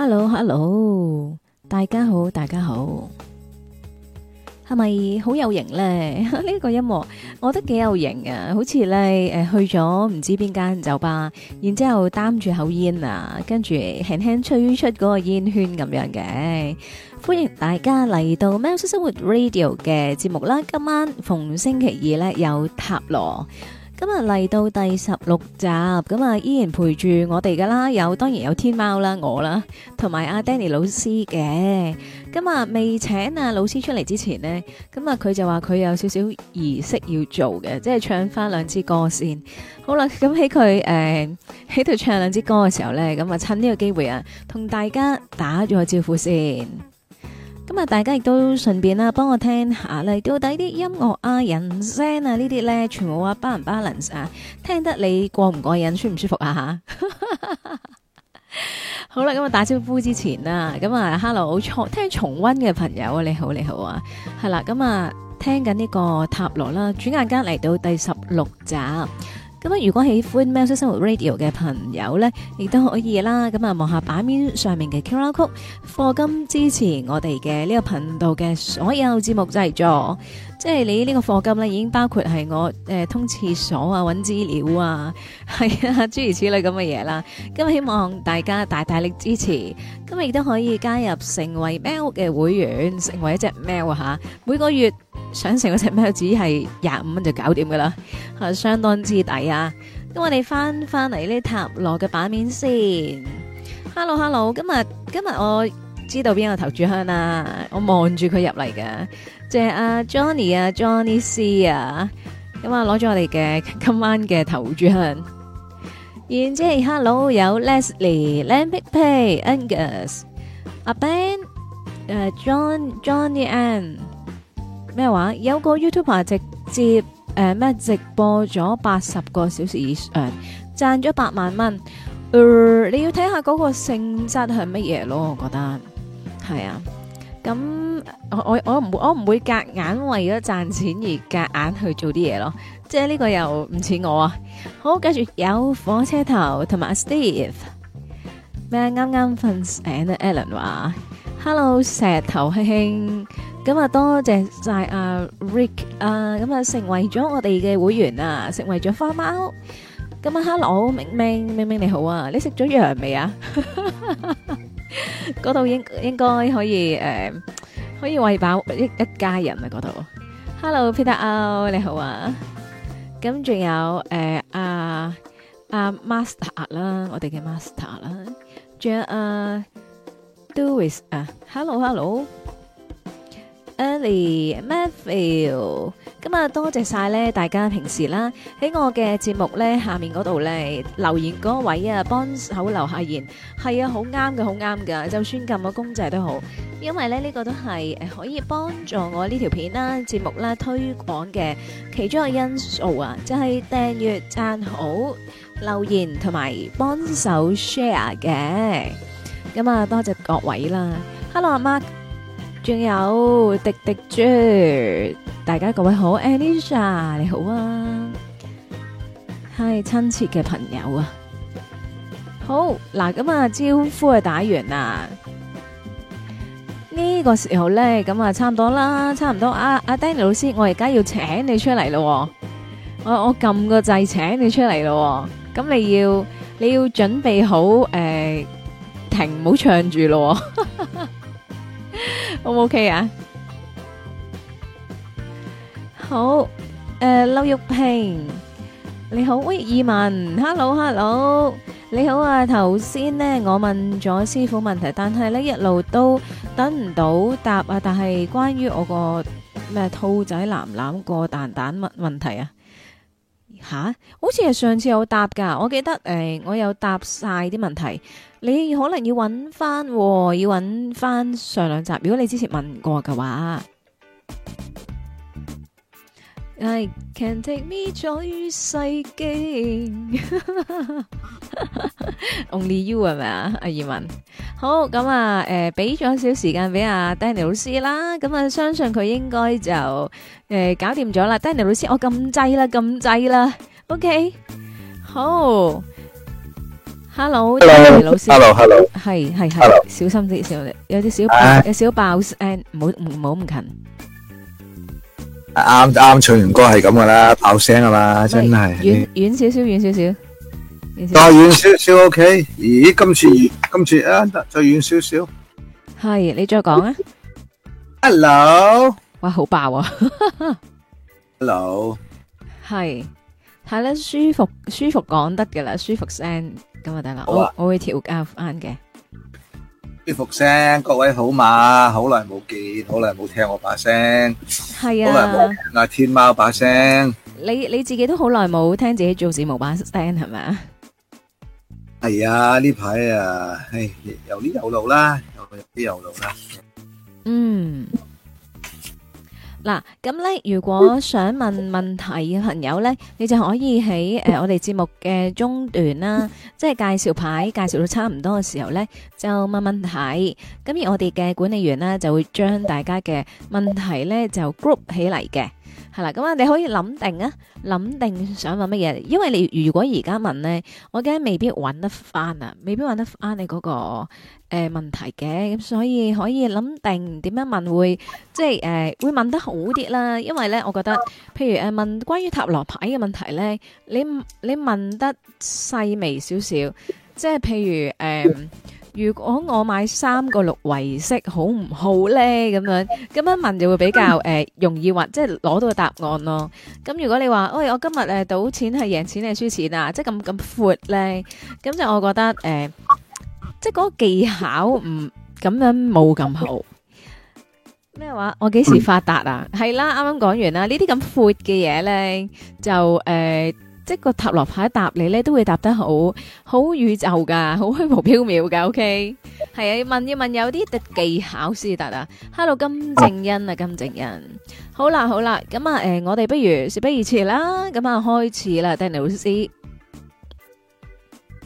Hello，Hello，Hello. 大家好，大家好，係咪好有型呢？呢 個音樂，我覺得幾有型啊，好似咧誒，去咗唔知邊間酒吧，然之後擔住口煙啊，跟住輕輕吹出嗰個煙圈咁樣嘅。歡迎大家嚟到喵式生活 Radio 嘅節目啦，今晚逢星期二咧有塔羅。今日嚟到第十六集，咁啊依然陪住我哋噶啦，有當然有天喵啦，我啦，同埋阿 Danny 老師嘅。咁啊，未請阿老師出嚟之前呢，咁啊佢就話佢有少少儀式要做嘅，即係唱返兩支歌先。好啦，咁喺佢誒喺度唱兩支歌嘅，呃、時候呢，咁啊趁呢個機會啊，同大家打咗個招呼先。咁啊，大家亦都順便啊，幫我聽下嚟到底啲音樂啊、人聲啊呢啲咧，全部啊，balan balance 啊，聽得你過唔過癮、舒唔舒服啊吓？ 好啦，咁啊，打招呼之前啦，咁啊，hello 重聽重溫嘅朋友啊，你好你好啊，係啦，咁啊，聽緊呢個塔羅啦，轉眼間嚟到第十六集。咁啊！如果喜歡《喵式生活 Radio》嘅朋友咧，亦都可以啦。咁啊，望下版面上面嘅 QR code，課金支持我哋嘅呢個頻道嘅所有節目製作。即係你呢個課金咧，已經包括係我誒通廁所啊、揾資料啊，係啊諸如此類咁嘅嘢啦。咁希望大家大大力支持，咁亦都可以加入成為喵嘅會員，成為一隻喵吓，每個月。想成嗰隻咩只係廿五蚊就搞掂噶啦，相當之抵啊！咁、嗯、我哋翻翻嚟呢塔羅嘅版面先。Hello，Hello，Hello，今日今日我知道邊個投注香啦、啊，我望住佢入嚟㗎，即、就、阿、是啊、Johnny 啊，Johnny C 啊，咁、嗯、啊攞咗我哋嘅今晚嘅投注香。然之後 Hello 有 Leslie、Lampic Pay、Angus、阿 Ben、uh、John、Johnny Ann。咩話？有個 YouTuber 直接誒咩、呃、直播咗八十個小時以上，賺咗八萬蚊、呃。你要睇下嗰個性質係乜嘢咯？我覺得係啊。咁我我唔我唔會夾硬為咗賺錢而夾硬去做啲嘢咯。即係呢個又唔似我啊。好，跟住有火車頭同埋 Steve 咩？啱啱瞓醒 Alan 話：Hello，石頭兄。咁啊，多謝晒阿 Rick 啊，咁啊成為咗我哋嘅會員啊，成為咗花貓。咁啊，hello，明明明明你好啊，你食咗藥未啊？嗰度應應該可以誒，可以餵飽一一家人啊嗰度。Hello，Peter，你好啊。咁仲有誒，阿阿 Master 啦，我哋嘅 Master 啦，仲有阿 Dois 啊，hello，hello。Ellie Matthew，咁啊多謝晒咧大家平時啦，喺我嘅節目咧下面嗰度咧留言嗰位啊幫手留下言，係啊，好啱嘅，好啱噶，就算撳個公仔都好，因為咧呢個都係誒可以幫助我呢條片啦節目啦推廣嘅其中一個因素啊，就係訂閱、讚好、留言同埋幫手 share 嘅。咁啊多謝各位啦，Hello 阿媽。仲有滴滴豬，大家各位好，Anisha 你好啊，係親切嘅朋友啊，好嗱，咁啊招呼啊打完啦，呢個時候咧咁啊差唔多啦，差唔多阿阿 Danny 老師，我而家要請你出嚟咯，我我撳個掣請你出嚟咯，咁你要你要準備好誒，停唔好唱住咯。O 唔 OK 啊？好，誒，劉玉平，你好，喂，二文，Hello，Hello，你好啊，頭先呢我問咗師傅問題，但係呢一路都等唔到答啊，但係關於我個咩兔仔藍藍個蛋蛋問問題啊？吓，好似係上次有答噶，我記得誒，我有答晒啲問題。你可能要揾翻，哦，要揾翻上兩集。如果你之前問過嘅話 ，I can take me 取世經，Only you 係咪啊？阿葉文，好咁啊，誒、嗯，俾咗少時間俾阿 Danny 老師啦。咁、嗯、啊，相信佢應該就誒搞掂咗啦。 Danny 老師，我咁擠啦，咁擠啦。OK，好。hello，Danny 老師，hello，hello，係係係，小心啲，小心啲，有啲小有小爆聲，唔好唔好咁近。啱啱唱完歌係咁噶啦，爆聲啊嘛，真係遠遠少少，遠少少，再遠少少，ok，咦，今次今次啊，得再遠少少，係你再講啊，hello，哇，好爆啊，hello，係睇得舒服舒服，講得噶啦，舒服聲。今日大啦，我我會調教翻嘅。舒服聲，各位好嘛？好耐冇見，好耐冇聽我把聲。係啊，阿天喵把聲。你你自己都好耐冇聽自己做節目冇把聲係咪？係啊，呢排啊，唉，有呢有路啦，有呢有路啦。嗯。嗱，咁咧，如果想問問題嘅朋友咧，你就可以喺誒、呃、我哋節目嘅中段啦，即係介紹牌介紹到差唔多嘅時候咧，就問問題，咁而我哋嘅管理員咧就會將大家嘅問題咧就 group 起嚟嘅。係啦，咁啊，你可以諗定啊，諗定想問乜嘢？因為你如果而家問咧，我驚未必搵得翻啊，未必搵得翻你嗰、嗰個誒、呃、問題嘅，咁所以可以諗定點樣問會即係誒、呃、會問得好啲啦。因為咧，我覺得譬如誒問、呃、關於塔羅牌嘅問題咧，你你問得細微少少，即係譬如誒。呃如果我買三個六維式好唔好咧？咁樣咁樣問就會比較誒容易，或即係攞到個答案咯。咁如果你話，喂，我今日誒賭錢係贏錢定係輸錢啊？即係咁咁闊咧？咁就我覺得誒，即係嗰個技巧唔咁樣冇咁好。咩話？我幾時發達啊？係啦，啱啱講完啦。呢啲咁闊嘅嘢咧就誒。即個塔羅牌答你咧，都會答得好好宇宙噶，好虛無縹緲噶。O K，係啊，問要問有啲技巧先得啊。Hello，金正恩啊，金正恩，好啦好啦，咁啊，誒，我哋不如事不宜遲啦，咁啊，開始啦，Danny 老師。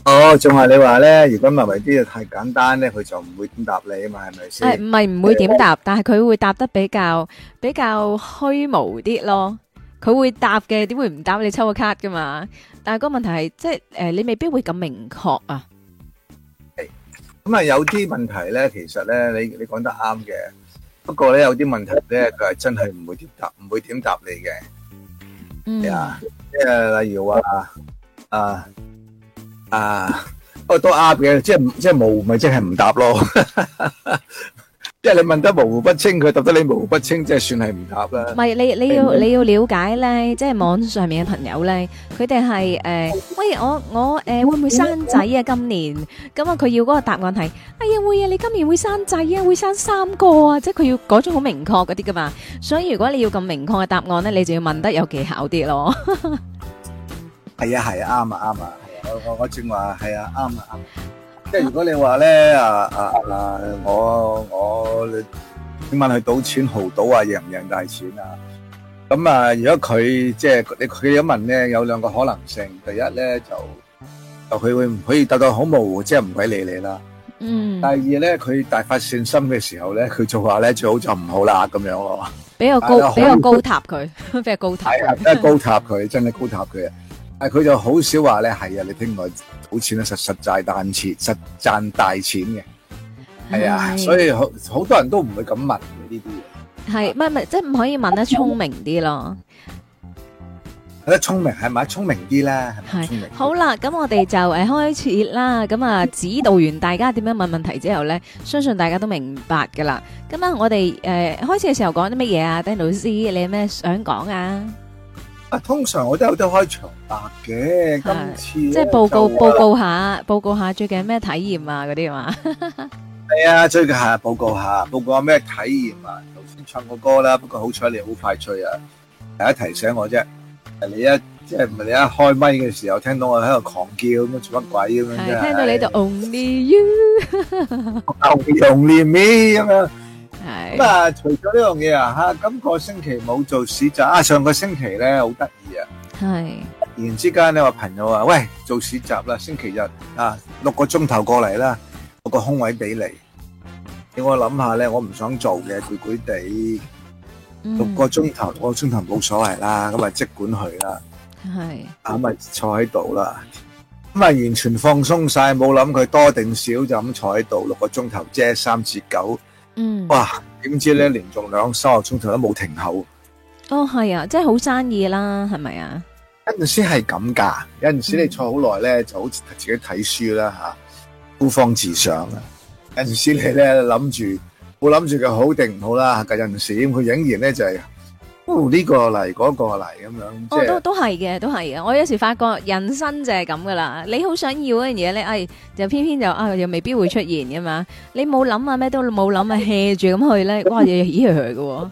哦，仲係你話咧，如果問啲嘢太簡單咧，佢就唔會點答你啊嘛，係咪先？誒，唔係唔會點答，但係佢會答得比較比較虛無啲咯。佢會答嘅，點會唔答？你抽個卡噶嘛？但係個問題係，即係誒，你未必會咁明確啊。咁啊，有啲問題咧，其實咧，你你講得啱嘅。不過咧，有啲問題咧，佢係真係唔會點答，唔會點答你嘅。嗯。啊，即係例如話，啊啊，不過都啱嘅，即係即係冇，咪即係唔答咯。即係你問得模糊不清，佢答得你模糊不清，即係算係唔答啦。唔係你你要你要了解咧，即係網上面嘅朋友咧，佢哋係誒，喂我我誒會唔會生仔啊？今年咁啊，佢要嗰個答案係，哎呀會啊，你今年會生仔啊，會生三個啊，即係佢要嗰種好明確嗰啲噶嘛。所以如果你要咁明確嘅答案咧，你就要問得有技巧啲咯。係啊係啊，啱啊啱啊，我我我正話係啊，啱啊啱。即係如果你話咧啊，啊，嗱、啊，我我聽問佢賭錢豪賭啊，贏唔贏大錢啊？咁啊，如果佢即係你佢一問咧，有兩個可能性，第一咧就就佢會唔可以得到好模糊，即係唔鬼理你啦。嗯。第二咧，佢大發善心嘅時候咧，佢就話咧最好就唔好啦咁樣咯。比較高，比較高塔佢，比較高塔。即 係、啊、高塔佢,真係高塔佢。佢、啊、就好少話咧，係啊，你聽日賭錢啊，實實在賺錢，實賺大錢嘅。係啊、哎，所以好好多人都唔會咁問呢啲嘢。係咪咪即係可以問得聰明啲咯？得聰明係咪啊？聰明啲咧係咪？聰明啲，係好啦，咁我哋就誒開始啦。咁啊，指導完大家點樣問問題之後咧，相信大家都明白噶啦。咁、呃、啊，我哋誒開始嘅時候講啲乜嘢啊？Danny 老師，你有咩想講啊？啊、通常我都有得開場白嘅，今次、啊、即係報告報告下，報告下最近咩體驗啊嗰啲嘛。係啊，最近下報告下，報告下咩體驗啊？頭先唱個歌啦，不過好彩你好快脆啊！大家提醒我啫，你一，即係唔係你一開麥嘅時候聽到我喺度狂叫咁做乜鬼咁樣啫？聽到你度 Only You，我教你 Only Me。咁啊！除咗呢樣嘢啊，吓今個星期冇做市集啊，上個星期咧好得意啊，係突然之間咧，話朋友話喂，做市集啦，星期日啊六個鐘頭過嚟啦，我個空位俾你。我諗下咧，我唔想做嘅，攰攰地六個鐘頭，六個鐘頭冇所謂啦，咁啊即管去啦，係啊咪坐喺度啦，咁啊完全放鬆晒，冇諗佢多定少就咁坐喺度六個鐘頭，遮三至九。嗯，哇！點知咧連續兩三個鐘頭都冇停口，哦係啊，即係好生意啦，係咪啊？有陣時係咁噶，有陣時你坐好耐咧，就好似自己睇書啦吓、啊，孤芳自賞啊！有陣時你咧諗住，冇諗住佢好定唔好啦，但有陣時佢仍然咧就係、是。哦，呢個嚟，嗰個嚟，咁樣。哦，都都係嘅，都係嘅。我有時發覺人生就係咁噶啦，你好想要一樣嘢咧，哎，就偏偏就啊，又未必會出現噶嘛。你冇諗啊咩都冇諗啊，hea 住咁去咧，哇，又咦去嘅。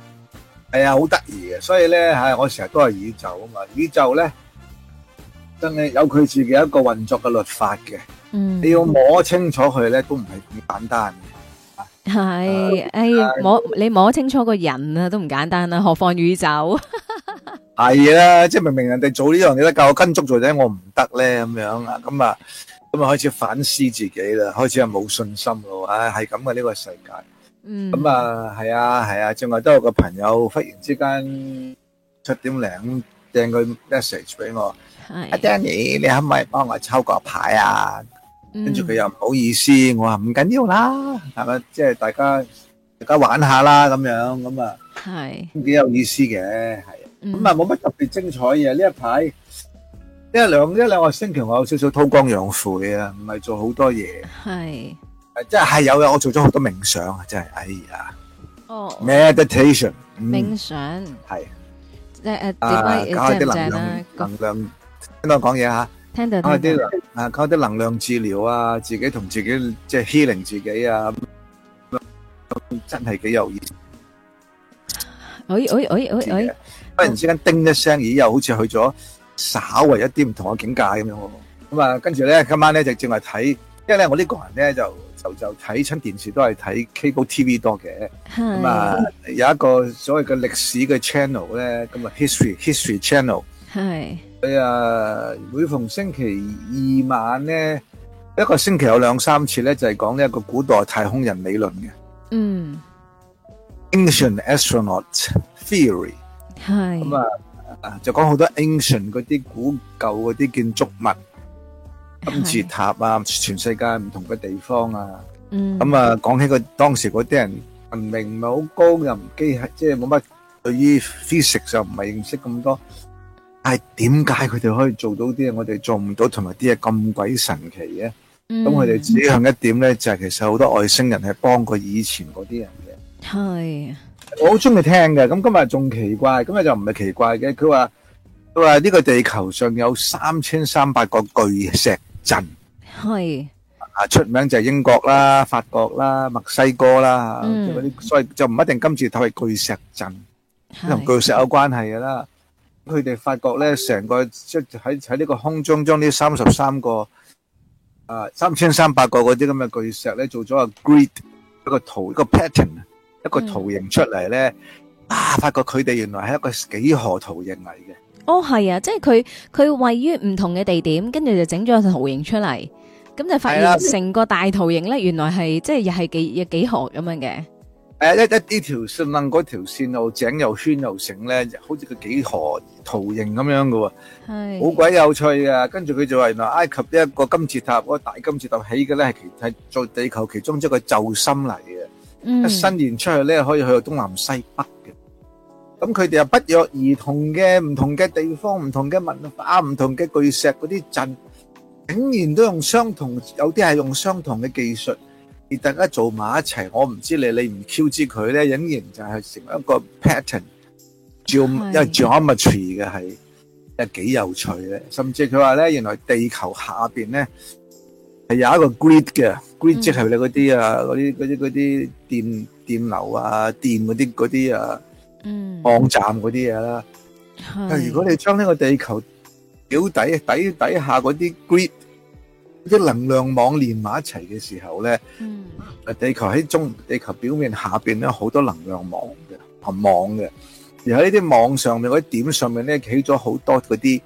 係啊，好得意嘅。所以咧，唉，我成日都係宇宙啊嘛，宇宙咧真係有佢自己一個運作嘅律法嘅。嗯。你要摸清楚佢咧，都唔係咁簡單。係、哎啊哎，摸是你摸清楚個人啊都唔簡單啦，何況宇宙？係 啊，即係明明人哋做，做呢樣嘢都夠跟足做，者我唔得咧，咁樣啊，咁啊，咁啊開始反思自己啦，開始係冇信心咯，唉、哎，係咁嘅呢個世界。嗯，咁、嗯、啊，係啊，係啊，另外都有個朋友忽然之間七點零掟個 message 俾我，阿、啊、Danny，你可唔可以幫我抽個牌啊？跟住佢又唔好意思，我話唔緊要啦，係咪？即係大家大家玩下啦，咁樣咁啊，幾有意思嘅，係咁啊，冇乜特別精彩嘅。呢一排一兩一兩個星期我有少少韜光養晦啊，唔係做好多嘢。係誒，即係係有嘅，我做咗好多冥想啊，真係，哎呀，哦，meditation 冥想係即係啊，搞開啲能量，能量聽我講嘢吓。靠啲能啊，靠啲能量治療啊，自己同自己即係 healing 自己啊，咁真係幾有意思。哎哎哎哎哎，忽、哎哎、然之間叮一聲，咦、哦，又好似去咗稍為一啲唔同嘅境界咁樣喎。咁、嗯、啊，跟住咧今晚咧就淨係睇，因為咧我呢個人咧就就就睇親電視都係睇 cable TV 多嘅。咁啊、嗯，有一個所謂嘅歷史嘅 channel 咧，咁啊 History History Channel。係。誒呀，每逢星期二晚咧，一個星期有兩三次咧，就係講呢一個古代太空人理論嘅。嗯，Ancient Astronaut Theory。係。咁啊，就講好多 ancient 嗰啲古舊嗰啲建築物，金字塔啊，全世界唔同嘅地方啊。嗯。咁啊，講起個當時嗰啲人文明唔係好高，又唔機械，即係冇乜對於 physics 就唔係認識咁多。係點解佢哋可以做到啲嘢，我哋做唔到，同埋啲嘢咁鬼神奇嘅？咁佢哋指向一點咧，就係其實好多外星人係幫過以前嗰啲人嘅。係，我好中意聽嘅。咁今日仲奇怪，咁啊就唔係奇怪嘅。佢話佢話呢個地球上有三千三百個巨石陣。係啊，出名就係英國啦、法國啦、墨西哥啦，嗰啲所以就唔一定今次睇係巨石陣，同巨石有關係嘅啦。佢哋發覺咧，成個即係喺喺呢個空中，將呢三十三個啊三千三百個嗰啲咁嘅巨石咧，做咗個 grid 一個圖一個 pattern 一個圖形出嚟咧，啊！發覺佢哋原來係一個幾何圖形嚟嘅。哦，係啊，即係佢佢位於唔同嘅地點，跟住就整咗個圖形出嚟，咁就發現成個大圖形咧，原來係即係又係幾有幾何咁樣嘅。誒，一一啲條線，嗰條線路井又圈又成咧，好似個幾何圖形咁樣噶喎，好鬼有趣呀。跟住佢就話，原來埃及一個金字塔，嗰個大金字塔起嘅咧係其係在地球其中一個宙心嚟嘅，伸延出去咧可以去到東南西北嘅。咁佢哋又不約而同嘅唔同嘅地方，唔同嘅文化，唔同嘅巨石嗰啲陣，竟然都用相同，有啲係用相同嘅技術。而大家做埋一齊，我唔知你你唔 Q 知佢咧，隱形就係成為一個 pattern，照因為 geometry 嘅係，誒幾有趣咧。甚至佢話咧，原來地球下邊咧係有一個 grid 嘅，grid 即係你嗰啲啊，嗰啲嗰啲嗰啲電電流啊，電嗰啲嗰啲啊，網站嗰啲嘢啦。但係如果你將呢個地球表底底底下嗰啲 grid 啲能量網連埋一齊嘅時候咧，嗯，地球喺中地球表面下邊咧，好多能量網嘅，啊網嘅，然後，呢啲網上面嗰啲點上面咧，起咗好多嗰啲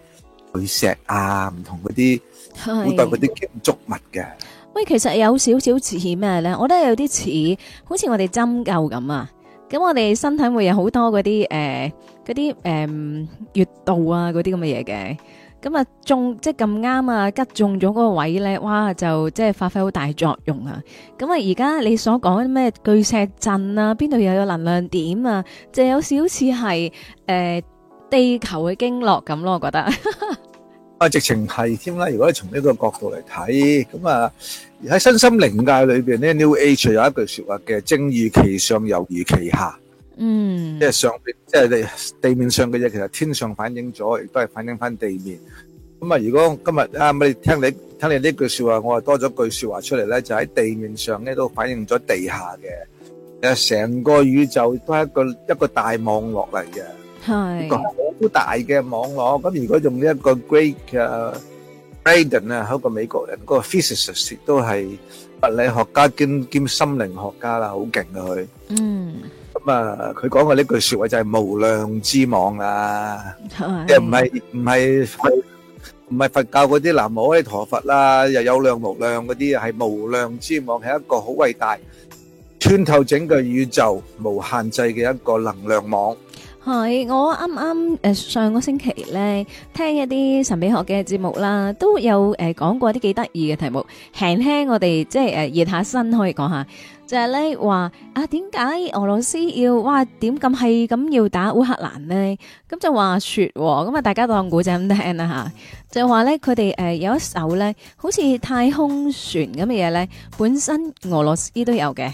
巨石啊，唔同嗰啲古代嗰啲建築物嘅。喂，其實有少少似咩咧？我覺得有啲似，好似我哋針灸咁啊。咁我哋身體會有好多嗰啲誒，嗰啲誒，穴道啊，嗰啲咁嘅嘢嘅。咁啊中即係咁啱啊，吉中咗嗰個位咧，哇就即係發揮好大作用啊！咁啊而家你所講咩巨石陣啊，邊度又有能量點啊？就有少少似係誒地球嘅經絡咁咯，我覺得 啊直情係添啦！如果你從呢個角度嚟睇，咁啊喺身心靈界裏邊咧，New Age 有一句說話嘅，正如其上，猶如其下。嗯，即係上，即係地地面上嘅嘢，其實天上反映咗，亦都係反映翻地面。咁啊，如果今日啊，咁你聽你聽你呢句說話，我係多咗句說話出嚟咧，就喺地面上咧都反映咗地下嘅。誒，成個宇宙都係一個一個大網絡嚟嘅，係個好大嘅網絡。咁如果用一個 Great 嘅 Braden 啊，一個美國人，個 physicist 都係物理學家兼兼心靈學家啦，好勁啊佢。嗯。咁啊，佢講嘅呢句說話就係無量之網啊，即係唔係唔係唔係佛教嗰啲南無阿彌陀佛啦，又有量無量嗰啲，係無量之網，係一個好偉大穿透整個宇宙，無限制嘅一個能量網。係我啱啱誒上個星期咧聽一啲神秘學嘅節目啦，都有誒講過一啲幾得意嘅題目，輕輕我哋即係誒熱下身可以講下。就係咧話啊，點解俄羅斯要哇點咁係咁要打烏克蘭咧？咁，嗯，就話說咁啊，哦，大家當古仔咁聽啦吓。就話咧，佢哋誒有一艘咧，好似太空船咁嘅嘢咧，本身俄羅斯都有嘅。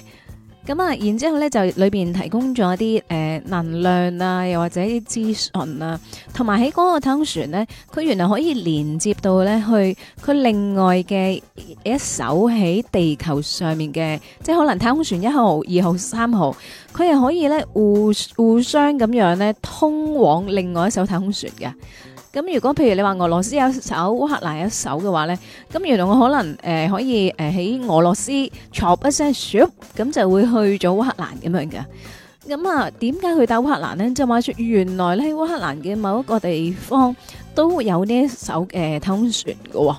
咁啊，然之後咧就裏面提供咗啲誒能量啊，又或者啲資訊啊，同埋喺嗰個太空船咧，佢原來可以連接到咧去佢另外嘅一艘喺地球上面嘅，即係可能太空船一號、二號、三號，佢係可以咧互互相咁樣咧通往另外一艘太空船嘅。咁如果譬如你話俄羅斯有一艘，烏克蘭有一艘嘅話咧，咁原來我可能誒、呃、可以誒喺俄羅斯坐一隻船，咁、嗯、就會去咗烏克蘭咁樣嘅。咁啊，點解去打烏克蘭咧？就係話出原來咧喺烏克蘭嘅某一個地方都有呢艘誒、欸、通船嘅。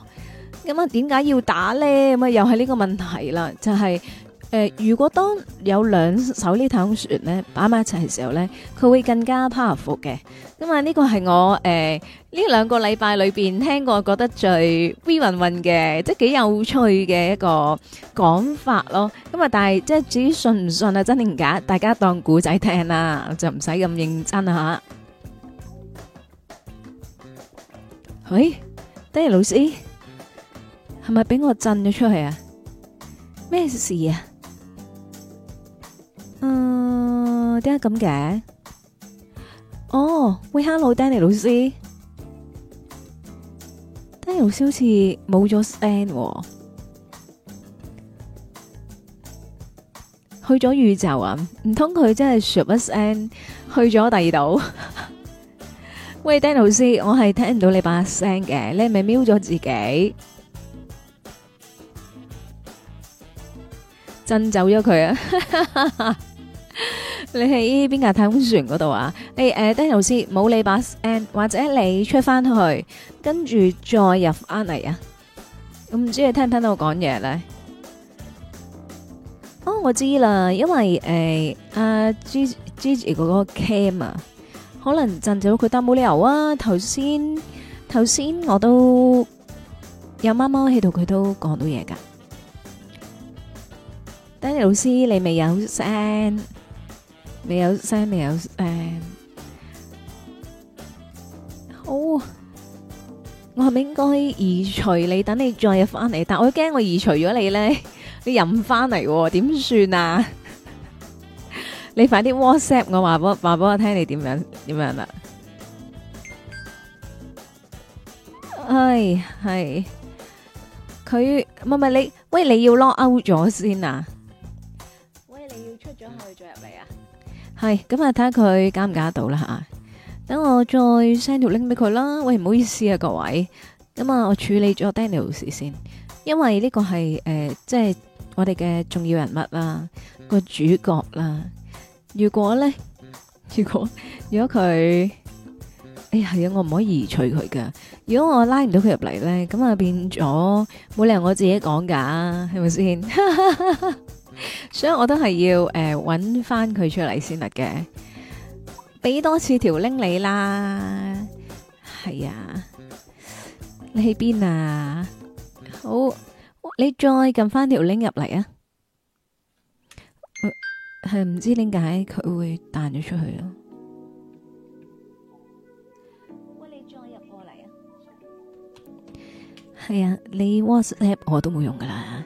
咁啊，點解要打咧？咁啊，又係呢個問題啦，就係、是。誒、呃，如果當有兩首呢套旋律咧擺埋一齊嘅時候咧，佢會更加 powerful 嘅。咁、嗯、啊，呢、這個係我誒呢兩個禮拜裏邊聽過覺得最 v 運運嘅，即係幾有趣嘅一個講法咯。咁、嗯、啊，但係即係至於信唔信啊，真定假，大家當古仔聽啦，就唔使咁認真啊喂，誒、哎，Danny 老師，係咪俾我震咗出去啊？咩事啊？嗯，點解咁嘅？哦，喂，hello，Danny 老師，Danny 老師好似冇咗聲，去咗宇宙啊？唔通佢真係咻一聲，去咗第二度？喂，Danny 老師，我係聽唔到你把聲嘅，你係咪瞄咗自己？震走咗佢啊！你喺邊架太空船嗰度啊？誒誒，Danny 老師冇你把聲，或者你出翻去，跟住再入翻嚟啊！我唔知你聽唔聽到我講嘢咧？哦，我知啦，因為誒啊，Gigi 嗰個 cam 啊，可能震咗佢，得冇理由啊！頭先頭先我都有貓貓喺度，佢都講到嘢噶。Danny 老師，你未有聲？未有聲，未有誒，好，我係咪應該移除你，等你再入翻嚟？但我驚我移除咗你咧，你入唔翻嚟點算啊？你快啲 WhatsApp 我話我話俾我聽你點樣點樣啊。係係，佢唔係唔係你，喂，你要 lock out 咗先啊？喂，你要出咗去再入嚟啊？係咁啊，睇下佢加唔加得到啦吓。等我再 send 條 link 俾佢啦。喂，唔好意思啊，各位。咁啊，我處理咗 Danny 先，因為呢個係誒、呃，即係我哋嘅重要人物啦，個主角啦。如果咧，如果如果佢，哎呀，係呀，我唔可以移除佢噶。如果我拉唔到佢入嚟咧，咁啊變咗，冇理由我自己講噶，係咪先？ 所以我都係要誒揾翻佢出嚟先得嘅，俾多次條 link 你啦，係啊，你喺邊啊？好，你再撳翻條 link 入嚟啊！係、呃、唔知點解佢會彈咗出去咯？喂，你再入過嚟啊！係啊，你 WhatsApp 我都冇用噶啦。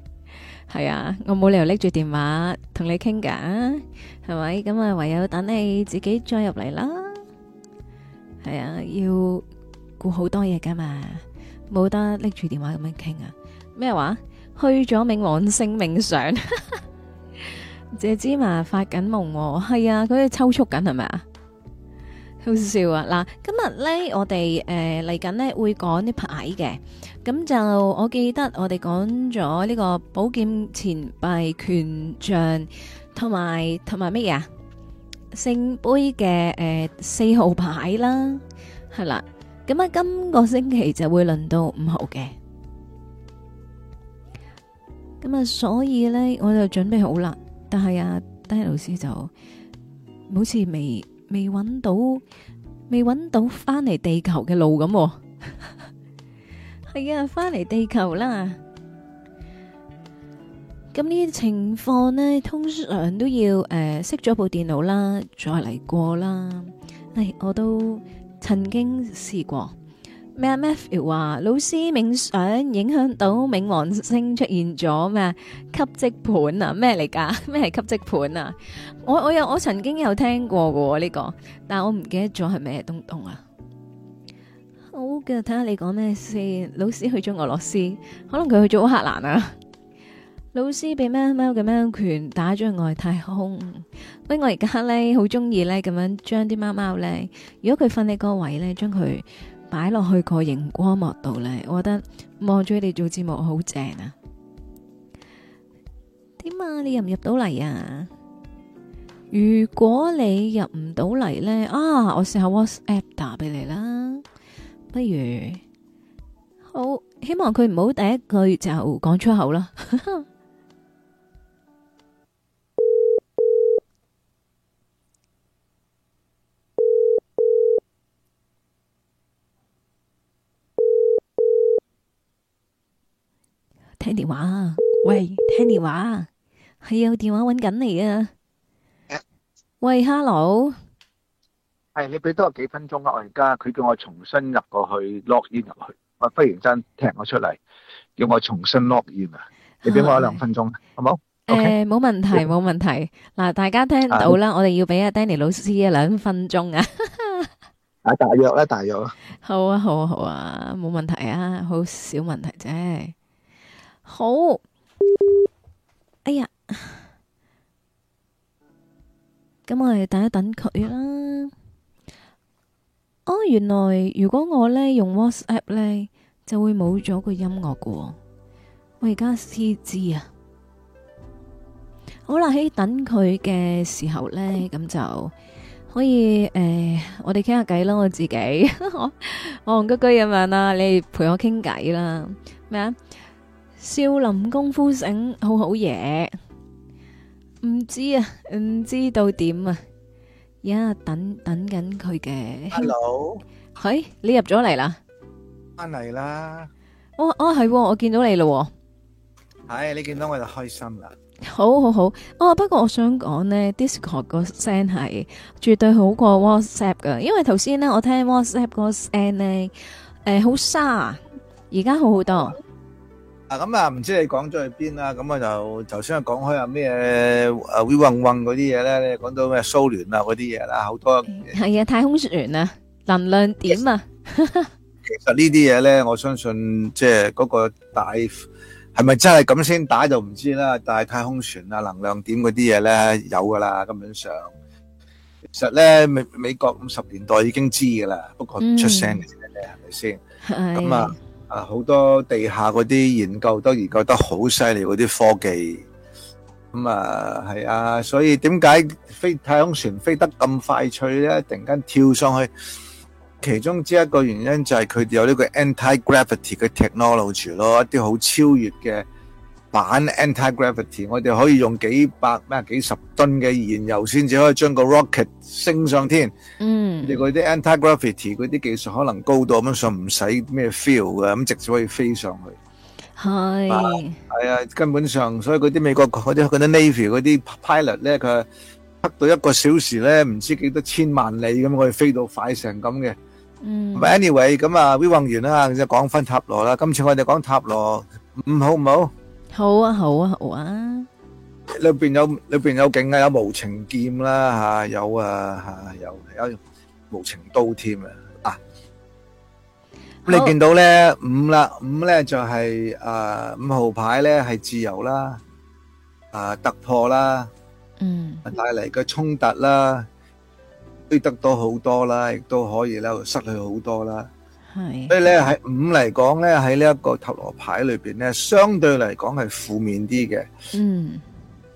係啊，我冇理由拎住電話同你傾噶，係咪？咁啊，唯有等你自己再入嚟啦。係啊，要顧好多嘢噶嘛，冇得拎住電話咁樣傾啊！咩話？去咗冥王星冥想？ 謝芝麻發緊夢喎，係啊，佢抽搐緊係咪啊？好笑啊！嗱，今日咧我哋誒嚟緊咧會講啲牌嘅。咁就我記得我哋講咗呢個寶劍、錢幣、權杖，同埋同埋乜嘢啊？聖杯嘅誒四號牌啦，係啦。咁啊，今個星期就會輪到五號嘅。咁啊，所以咧我就準備好啦，但係啊，丹尼老師就好似未未搵到，未搵到翻嚟地球嘅路咁。係啊，翻嚟地球啦。咁呢啲情況呢，通常都要誒，熄咗部電腦啦，再嚟過啦。誒，我都曾經試過。咩啊，Matthew 話老師冥想影響到冥王星出現咗咩啊？吸積盤啊？咩嚟噶？咩係吸積盤啊？我我有我曾經有聽過噶呢個，但我唔記得咗係咩東東啊。好嘅，睇下你講咩先。老師去咗俄羅斯，可能佢去咗烏克蘭啊。老師俾喵喵嘅喵拳打咗去外太空。喂，我而家咧好中意咧咁樣將啲貓貓咧，如果佢瞓喺個位咧，將佢擺落去個熒光幕度咧，我覺得望住你做節目好正啊。點啊？你入唔入到嚟啊？如果你入唔到嚟咧，啊，我試下 WhatsApp 打俾你啦。不如好，希望佢唔好第一句就講出口啦。 聽電話啊，喂，聽電話啊，係有電話揾緊你啊。喂，hello。係你俾多我幾分鐘啊！我而家佢叫我重新入過去 Lock in 入去，我忽然間踢我出嚟，叫我重新 Lock in 啊！你俾我一兩分鐘，好冇？誒，冇問題，冇問題。嗱，大家聽到啦，我哋要俾阿 Danny 老師一兩分鐘啊！大大約咧，大約啊！好啊，好啊，好啊，冇問題啊，好少問題啫。好，哎呀，咁我哋等一等佢啦。哦，原來如果我咧用 WhatsApp 咧，就會冇咗個音樂噶，哦。我而家先知啊。好啦，喺等佢嘅時候咧，咁就可以誒、呃，我哋傾下偈啦。我自己 我我戇居咁問啦，你陪我傾偈啦。咩啊？少林功夫醒，好好嘢。唔知啊，唔知道點啊。而家等等緊佢嘅。Hello，係、hey? 你入咗嚟啦，翻嚟啦。哦哦係，我見到你咯。係、hey, 你見到我就開心啦。好好好，哦、oh, 不過我想講呢，Discord 個聲係絕對好過 WhatsApp 噶，因為頭先呢，我聽 WhatsApp 個聲呢，誒好沙，而家好好多。啊咁啊，唔知你講咗去邊啦？咁啊就頭先講開啊咩啊會混混嗰啲嘢咧，你講到咩蘇聯啊嗰啲嘢啦，好多係啊太空船啊能量點啊。其實呢啲嘢咧，我相信即係嗰個打係咪真係咁先打就唔知啦。但係太空船啊能量點嗰啲嘢咧有噶啦，根本上其實咧美美國五十年代已經知噶啦，不過出聲嘅啫，係咪先咁啊？啊！好多地下嗰啲研究，都研究得好犀利嗰啲科技，咁、嗯、啊係啊，所以點解飛太空船飛得咁快脆咧？突然間跳上去，其中之一個原因就係佢哋有呢個 anti-gravity 嘅 technology 咯，一啲好超越嘅。版 anti-gravity，我哋可以用幾百咩幾十噸嘅燃油先至可以將個 rocket 升上天。嗯，佢哋嗰啲 anti-gravity 嗰啲技術可能高到咁樣上唔使咩 fuel 嘅，咁直接可以飛上去。係係啊，根本上所以嗰啲美國嗰啲嗰啲 navy 嗰啲 pilot 咧，佢係黑到一個小時咧，唔知幾多千萬里咁可以飛到快成咁嘅。嗯，anyway 咁啊，we 講完啦，就講翻塔羅啦。今次我哋講塔羅，唔好唔好？好啊，好啊，好啊！裏邊有裏邊有勁啊，有無情劍啦，吓，有啊，吓有有無情刀添啊！咁你見到咧五啦，五咧就係誒五號牌咧係自由啦，啊突破啦，嗯，帶嚟嘅衝突啦，可以得到好多啦，亦都可以啦，失去好多啦。係，所以咧喺五嚟講咧喺呢一個塔羅牌裏邊咧，相對嚟講係負面啲嘅。嗯，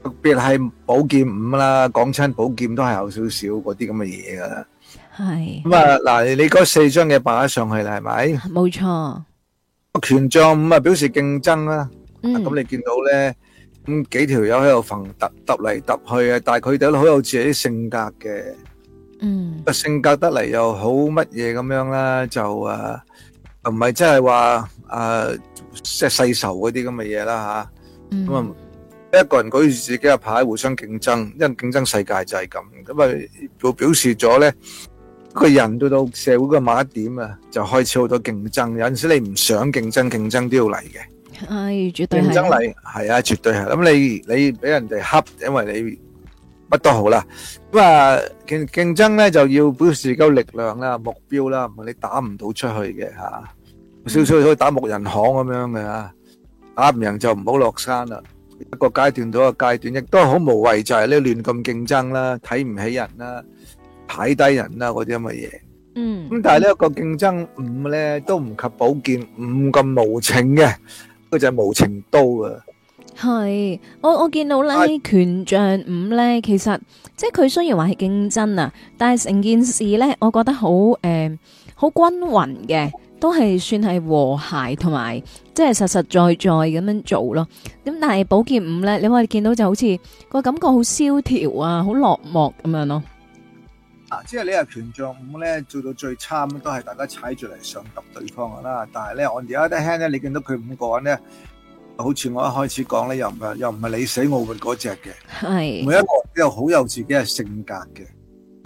特別係寶劍五啦，講親寶劍都係有少少嗰啲咁嘅嘢噶啦。係咁啊，嗱，你嗰四張嘅擺咗上去啦，係咪？冇錯，權杖五啊，表示競爭啦。咁你見到咧，咁幾條友喺度揼揼嚟揼去啊，但係佢哋都好有自己性格嘅。嗯，個性格得嚟，又好乜嘢，咁樣啦，就誒唔係真係話誒即係世仇嗰啲咁嘅嘢啦吓，咁啊一個人舉住自己嘅牌互相競爭，因為競爭世界就係咁，咁啊表表示咗咧個人到到社會嘅某一點啊，就開始好多競爭，有陣時你唔想競爭，競爭都要嚟嘅，係絕對競爭嚟，係啊絕對係，咁你你俾人哋恰，因為你。都好啦，咁啊競競爭咧就要表示夠力量啦、目標啦，唔係你打唔到出去嘅吓，少少可以打木人巷咁樣嘅吓，打唔贏就唔好落山啦。一個階段到一個階段，亦都好無謂就係咧亂咁競爭啦、睇唔起人啦、睇低人啦嗰啲咁嘅嘢。嗯，咁但係咧個競爭五咧都唔及寶劍五咁無情嘅，佢就係無情刀啊。係，我我見到咧權杖五咧，其實即係佢雖然話係競爭啊，但係成件事咧，我覺得好誒，好、呃、均匀嘅，都係算係和諧同埋，即係實實在在咁樣做咯。咁但係寶劍五咧，你話見到就好似個感覺好蕭條啊，好落寞咁樣咯。嗱、啊，即係你話權杖五咧做到最差都係大家踩住嚟想揼對方啦。但係咧，我而家聽咧，你見到佢五個人咧。好似我一開始講咧，又唔係又唔係你死我活嗰隻嘅，每一個都好有自己嘅性格嘅。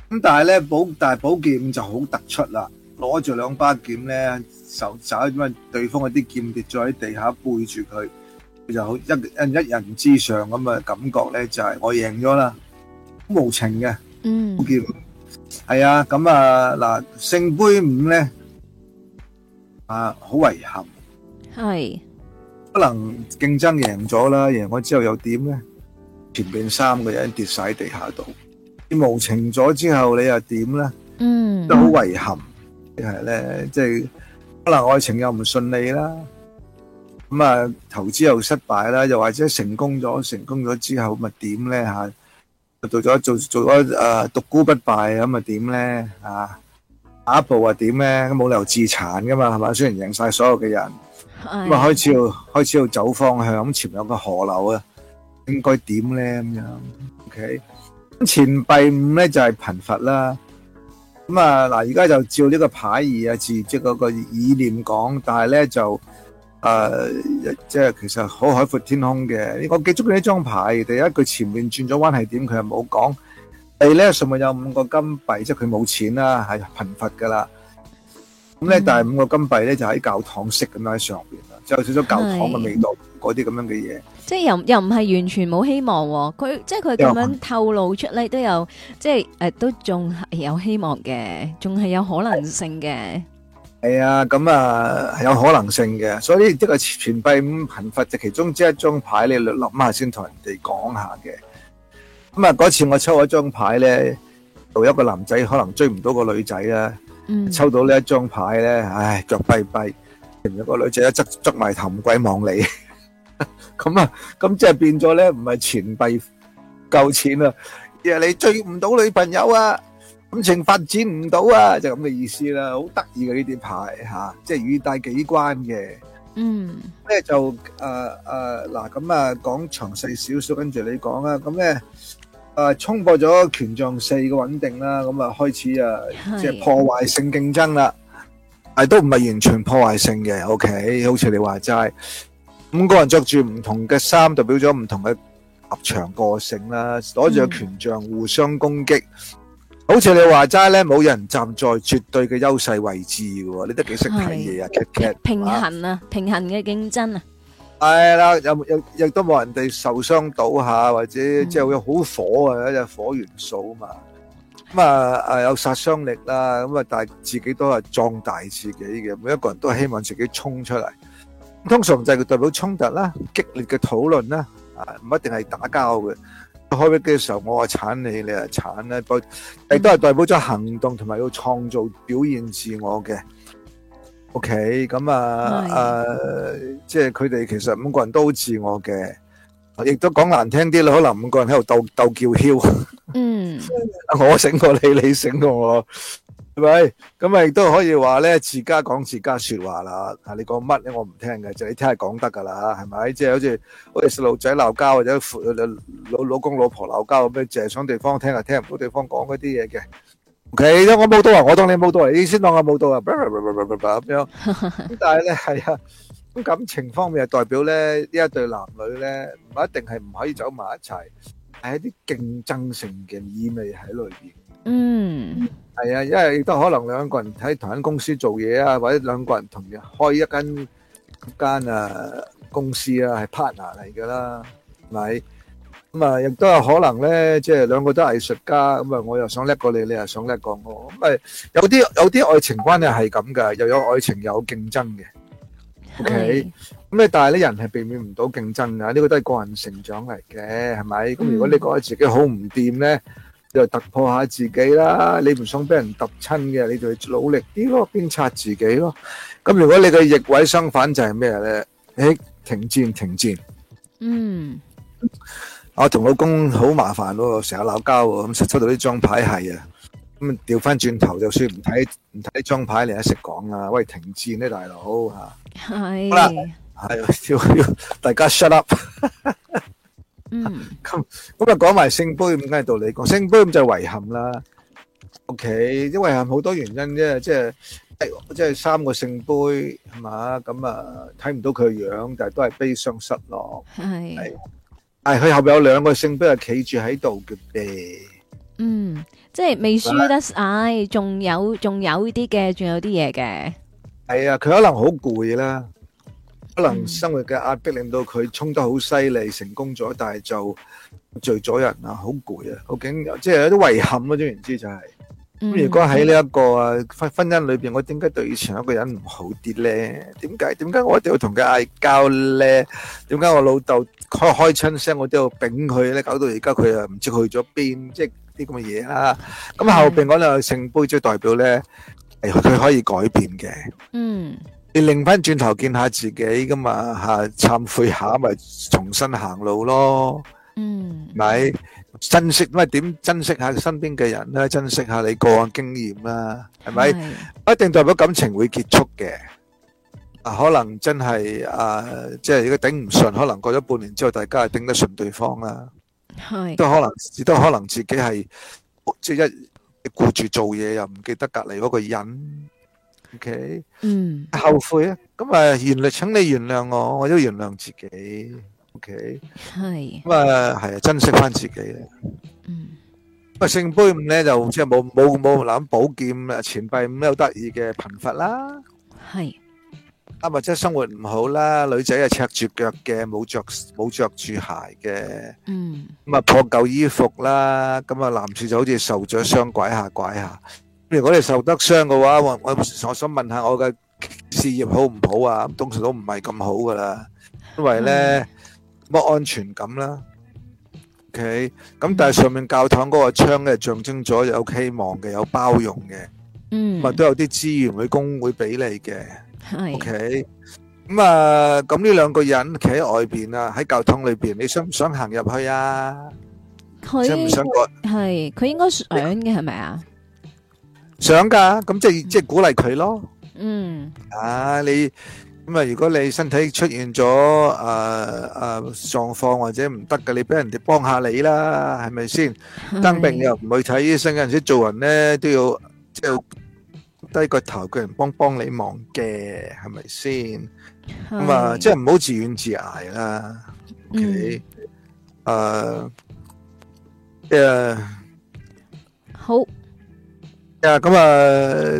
咁但係咧寶，但係寶劍五就好突出啦，攞住兩把劍咧，手手咁樣，對方嗰啲劍跌咗喺地下，背住佢，就好一一人之上咁嘅感覺咧，就係我贏咗啦，無情嘅，寶劍係啊。咁啊嗱，聖杯五咧啊，好遺憾係。可能競爭贏咗啦，贏咗之後又點咧？前邊三個人跌晒喺地下度，你無情咗之後你又點咧？嗯，都好遺憾，係咧，即係可能愛情又唔順利啦。咁啊，投資又失敗啦，又或者成功咗，成功咗之後咪點咧吓？到咗做做咗誒、呃、獨孤不敗咁咪點咧？吓，下一步啊點咧？冇理由自殘噶嘛，係嘛？雖然贏晒所有嘅人。咁啊，開始要開始要走方向，咁前面有個河流啊，應該點咧咁樣？O K，咁錢幣五咧就係貧乏啦。咁啊，嗱，而家就照呢個牌義啊，即係嗰個意念講，但係咧就誒，即係其實好海闊天空嘅。我記住呢張牌，第一，佢前面轉咗彎係點，佢又冇講；第二咧，上面有五個金幣，即係佢冇錢啦，係貧乏噶啦。咁、嗯、咧，第五個金幣咧就喺教堂式咁樣喺上邊啦，有少少教堂嘅味道，嗰啲咁樣嘅嘢。即係又又唔係完全冇希望，哦，佢即係佢咁樣透露出嚟、嗯呃，都有即係誒，都仲係有希望嘅，仲係有可能性嘅。係啊，咁啊，係有可能性嘅。所以即個全幣咁頻繁，就其中之一張牌你略諗下先同人哋講下嘅。咁啊，嗰次我抽咗張牌咧，有一到一個男仔可能追唔到個女仔啦、啊。抽到呢一張牌咧，唉，腳跛跛，同埋個女仔一側側埋頭唔鬼望你，咁啊，咁即係變咗咧，唔係錢幣夠錢啊，而係你追唔到女朋友啊，感情發展唔到啊，就咁嘅意思啦，好得意嘅呢啲牌嚇，即係語帶幾關嘅，嗯，咧就誒誒嗱，咁啊講詳細少少，跟住你講啊，咁咧。誒，衝破咗權杖四嘅穩定啦，咁啊開始啊，即係破壞性競爭啦。但係都唔係完全破壞性嘅，OK，好似你話齋，五個人着住唔同嘅衫，代表咗唔同嘅立場個性啦。攞住個權杖互相攻擊，好似你話齋咧，冇人站在絕對嘅優勢位置嘅，你都幾識睇嘢啊，Kate。平衡啊，平衡嘅競爭啊。係啦，又又亦都冇人哋受傷倒下，或者即係會好火啊！有隻火元素啊嘛，咁啊啊有殺傷力啦，咁啊但係自己都係壯大自己嘅，每一個人都係希望自己衝出嚟。通常就係代表衝突啦，激烈嘅討論啦，啊唔一定係打交嘅。開筆嘅時候我話鏟你，你啊鏟啦，亦都係代表咗行動同埋要創造表現自我嘅。O K，咁啊，誒，即係佢哋其實五個人都好自我嘅，亦都講難聽啲啦，可能五個人喺度鬥鬥叫囂，嗯， 我醒過你，你醒過我，係咪？咁咪亦都可以話咧，自家講自家說話啦。啊，你講乜咧，我唔聽嘅，就你聽係講得噶啦，係咪？即係好似好似細路仔鬧交或者老老公老婆鬧交咁，就係，淨係想對方聽，又聽唔到對方講嗰啲嘢嘅。佢當我冇到啊，我當你冇到啊，你先當我冇到啊，咁樣。咁但係咧，係啊，咁感情方面啊，代表咧呢一對男女咧，唔一定係唔可以走埋一齊，係一啲競爭性嘅意味喺裏邊。嗯，係啊，因為亦都可能兩個人喺同一間公司做嘢啊，或者兩個人同開一間間啊公司啊，係 partner 嚟㗎啦，係。咁啊，亦都有可能咧，即係兩個都係藝術家咁啊。我又想叻過你，你又想叻過我咁啊。有啲有啲愛情關係係咁噶，又有愛情又有競爭嘅。OK，咁咧，但係咧人係避免唔到競爭噶，呢個都係個人成長嚟嘅，係咪？咁如果你覺得自己好唔掂咧，你就突破下自己啦。你唔想俾人突親嘅，你就努力啲咯，鞭策自己咯。咁如果你個逆位相反就係咩咧？誒，停戰停戰，嗯。我同老公好麻煩喎，成日鬧交喎，咁出到啲莊牌係啊，咁調翻轉頭就算唔睇唔睇莊牌，另一食講啦，喂停戰咧，大佬吓，係好啦，係要要大家 shut up，嗯，咁咁啊講埋聖杯咁梗係道理講，聖杯咁就遺憾啦，OK，因為係好多原因啫，即係即係三個聖杯係嘛，咁啊睇唔到佢嘅樣，但係都係悲傷失落，係。係佢後邊有兩個聖杯企住喺度嘅，唄。嗯，即係未輸得，唉，仲有仲有啲嘅，仲有啲嘢嘅。係啊，佢可能好攰啦，可能生活嘅壓迫令到佢衝得好犀利，成功咗，但係就醉咗人啊，好攰啊，究竟，即係有啲遺憾啊，總言之就係。咁如果喺呢一個啊婚婚姻裏邊，我點解對以前一個人唔好啲咧？點解點解我一定要同佢嗌交咧？點解我老豆開開親聲我都要抦佢咧？搞到而家佢又唔知去咗邊，即係啲咁嘅嘢啊！咁後邊講咧，聖杯即係代表咧，係佢可以改變嘅。嗯，你擰翻轉頭見下自己噶嘛嚇，懺悔下咪重新行路咯。嗯，咪。珍惜咪點珍惜下身邊嘅人啦，珍惜下你個案經驗啦，係咪？一定代表感情會結束嘅，啊，可能真係啊，即係如果頂唔順，可能過咗半年之後，大家係頂得順對方啦，係都可能，都可能自己係即係一顧住做嘢又唔記得隔籬嗰個人，OK，嗯，後悔啊，咁啊，原來請你原諒我，我都原諒自己。OK，係咁啊，係啊，珍惜翻自己啊。嗯，咁啊，聖杯五咧就即係冇冇冇諗寶劍啦，錢幣五又得意嘅貧乏啦。係咁啊，或者係生活唔好啦。女仔係赤住腳嘅，冇著冇著住鞋嘅。嗯，咁啊，破舊衣服啦。咁啊，男士就好似受咗傷，拐下拐下。如果你受得傷嘅話，我我我想問下我嘅事業好唔好啊？通常都唔係咁好噶啦，因為咧。乜安全感啦，OK，咁但係上面教堂嗰個窗嘅象徵咗有希望嘅，有包容嘅，嗯，咪都有啲資源會工會俾你嘅，係，OK，咁啊，咁呢兩個人企喺外邊啊，喺教堂裏邊，你想唔想行入去啊？佢唔想過，係，佢應該想嘅係咪啊？想噶，咁即係即係鼓勵佢咯，嗯，啊你。咁啊！如果你身體出現咗誒誒狀況或者唔得嘅，你俾人哋幫下你啦，係咪先？生病又唔去睇醫生，有陣時做人咧都要即係低個頭，叫人幫幫你忙嘅，係咪先？咁啊，即係唔好自怨自艾啦。OK。誒誒，好。啊，咁啊，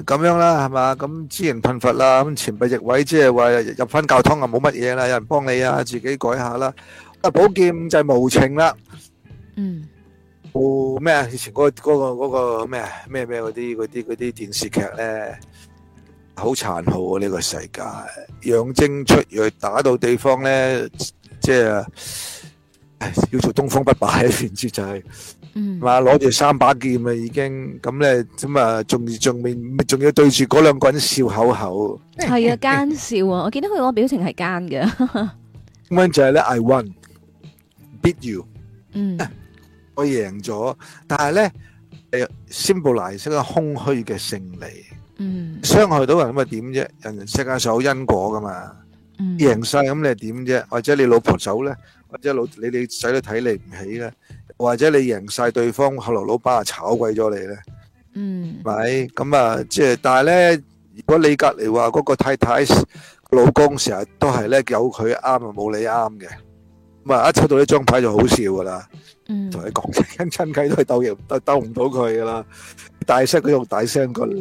咁樣啦，係嘛？咁資源貧乏啦，咁錢幣逆位，即係話入翻教堂啊，冇乜嘢啦，有人幫你啊，自己改下啦。啊，寶劍就係無情啦。嗯。哦，咩啊？以前嗰個、嗰個、嗰個咩啊？咩咩嗰啲、嗰啲、嗰啲電視劇咧，好殘酷啊！呢個世界，養精出銳，打到地方咧，即係。要做東方不敗，原節就係，嗯，嘛，攞住三把劍啊，已經咁咧，咁啊，仲仲未，仲要對住嗰兩個人笑口口，係啊，奸笑啊，我見到佢個表情係奸嘅。咁樣就係咧，I won, beat you，嗯，我贏咗，但係咧，宣布嚟識空虛嘅勝利，嗯，傷害到人咁啊點啫？人人世界上有因果噶嘛，贏晒咁你係點啫？或者你老婆走咧？或者老你你仔都睇你唔起咧，或者你贏晒對方，後來老闆啊炒貴咗你咧，嗯，咪咁啊，即係但係咧，如果你隔籬話嗰個太太老公成日都係咧有佢啱啊，冇你啱嘅，咁啊一出到呢張牌就好笑噶啦，嗯，同你講親親偈都係鬥贏，鬥鬥唔到佢噶啦，大聲佢用大聲過你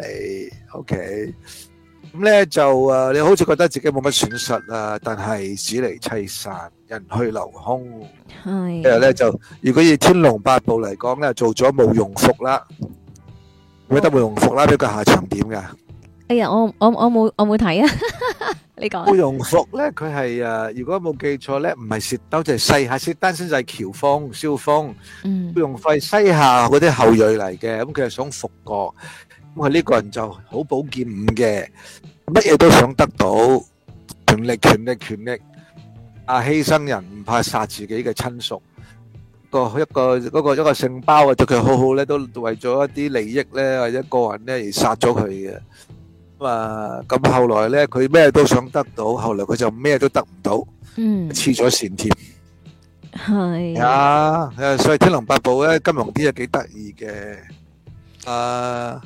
，O K。OK? 咁咧就誒，你好似覺得自己冇乜損失啊，但係子離妻散，人去樓空。係，然後咧就，如果以《天龍八部》嚟講咧，做咗慕容復啦，覺得慕容復啦，佢個下場點㗎？哎呀，我我我冇我冇睇啊！你講。慕容復咧，佢係誒，如果冇記錯咧，唔係薛刀就係西夏，薛單身就係喬峯、蕭峰，慕容復係西夏嗰啲後裔嚟嘅，咁佢係想復國。咁佢呢個人就好保健五嘅，乜嘢都想得到，權力、權力、權力。阿犧牲人唔怕殺自己嘅親屬，個一個嗰個一個姓包啊，對佢好好咧，都為咗一啲利益咧，或者個人咧而殺咗佢嘅。咁啊，咁後來咧，佢咩都想得到，後來佢就咩都得唔到，嗯，黐咗線添。係啊，誒，所以《天龍八部》咧，金庸啲係幾得意嘅，誒。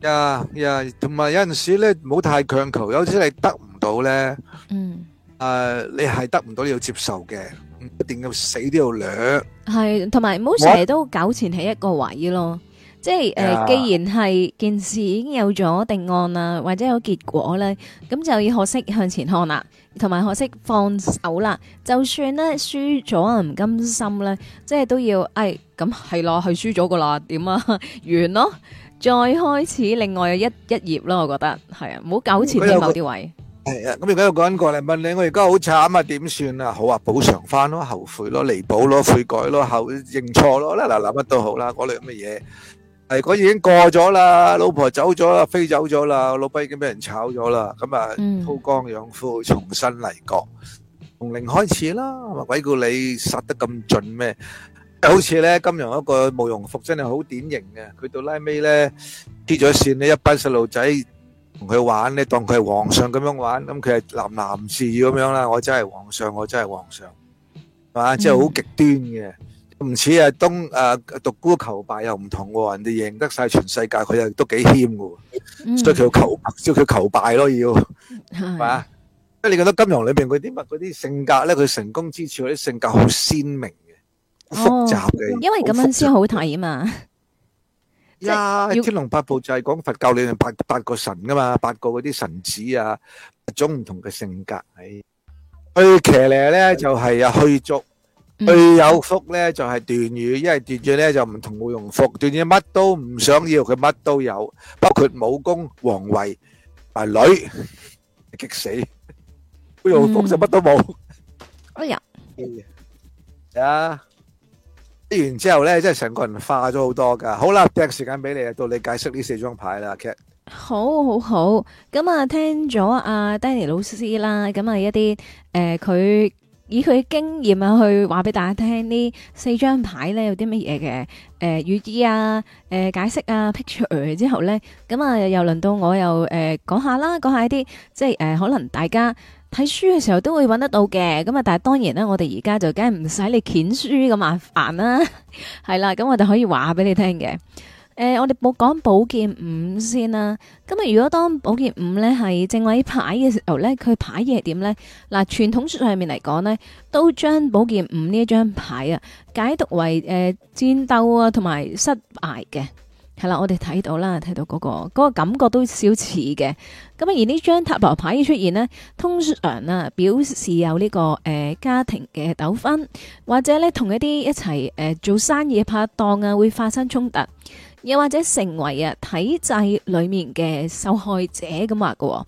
呀、yeah, 呀、yeah，同埋有陣時咧，唔好太強求，有陣時你得唔到咧，嗯，誒、uh，你係得唔到你要接受嘅，唔一定要死都要掠。係，同埋唔好成日都糾纏喺一個位咯，What? 即係誒，呃 yeah. 既然係件事已經有咗定案啦，或者有結果咧，咁就要學識向前看啦，同埋學識放手啦。就算咧輸咗啊唔甘心咧，即係都要，哎，咁係咯，係輸咗噶啦，點啊，完咯。再開始另外一一頁咯，我覺得係啊，唔好糾纏某啲位。係啊，咁而家有個人過嚟問你，我而家好慘啊，點算啊？好啊，補償翻咯，後悔咯，彌補咯，悔改咯，後認錯咯。嗱嗱諗乜都好啦，嗰類咁嘅嘢。係，嗰已經過咗啦，老婆走咗啦，飛走咗啦，老闆已經俾人炒咗啦。咁啊，韜光養晦，重新嚟過，從零開始啦。鬼叫你殺得咁盡咩？好似咧，金庸一個慕容複真係好典型嘅。佢到拉尾咧，跌咗線咧，一班細路仔同佢玩咧，當佢係皇上咁樣玩。咁佢係喃喃自語咁樣啦。我真係皇上，我真係皇上，係嘛？即係好極端嘅，唔似係東誒獨孤求敗又唔同。人哋贏得晒全世界，佢又都幾謙嘅。所以叫求敗，叫佢求敗咯，要係嘛？即係你覺得金庸裏面嗰啲乜，嗰啲性格咧，佢成功之處，啲性格好鮮明。複雜嘅，因為咁樣先好睇啊嘛。即係《天龍八部》就係講佛教裏邊八八個神噶嘛，八個嗰啲神子啊，種唔同嘅性格。唉，最奇呢就係啊，虛竹；最有福呢就係段譽，因為段譽呢就唔同慕容複，段譽乜都唔想要，佢乜都有，包括武功、皇位啊、女，激死。慕容複就乜都冇。哎呀，啊！完之後咧，即係成個人化咗好多噶。好啦，一時間俾你到你解釋呢四張牌啦。其好好好，咁啊聽咗阿、啊、Danny 老師啦，咁啊一啲誒，佢、呃、以佢經驗啊去話俾大家聽呢四張牌咧有啲乜嘢嘅誒語意啊誒、呃、解釋啊 picture 之後咧，咁啊又輪到我又誒、呃、講下啦，講一下一啲即係誒、呃、可能大家。睇書嘅時候都會揾得到嘅，咁啊，但係當然啦、 呃，我哋而家就梗係唔使你卷書咁麻煩啦，係啦，咁我哋可以話下俾你聽嘅。誒，我哋冇講寶劍五先啦，咁啊，如果當寶劍五咧係正位牌嘅時候咧，佢牌嘢點咧？嗱，傳統書上面嚟講咧，都將寶劍五呢一張牌啊，解讀為誒、呃、戰鬥啊，同埋失敗嘅。係、嗯、啦，我哋睇到啦，睇到嗰、那個嗰、那個感覺都少似嘅。咁而呢張塔羅牌出現呢，通常啊表示有呢、這個誒、呃、家庭嘅糾紛，或者咧同一啲一齊誒、呃、做生意拍檔啊會發生衝突，又或者成為啊體制裏面嘅受害者咁話噶。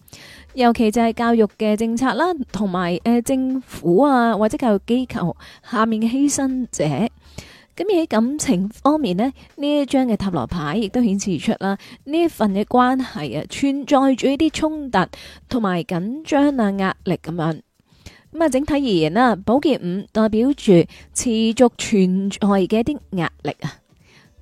尤其就係教育嘅政策啦，同埋誒政府啊或者教育機構下面嘅犧牲者。咁喺感情方面呢，呢張嘅塔羅牌亦都顯示出啦，呢一份嘅關係啊，存在住一啲衝突同埋緊張啊、壓力咁樣。咁啊，整體而言啦，寶劍五代表住持續存在嘅一啲壓力啊。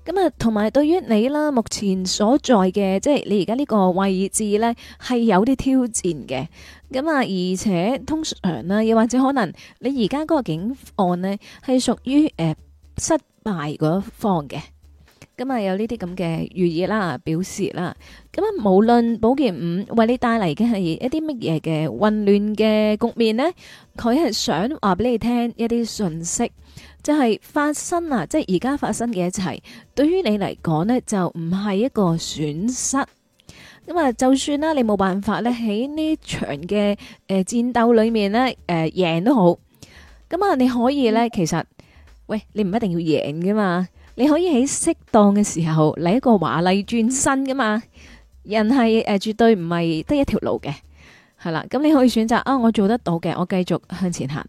咁啊，同埋對於你啦，目前所在嘅即係你而家呢個位置呢，係有啲挑戰嘅。咁啊，而且通常啦，又或者可能你而家嗰個境況呢，係屬於誒。失敗嗰一方嘅，咁啊有呢啲咁嘅寓意啦，表示啦，咁啊無論寶劍五為你帶嚟嘅係一啲乜嘢嘅混亂嘅局面呢，佢係想話俾你聽一啲信息，就係、是、發生啊，即係而家發生嘅一切，對於你嚟講呢，就唔係一個損失，咁啊就算啦，你冇辦法咧喺呢場嘅誒戰鬥裏面呢，誒贏都好，咁啊你可以呢，其實。喂，你唔一定要贏噶嘛，你可以喺適當嘅時候嚟一個華麗轉身噶嘛。人係誒、呃、絕對唔係得一條路嘅，係啦。咁你可以選擇啊、哦，我做得到嘅，我繼續向前行。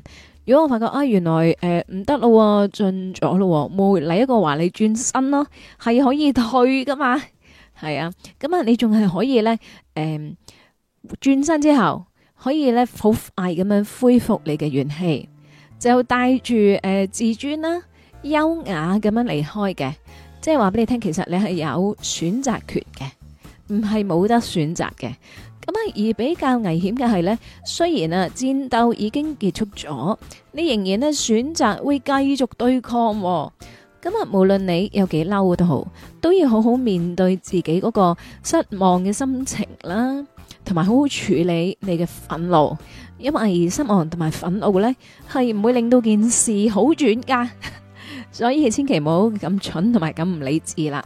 如果我發覺啊、哎，原來誒唔得咯，進咗咯、啊，冇嚟一個華麗轉身咯，係可以退噶嘛，係啊。咁啊，你仲係可以咧，誒、呃、轉身之後可以咧，好快咁樣恢復你嘅元氣。就帶住誒自尊啦、優雅咁樣離開嘅，即係話俾你聽，其實你係有選擇權嘅，唔係冇得選擇嘅。咁啊，而比較危險嘅係呢，雖然啊戰鬥已經結束咗，你仍然呢選擇會繼續對抗。咁啊，無論你有幾嬲都好，都要好好面對自己嗰個失望嘅心情啦，同埋好好處理你嘅憤怒。因為失望同埋憤怒咧，係唔會令到件事好轉噶，所以千祈唔好咁蠢同埋咁唔理智啦。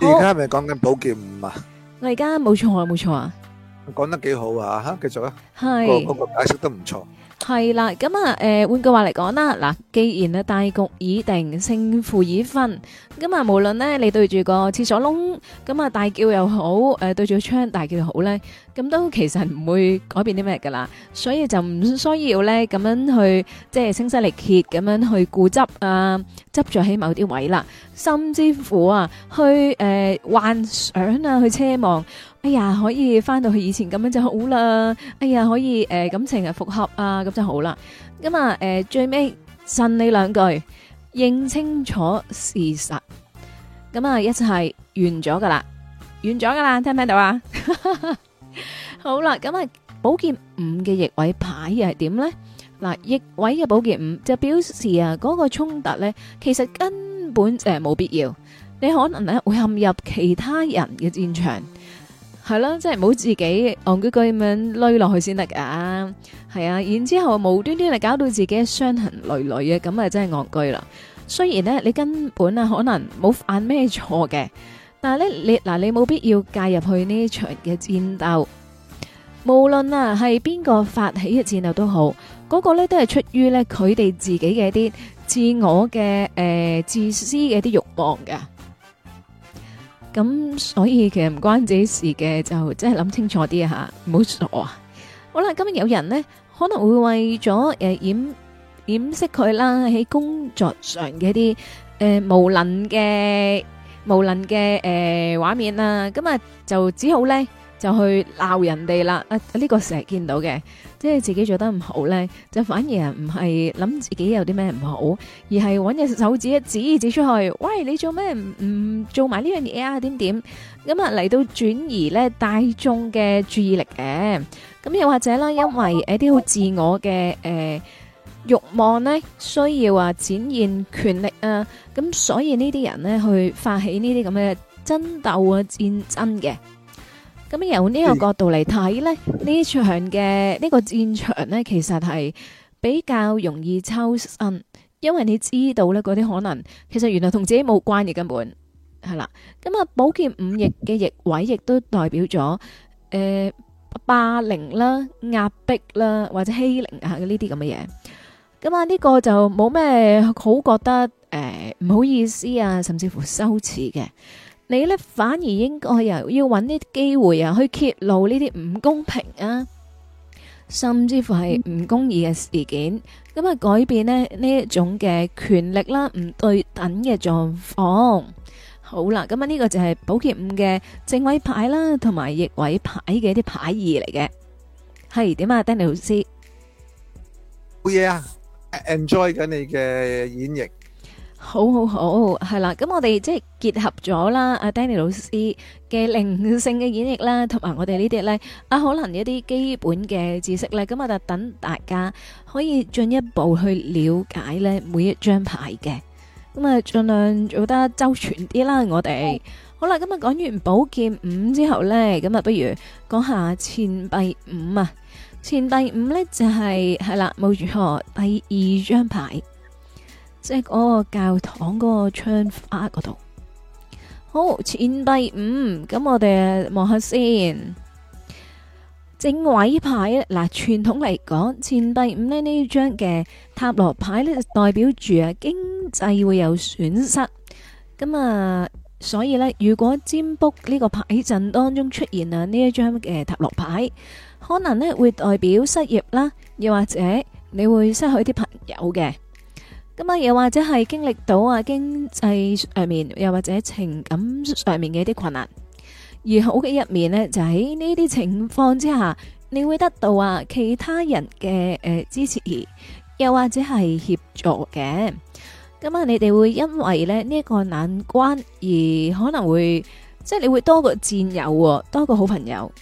而家咪講緊寶劍五啊！我而家冇錯啊，冇錯啊！講得幾好啊，吓繼續啊，嗰嗰個解釋都唔錯。係啦，咁啊，誒，換句話嚟講啦，嗱，既然大局已定，勝負已分，咁啊，無論咧你對住個廁所窿，咁啊大叫又好，誒，對住個窗大叫又好咧，咁都其實唔會改變啲咩噶啦，所以就唔需要咧咁樣去，即係聲嘶力竭咁樣去固執啊，執着喺某啲位啦，甚至乎啊，去、呃、誒幻想啊，去奢望。哎呀，可以翻到去以前咁樣就好啦。哎呀，可以誒感情啊復合啊，咁就好啦。咁啊，誒最尾信你兩句，認清楚事實。咁啊，一齊完咗噶啦，完咗噶啦，聽唔聽到啊？好啦，咁啊，寶劍五嘅逆位牌又係點咧？嗱，逆位嘅寶劍五就表示啊，嗰個衝突咧，其實根本就係冇必要。你可能咧會陷入其他人嘅戰場。係咯，即係唔好自己戇居居咁樣累落去先得噶係啊。然之後無端端嚟搞到自己傷痕累累嘅，咁啊真係戇居啦。雖然呢，你根本啊可能冇犯咩錯嘅，但係咧你嗱，你冇必要介入去呢場嘅戰鬥。無論啊係邊個發起嘅戰鬥都好，嗰、嗰個咧都係出於呢佢哋自己嘅一啲自我嘅誒、呃、自私嘅一啲慾望㗎。咁所以其實唔關自己事嘅，就即係諗清楚啲啊吓，唔好傻啊！好啦，今日有人咧，可能會為咗誒掩掩飾佢啦，喺工作上嘅一啲誒無能嘅無能嘅誒畫面啊，咁啊就只好咧。就去鬧人哋啦！啊，呢、這個成日見到嘅，即係自己做得唔好咧，就反而唔係諗自己有啲咩唔好，而係搵隻手指一指指出去，喂，你做咩唔做埋呢樣嘢啊？點點咁啊，嚟、嗯、到轉移咧大眾嘅注意力嘅、啊。咁、嗯、又或者啦，因為誒啲好自我嘅誒欲望咧，需要啊展現權力啊，咁、嗯、所以這些人呢啲人咧去發起呢啲咁嘅爭鬥啊戰爭嘅。咁由呢個角度嚟睇咧，呢場嘅呢、呢個戰場咧，其實係比較容易抽身，因為你知道咧，嗰啲可能其實原來同自己冇關係根本，係啦。咁啊，寶劍五逆嘅逆位亦都代表咗誒、呃、霸凌啦、壓迫啦或者欺凌吓呢啲咁嘅嘢。咁啊，呢個就冇咩好覺得誒呃、唔好意思啊，甚至乎羞恥嘅。你咧反而應該又要揾啲機會啊，去揭露呢啲唔公平啊，甚至乎係唔公義嘅事件，咁去改變咧呢一種嘅權力啦、唔對等嘅狀況。好啦，咁啊呢個就係《寶劍五》嘅正位牌啦，同埋逆位牌嘅一啲牌意嚟嘅。係點啊 Danny 老師？好嘢啊！enjoy 緊你嘅演繹。好好好，係啦，咁我哋即係結合咗啦，阿 Danny 老師嘅靈性嘅演繹啦，同埋我哋呢啲咧，啊可能一啲基本嘅知識咧，咁我就等大家可以進一步去了解咧每一張牌嘅，咁啊盡量做得周全啲啦，我哋好啦，咁啊講完寶劍五之後咧，咁啊不如講下錢幣五啊，錢幣五咧就係，係啦，冇錯，第二張牌。即係嗰個教堂嗰個窗花嗰度，好，錢幣五，咁我哋望下先。正位牌。嗱，傳統嚟講，錢幣五咧呢張嘅塔羅牌呢，就代表住啊經濟會有損失，咁啊所以呢，如果占卜呢個牌陣當中出現啊呢一張嘅塔羅牌，可能呢會代表失業啦，又或者你會失去啲朋友嘅。咁啊，又或者係經歷到啊經濟上面，又或者情感上面嘅一啲困難。而好嘅一面呢，就喺呢啲情況之下，你會得到啊其他人嘅誒支持，又或者係協助嘅。咁啊，你哋會因為咧呢一個難關而可能會即係你會多個戰友哦，多個好朋友。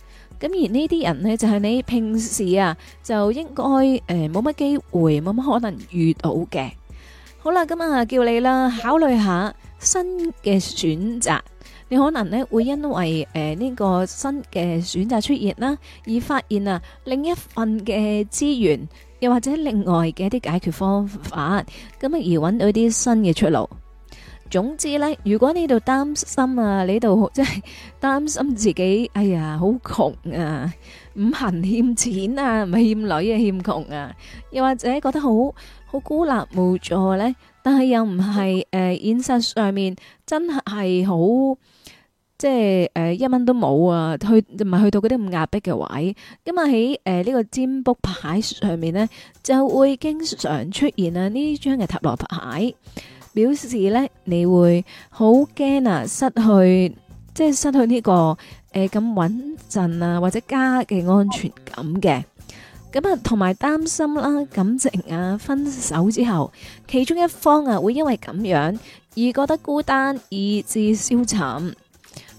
咁而呢啲人呢，就係你平時啊就應該誒冇乜機會，冇乜可能遇到嘅。好啦，咁啊叫你啦，考慮下新嘅選擇。你可能咧會因為誒呢個新嘅選擇出現啦，而發現啊另一份嘅資源，又或者另外嘅一啲解決方法，咁啊而搵到啲新嘅出路。總之呢，如果你度擔心啊，你度即係擔心自己，哎呀好窮啊。五行欠錢啊，唔係欠女啊，欠窮啊，又或者覺得好好孤立無助咧，但係又唔係誒，現實上面真係好即係誒、呃，一蚊都冇啊，去唔係去到嗰啲咁壓逼嘅位，咁啊喺誒呢個占卜牌上面咧，就會經常出現啊呢張嘅塔羅牌，表示咧你會好驚啊，失去即係失去呢、這個。誒、呃，咁穩陣啊，或者家嘅安全感嘅，咁啊，同埋擔心啦，感情啊，分手之後，其中一方啊，會因為咁樣而覺得孤單，以致消沉。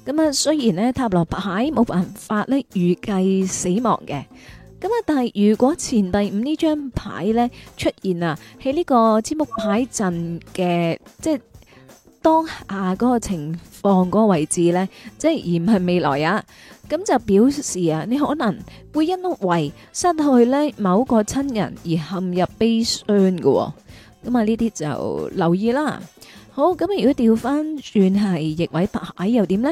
咁啊，雖然呢塔羅牌冇辦法咧預計死亡嘅，咁啊，但係如果前第五呢張牌呢出現啊，喺呢個占卜牌陣嘅，即係。當下嗰個情況嗰個位置呢，即係而唔係未來啊，咁就表示啊，你可能會因為失去呢某個親人而陷入悲傷噶、哦，咁啊呢啲就留意啦。好，咁如果掉翻轉係逆位牌呢又點呢？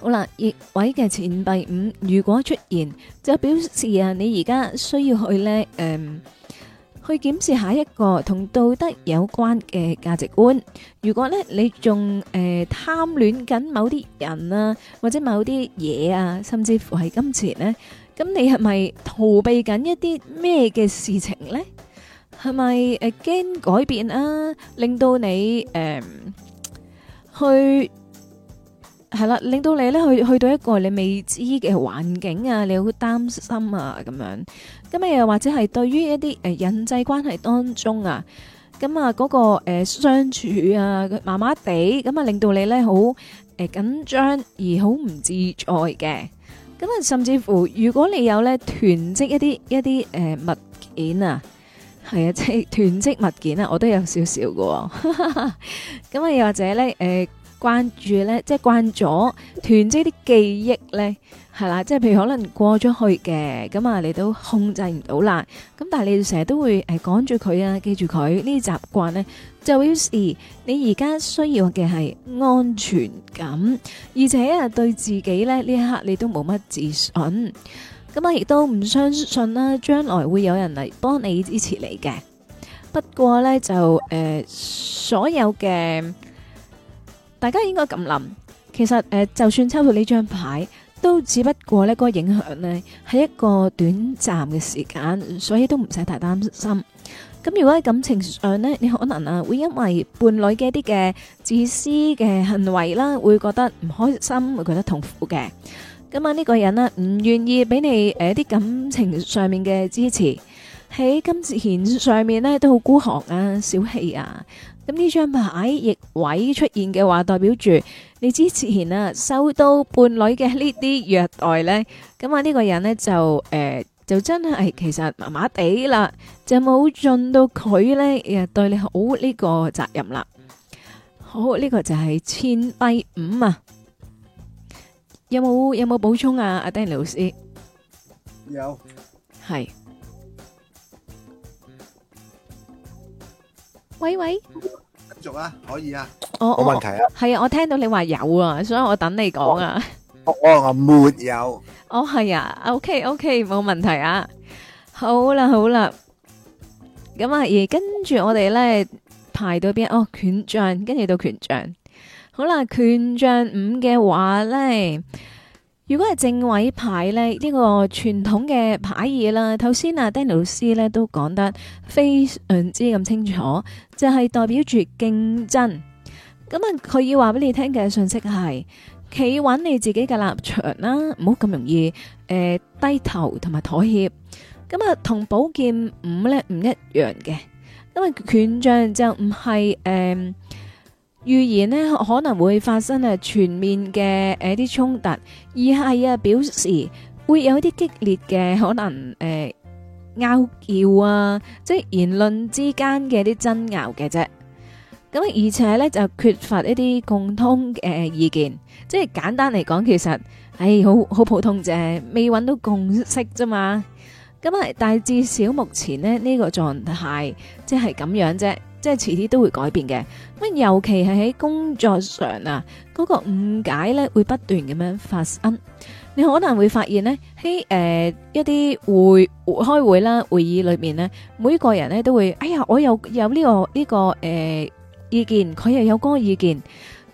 好啦，逆位嘅錢幣五如果出現，就表示啊，你而家需要去呢。誒、嗯。去檢視下一個同道德有關嘅價值觀。如果咧你仲誒貪戀緊某啲人啊，或者某啲嘢啊，甚至乎係金錢咧，咁你係咪逃避緊一啲咩嘅事情咧？係咪誒驚改變啊，令到你誒去？係啦，令到你咧去去到一個你未知嘅環境啊，你好擔心啊咁樣。咁啊又或者係對於一啲誒、呃、人際關係當中啊，咁啊嗰、嗰個誒、呃、相處啊麻麻地，咁啊令到你咧好誒緊張而好唔自在嘅。咁啊甚至乎，如果你有咧囤積一啲一啲誒、呃、物件啊，係啊即係囤積物件啊，我都有少少噶。咁啊又或者咧誒。呃慣住咧，即係慣咗囤積啲記憶咧，係啦，即係譬如可能過咗去嘅，咁啊你都控制唔到啦。咁但係你成日都會誒、呃、趕住佢啊，記住佢呢啲習慣咧，就表示你而家需要嘅係安全感，而且啊對自己咧呢這一刻你都冇乜自信，咁啊亦都唔相信啦、啊，將來會有人嚟幫你支持你嘅。不過咧就誒、呃、所有嘅。大家應該咁諗，其實誒，就算抽到呢張牌，都只不過呢個影響呢係一個短暫嘅時間，所以都唔使太擔心。咁如果喺感情上呢，你可能啊會因為伴侶嘅一啲嘅自私嘅行為啦，會覺得唔開心，會覺得痛苦嘅。咁啊呢個人呢唔願意俾你誒啲感情上面嘅支持，喺金錢上面呢都好孤寒啊，小氣啊。咁呢張牌逆位出現嘅話，代表住你之前啊受到伴侶嘅呢啲虐待咧。咁啊呢個人咧就誒就真係其實麻麻地啦，就冇盡到佢咧誒對你好呢個責任啦。好，呢個就係錢幣五啊，有冇有冇補充啊？阿 Danny 老師有係。喂喂，繼續啊，可以啊，冇問題啊，係啊，我聽到你話有啊，所以我等你講啊。哦，我沒有。哦係啊，OK OK，冇問題啊。好啦好啦，咁啊而跟住我哋咧排到邊？哦，權杖，跟住到權杖，好啦，權杖五嘅話咧。如果係正位牌咧，呢、這個傳統嘅牌嘢啦，頭先阿 Danny 老師咧都講得非常之咁清楚，就係、是、代表住競爭。咁啊，佢要話俾你聽嘅信息係，企穩你自己嘅立場啦，唔好咁容易誒、呃、低頭同埋妥協。咁啊，同寶劍五咧唔一樣嘅，因為權杖就唔係誒。呃預言呢可能會發生誒全面嘅誒啲衝突，而係啊表示會有啲激烈嘅可能誒、呃、拗撬啊，即係言論之間嘅啲爭拗嘅啫。咁而且呢就缺乏一啲共通誒、呃、意見，即係簡單嚟講，其實誒、哎、好好普通啫，未搵到共識啫嘛。咁啊，但係至少目前呢呢、這個狀態即係咁樣啫。即係遲啲都會改變嘅。咁尤其係喺工作上啊，嗰個誤解咧會不斷咁樣發生。你可能會發現咧喺誒一啲會開會啦、會議裏面咧，每個人咧都會哎呀，我又有呢個呢個誒意見，佢又有嗰個意見，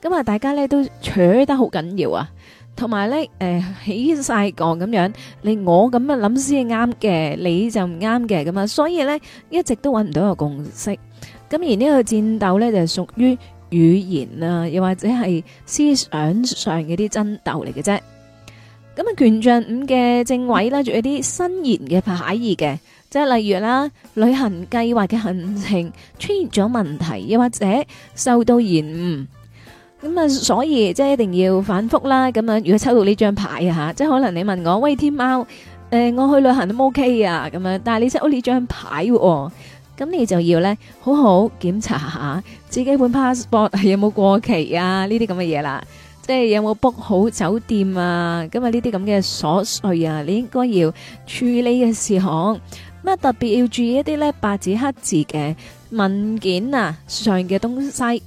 咁啊，大家咧都扯得好緊要啊，同埋咧誒起晒槓咁樣。你我咁樣諗先啱嘅，你就唔啱嘅咁啊，所以咧一直都搵唔到個共識。咁而呢個戰鬥咧就係屬於語言啊，又或者係思想上嘅啲爭鬥嚟嘅啫。咁啊，權杖五嘅正位啦，仲有啲新言嘅牌意嘅，即係例如啦，旅行計劃嘅行程出現咗問題，又或者受到延誤。咁啊，所以即係一定要反覆啦。咁啊，如果抽到呢張牌啊吓，即係可能你問我喂天喵，誒、呃，我去旅行都 OK 啊，咁樣，但係你抽到呢張牌喎、哦。咁你就要咧好好檢查下自己本 passport 有冇過期啊？呢啲咁嘅嘢啦，即係有冇 book 好酒店啊？咁啊呢啲咁嘅瑣碎啊，你應該要處理嘅事項。乜特別要注意一啲咧八字黑字嘅文件啊上嘅東西。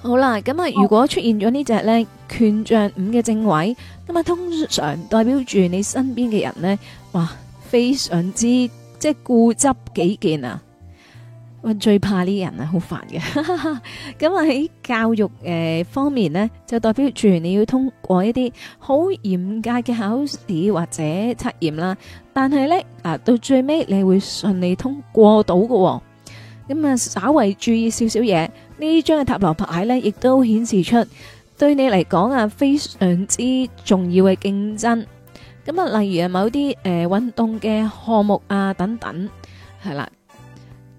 好啦，咁啊如果出現咗呢隻咧權杖五嘅正位，咁啊通常代表住你身邊嘅人呢，哇非常之～即係固執己見啊！我最怕呢人啊，好煩嘅。咁啊喺教育誒方面呢，就代表住你要通過一啲好嚴格嘅考試或者測驗啦。但係呢，啊，到最尾你會順利通過到嘅，哦。咁啊，稍為注意少少嘢，呢張嘅塔羅牌呢，亦都顯示出對你嚟講啊非常之重要嘅競爭。咁啊，例如啊，某啲誒運動嘅項目啊，等等，係啦，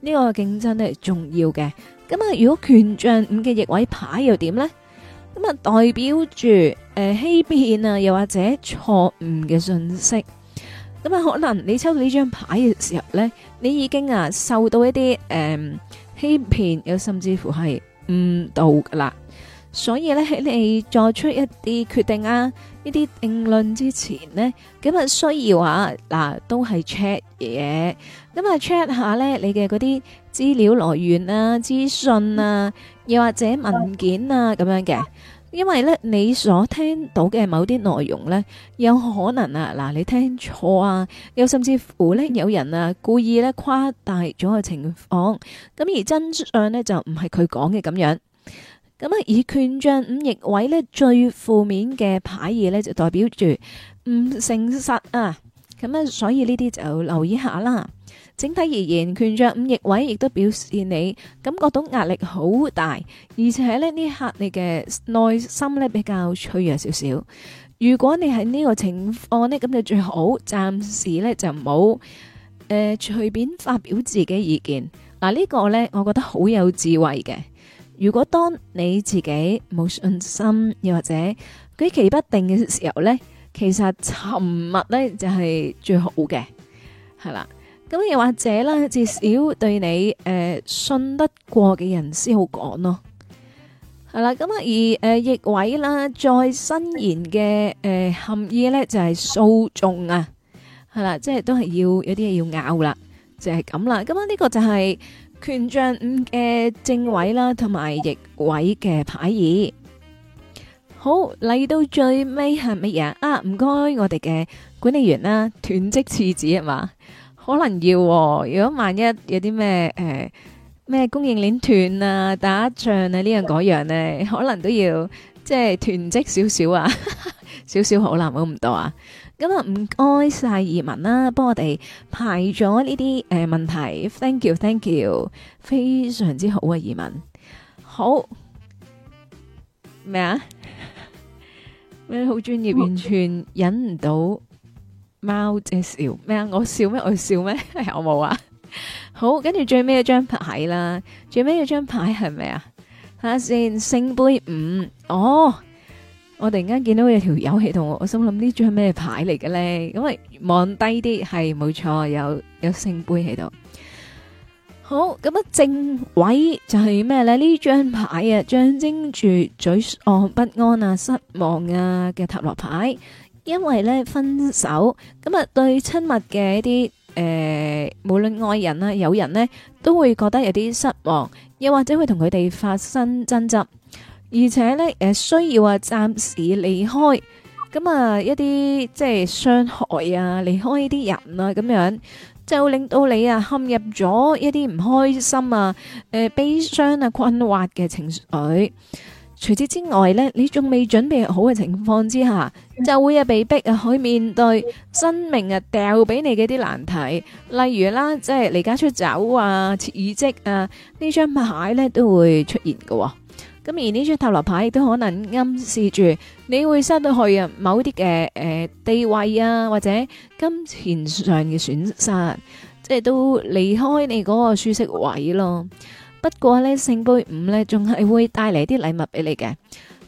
呢個競爭係重要嘅。咁啊，如果權杖五嘅逆位牌又點咧？咁啊，代表住誒欺騙啊，又或者錯誤嘅信息。咁啊，可能你抽到呢張牌嘅時候咧，你已經啊受到一啲誒欺騙，又甚至乎係誤導噶啦。所以咧，你作出一啲決定啊，呢啲定論之前呢，咁啊需要話嗱，都係 check 嘢，咁啊 check 下呢，你嘅嗰啲資料來源啊、資訊啊，又或者文件啊咁樣嘅，因為呢，你所聽到嘅某啲內容呢，有可能啊嗱、啊、你聽錯啊，又甚至乎呢，有人啊故意咧誇大咗個情況，咁而真相呢，就唔係佢講嘅咁樣。咁啊，以權杖五逆位咧，最負面嘅牌義咧就代表住唔誠實啊。咁啊，所以呢啲就留意下啦。整體而言，權杖五逆位亦都表示你感覺到壓力好大，而且咧呢一刻你嘅內心咧比較脆弱少少。如果你係呢個情況呢，咁就最好暫時咧就唔好誒、呃、隨便發表自己意見。嗱、啊這個、呢個咧，我覺得好有智慧嘅。如果當你自己冇信心，又或者舉棋不定嘅時候咧，其實沉默咧就係最好嘅，係啦。咁又或者咧，至少對你誒信得過嘅人先好講咯，係啦。咁啊而誒逆位啦，再新言嘅誒含義咧就係訴訟啊，係啦，即係都係要有啲嘢要拗啦，就係咁啦。咁啊呢個就係。權杖五嘅正位啦，同埋逆位嘅牌意。好，嚟到最尾係乜嘢啊？唔該，我哋嘅管理員啦，囤積廁紙係嘛？可能要，如果萬一有啲咩誒咩供應鏈斷啊，打仗啊呢樣嗰樣咧，可能都要即係囤積少少啊， 少少好啦，好唔多啊。咁啊，唔該晒移民啦，幫我哋排咗呢啲誒問題，thank you，thank you，, thank you 非常之好啊，移民，好咩啊？咩好專業，完全忍唔到貓姐笑咩啊？我笑咩？我笑咩？ 我冇啊？好，跟住最尾一張牌啦，最尾一張牌係咩啊？睇下先，聖杯五，哦。我突然間見到有條友喺度，我心諗呢張咩牌嚟嘅咧？因為望低啲係冇錯，有有聖杯喺度。好，咁啊，正位就係咩咧？呢張牌啊，象徵住嘴岸不安啊、失望啊，嘅塔羅牌。因為咧，分手，咁啊對親密嘅一啲誒，無論愛人啊、友人呢，都會覺得有啲失望，又或者會同佢哋發生爭執。而且咧，誒，需要啊，暫時離開，咁啊，一啲即係傷害啊，離開一啲人啊，咁樣就令到你啊，陷入咗一啲唔開心啊，誒、呃，悲傷啊，困惑嘅情緒。除此之外咧，你仲未準備好嘅情況之下，就會啊，被逼啊，去面對生命啊，掉俾你嘅啲難題，例如啦，即係離家出走啊，辭職啊，張牌呢張牌咧都會出現嘅、哦。咁而呢張塔羅牌都可能暗示住你會失去啊某啲嘅，誒，地位啊或者金錢上嘅損失，即係都離開你嗰個舒適位咯。不過呢，聖杯五呢仲係會帶嚟啲禮物俾你嘅。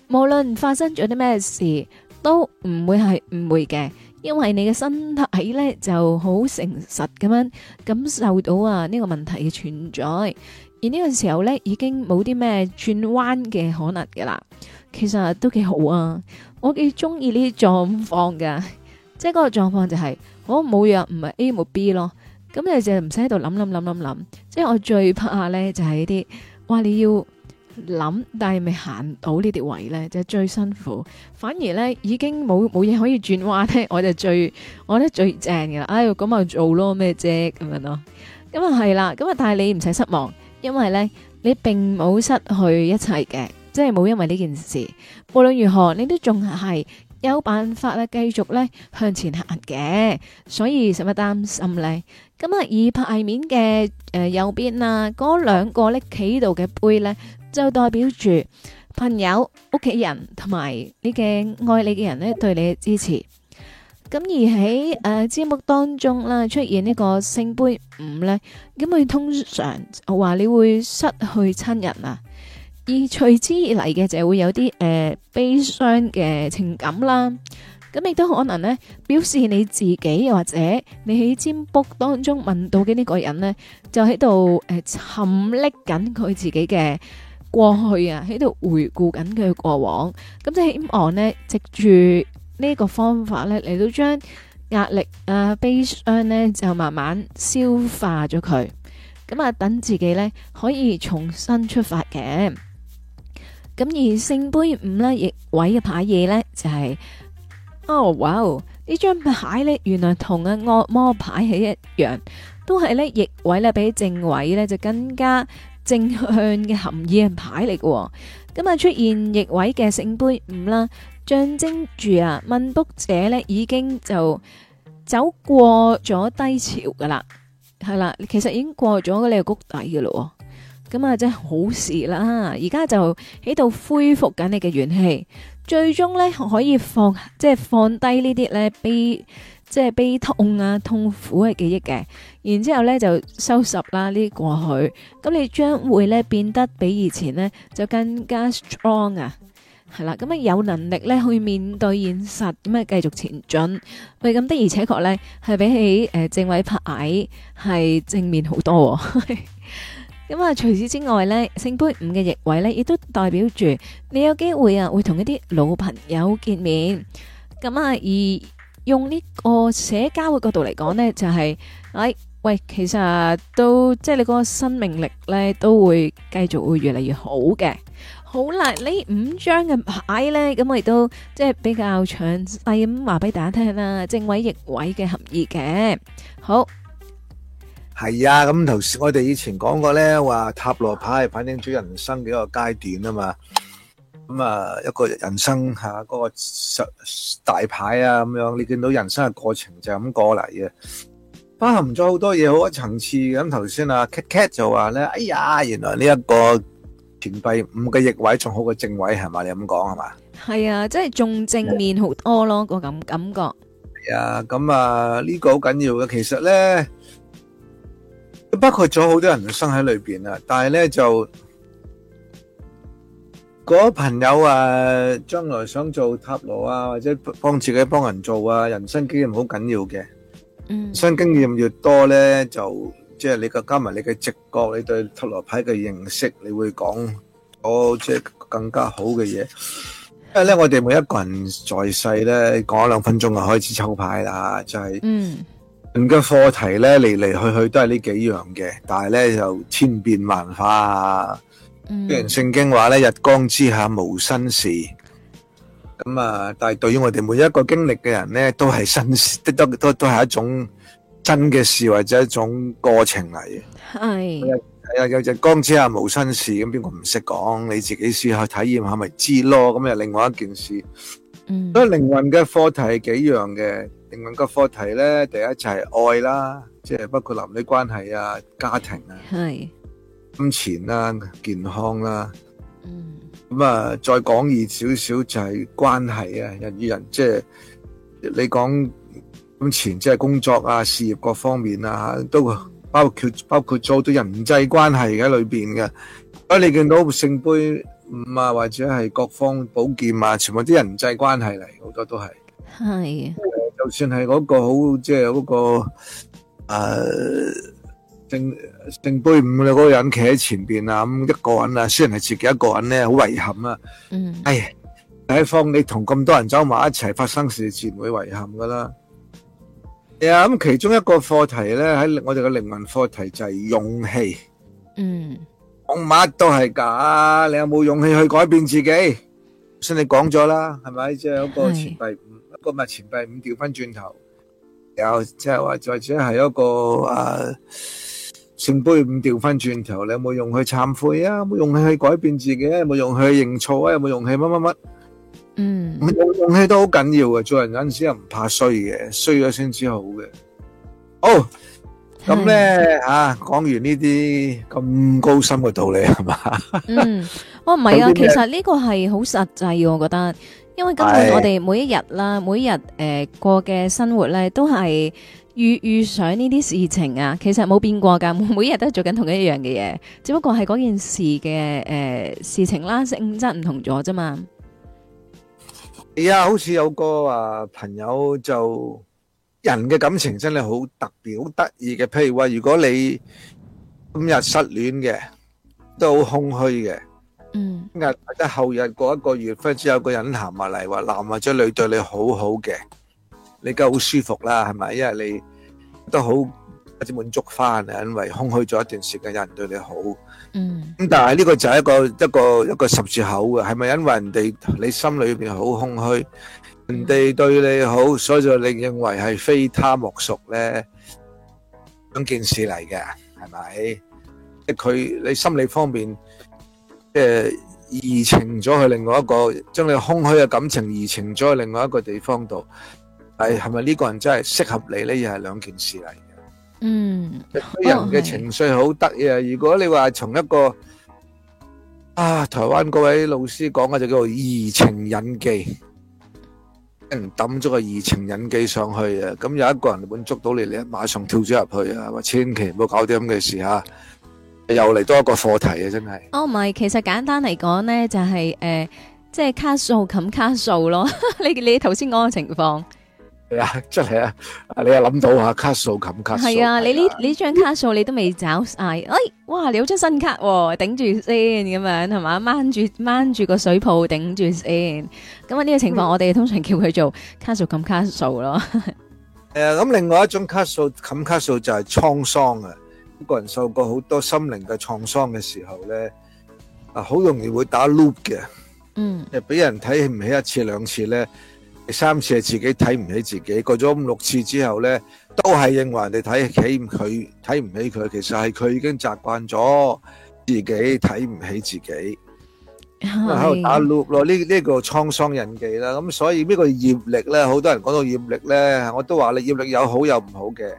無論發生咗啲咩事，都唔會係誤會嘅，因為你嘅身體呢就好誠實咁樣感受到啊呢個問題嘅存在。而呢個時候咧，已經冇啲咩轉彎嘅可能嘅啦。其實都幾好啊，我幾中意呢啲狀況噶。即係嗰個狀況就係我冇樣唔係 A 冇 B 咯。咁你就唔使喺度諗諗諗諗諗。即係我最怕咧就係呢啲，哇你要諗，但係未行到呢啲位咧就係最辛苦。反而咧已經冇冇嘢可以轉彎咧，我就最我咧最正噶。哎喲咁啊做咯咩啫咁樣咯。咁啊係啦，咁啊但係你唔使失望。因為咧，你並冇失去一切嘅，即係冇因為呢件事，無論如何，你都仲係有辦法啊，繼續咧向前行嘅，所以使乜擔心咧。咁啊，而牌面嘅，誒、呃、右邊啊，嗰兩個咧企度嘅杯咧，就代表住朋友、屋企人同埋你嘅愛你嘅人咧對你嘅支持。咁而喺誒占卜當中啦，出現呢個聖杯五咧，咁佢通常話你會失去親人啊，而隨之而嚟嘅就會有啲誒悲傷嘅情感啦。咁亦都可能咧，表示你自己或者你喺占卜當中問到嘅呢個人咧，就喺度誒沉溺緊佢自己嘅過去啊，喺度回顧緊佢嘅過往。咁即係希望咧，藉住。呢、這個方法咧，嚟到將壓力啊、呃、悲傷咧，就慢慢消化咗佢，咁啊，等自己咧可以重新出發嘅。咁而聖杯五咧逆位嘅牌嘢咧就係、是，哦哇，呢張牌咧原來同啊惡魔牌係一樣，都係咧逆位咧比正位咧就更加正向嘅含義嘅牌嚟嘅、哦。咁啊出現逆位嘅聖杯五啦。象徵住啊，問卜者咧已經就走過咗低潮噶啦，係啦，其實已經過咗你個谷底噶啦，咁啊真係好事啦！而家就喺度恢復緊你嘅元氣，最終咧可以放即係、就是、放低呢啲咧悲即係、就是、悲痛啊痛苦嘅記憶嘅，然之後咧就收拾啦呢啲過去，咁你將會咧變得比以前咧就更加 strong 啊！係啦，咁啊有能力咧去面對現實，咁啊繼續前進，係咁的，而且確咧係比起誒、呃、政委拍矮係正面好多，哦。咁 啊除此之外咧，聖杯五嘅逆位咧，亦都代表住你有機會啊會同一啲老朋友見面。咁啊而用呢個社交嘅角度嚟講呢就係、是、喂、哎、喂，其實、啊、都即係你嗰個生命力咧，都會繼續會越嚟越好嘅。好啦，呢五張嘅牌咧，咁我亦都即係比較詳細咁話俾大家聽啦，正位逆位嘅含義嘅。好，係啊，咁頭先我哋以前講過咧，話塔羅牌係反映咗人生幾個階段啊嘛。咁、嗯、啊，一個人生吓，嗰、啊那個十大牌啊咁樣，你見到人生嘅過程就咁過嚟嘅，包含咗好多嘢，好多層次。咁頭先啊，Kat 就話咧，哎呀，原來呢、這、一個。前輩，錢幣五嘅逆位仲好過正位係嘛？你咁講係嘛？係啊，即係仲正面好多咯，個感感覺。係啊，咁啊呢個好緊要嘅。其實咧，包括咗好多人生喺裏邊啦，但係咧就，嗰個朋友啊，將來想做塔羅啊，或者幫自己幫人做啊，人生經驗好緊要嘅。嗯，人生經驗越多咧就。即、就、係、是、你個加埋你嘅直覺，你對塔羅牌嘅認識，你會講哦即係更加好嘅嘢。因為咧，我哋每一個人在世咧，講兩分鐘就開始抽牌啦，就係、是、嗯，個課題咧嚟嚟去去都係呢幾樣嘅，但係咧就千變萬化啊。雖、嗯、然聖經話咧，日光之下無新事，咁啊，但係對於我哋每一個經歷嘅人咧，都係新事，都都都係一種。新嘅事或者一種過程嚟嘅，係係啊，有只光之啊無心事咁，邊個唔識講？你自己試下體驗下咪知咯，咁又另外一件事，嗯，所以靈魂嘅課題係幾樣嘅，靈魂嘅課題咧，第一就係愛啦，即係包括男女關係啊、家庭啊，係金錢啦、健康啦，嗯，咁啊，再講易少少就係關係啊，人與人，即係你講。咁前即係工作啊、事業各方面啊，吓都包括包括做到人際關係喺裏邊嘅。所以你見到聖杯五啊，或者係各方寶劍啊，全部啲人際關係嚟，好多都係係。就算係嗰個好即係嗰個誒聖聖杯五嘅嗰個人企喺前邊啊，咁一個人啊，雖然係自己一個人咧，好遺憾啊。嗯。係第一方，你同咁多人走埋一齊，發生事自會遺憾㗎喇。係啊，咁其中一個課題咧，喺我哋嘅靈魂課題就係勇氣。嗯，講乜都係假，你有冇勇氣去改變自己？先你講咗啦，係咪即係一個錢幣五，一個咪錢幣五掉翻轉頭，有即係話再者係一個誒聖杯五掉翻轉頭，你有冇用去懺悔啊？有冇用去改變自己，有冇用去認錯啊？有冇用去乜乜乜？嗯，勇氣都好緊要嘅，做人有陣時又唔怕衰嘅，衰咗先至好嘅。好，咁咧啊，講完呢啲咁高深嘅道理係嘛？嗯，哦唔係啊，其實呢個係好實際，我覺得，因為今日我哋每一日啦，每一日誒、呃、過嘅生活咧，都係預遇上呢啲事情啊，其實冇變過噶，每一日都係做緊同一樣嘅嘢，只不過係嗰件事嘅誒、呃、事情啦，性質唔同咗啫嘛。係啊，好似有個啊朋友就人嘅感情真係好特別、好得意嘅。譬如話，如果你今日失戀嘅，都好空虛嘅。嗯，今日或者後日過一個月，忽然之間有個人行埋嚟，話男或者女對你好好嘅，你梗好舒服啦，係咪？因為你都好一啲滿足翻，因為空虛咗一段時間，有人對你好。嗯，咁但係呢個就係一個一個一個十字口嘅，係咪因為人哋你心裏邊好空虛，人哋對你好，所以就你認為係非他莫屬咧？兩件事嚟嘅，係咪？即係佢你心理方面，即係移情咗去另外一個，將你空虛嘅感情移情咗去另外一個地方度，係係咪呢個人真係適合你咧？又係兩件事嚟。嗯，人嘅情緒好得意啊！如果你話從一個啊，台灣各位老師講嘅就叫做移情引記，嗯，抌咗個移情引記上去啊！咁有一個人滿足到你，你馬上跳咗入去啊！千祈唔好搞啲咁嘅事吓，又嚟多一個課題啊！真係，哦唔係，其實簡單嚟講呢，就係誒，即係卡數冚卡數咯。你你頭先講嘅情況。係、yeah, 啊，真係啊！你又諗到下卡數冚卡數係啊！你呢呢張卡數你都未找晒，哎哇！你有張新卡，哦，頂住先咁樣係嘛？掹住掹住個水泡頂住先。咁啊呢個情況，嗯，我哋通常叫佢做卡數冚卡數咯。誒、啊，咁另外一種卡數冚卡數就係創傷啊！一個人受過好多心靈嘅創傷嘅時候咧，啊，好容易會打 loop 嘅。嗯，誒，俾人睇唔起一次兩次咧。第三次係自己睇唔起自己，過咗五六次之後咧，都係認為人哋睇唔起佢，睇唔起佢，其實係佢已經習慣咗自己睇唔起自己，喺度打 loop 咯。呢呢個滄桑印記啦。咁所以呢個業力咧，好多人講到業力咧，我都話你業力有好有唔好嘅。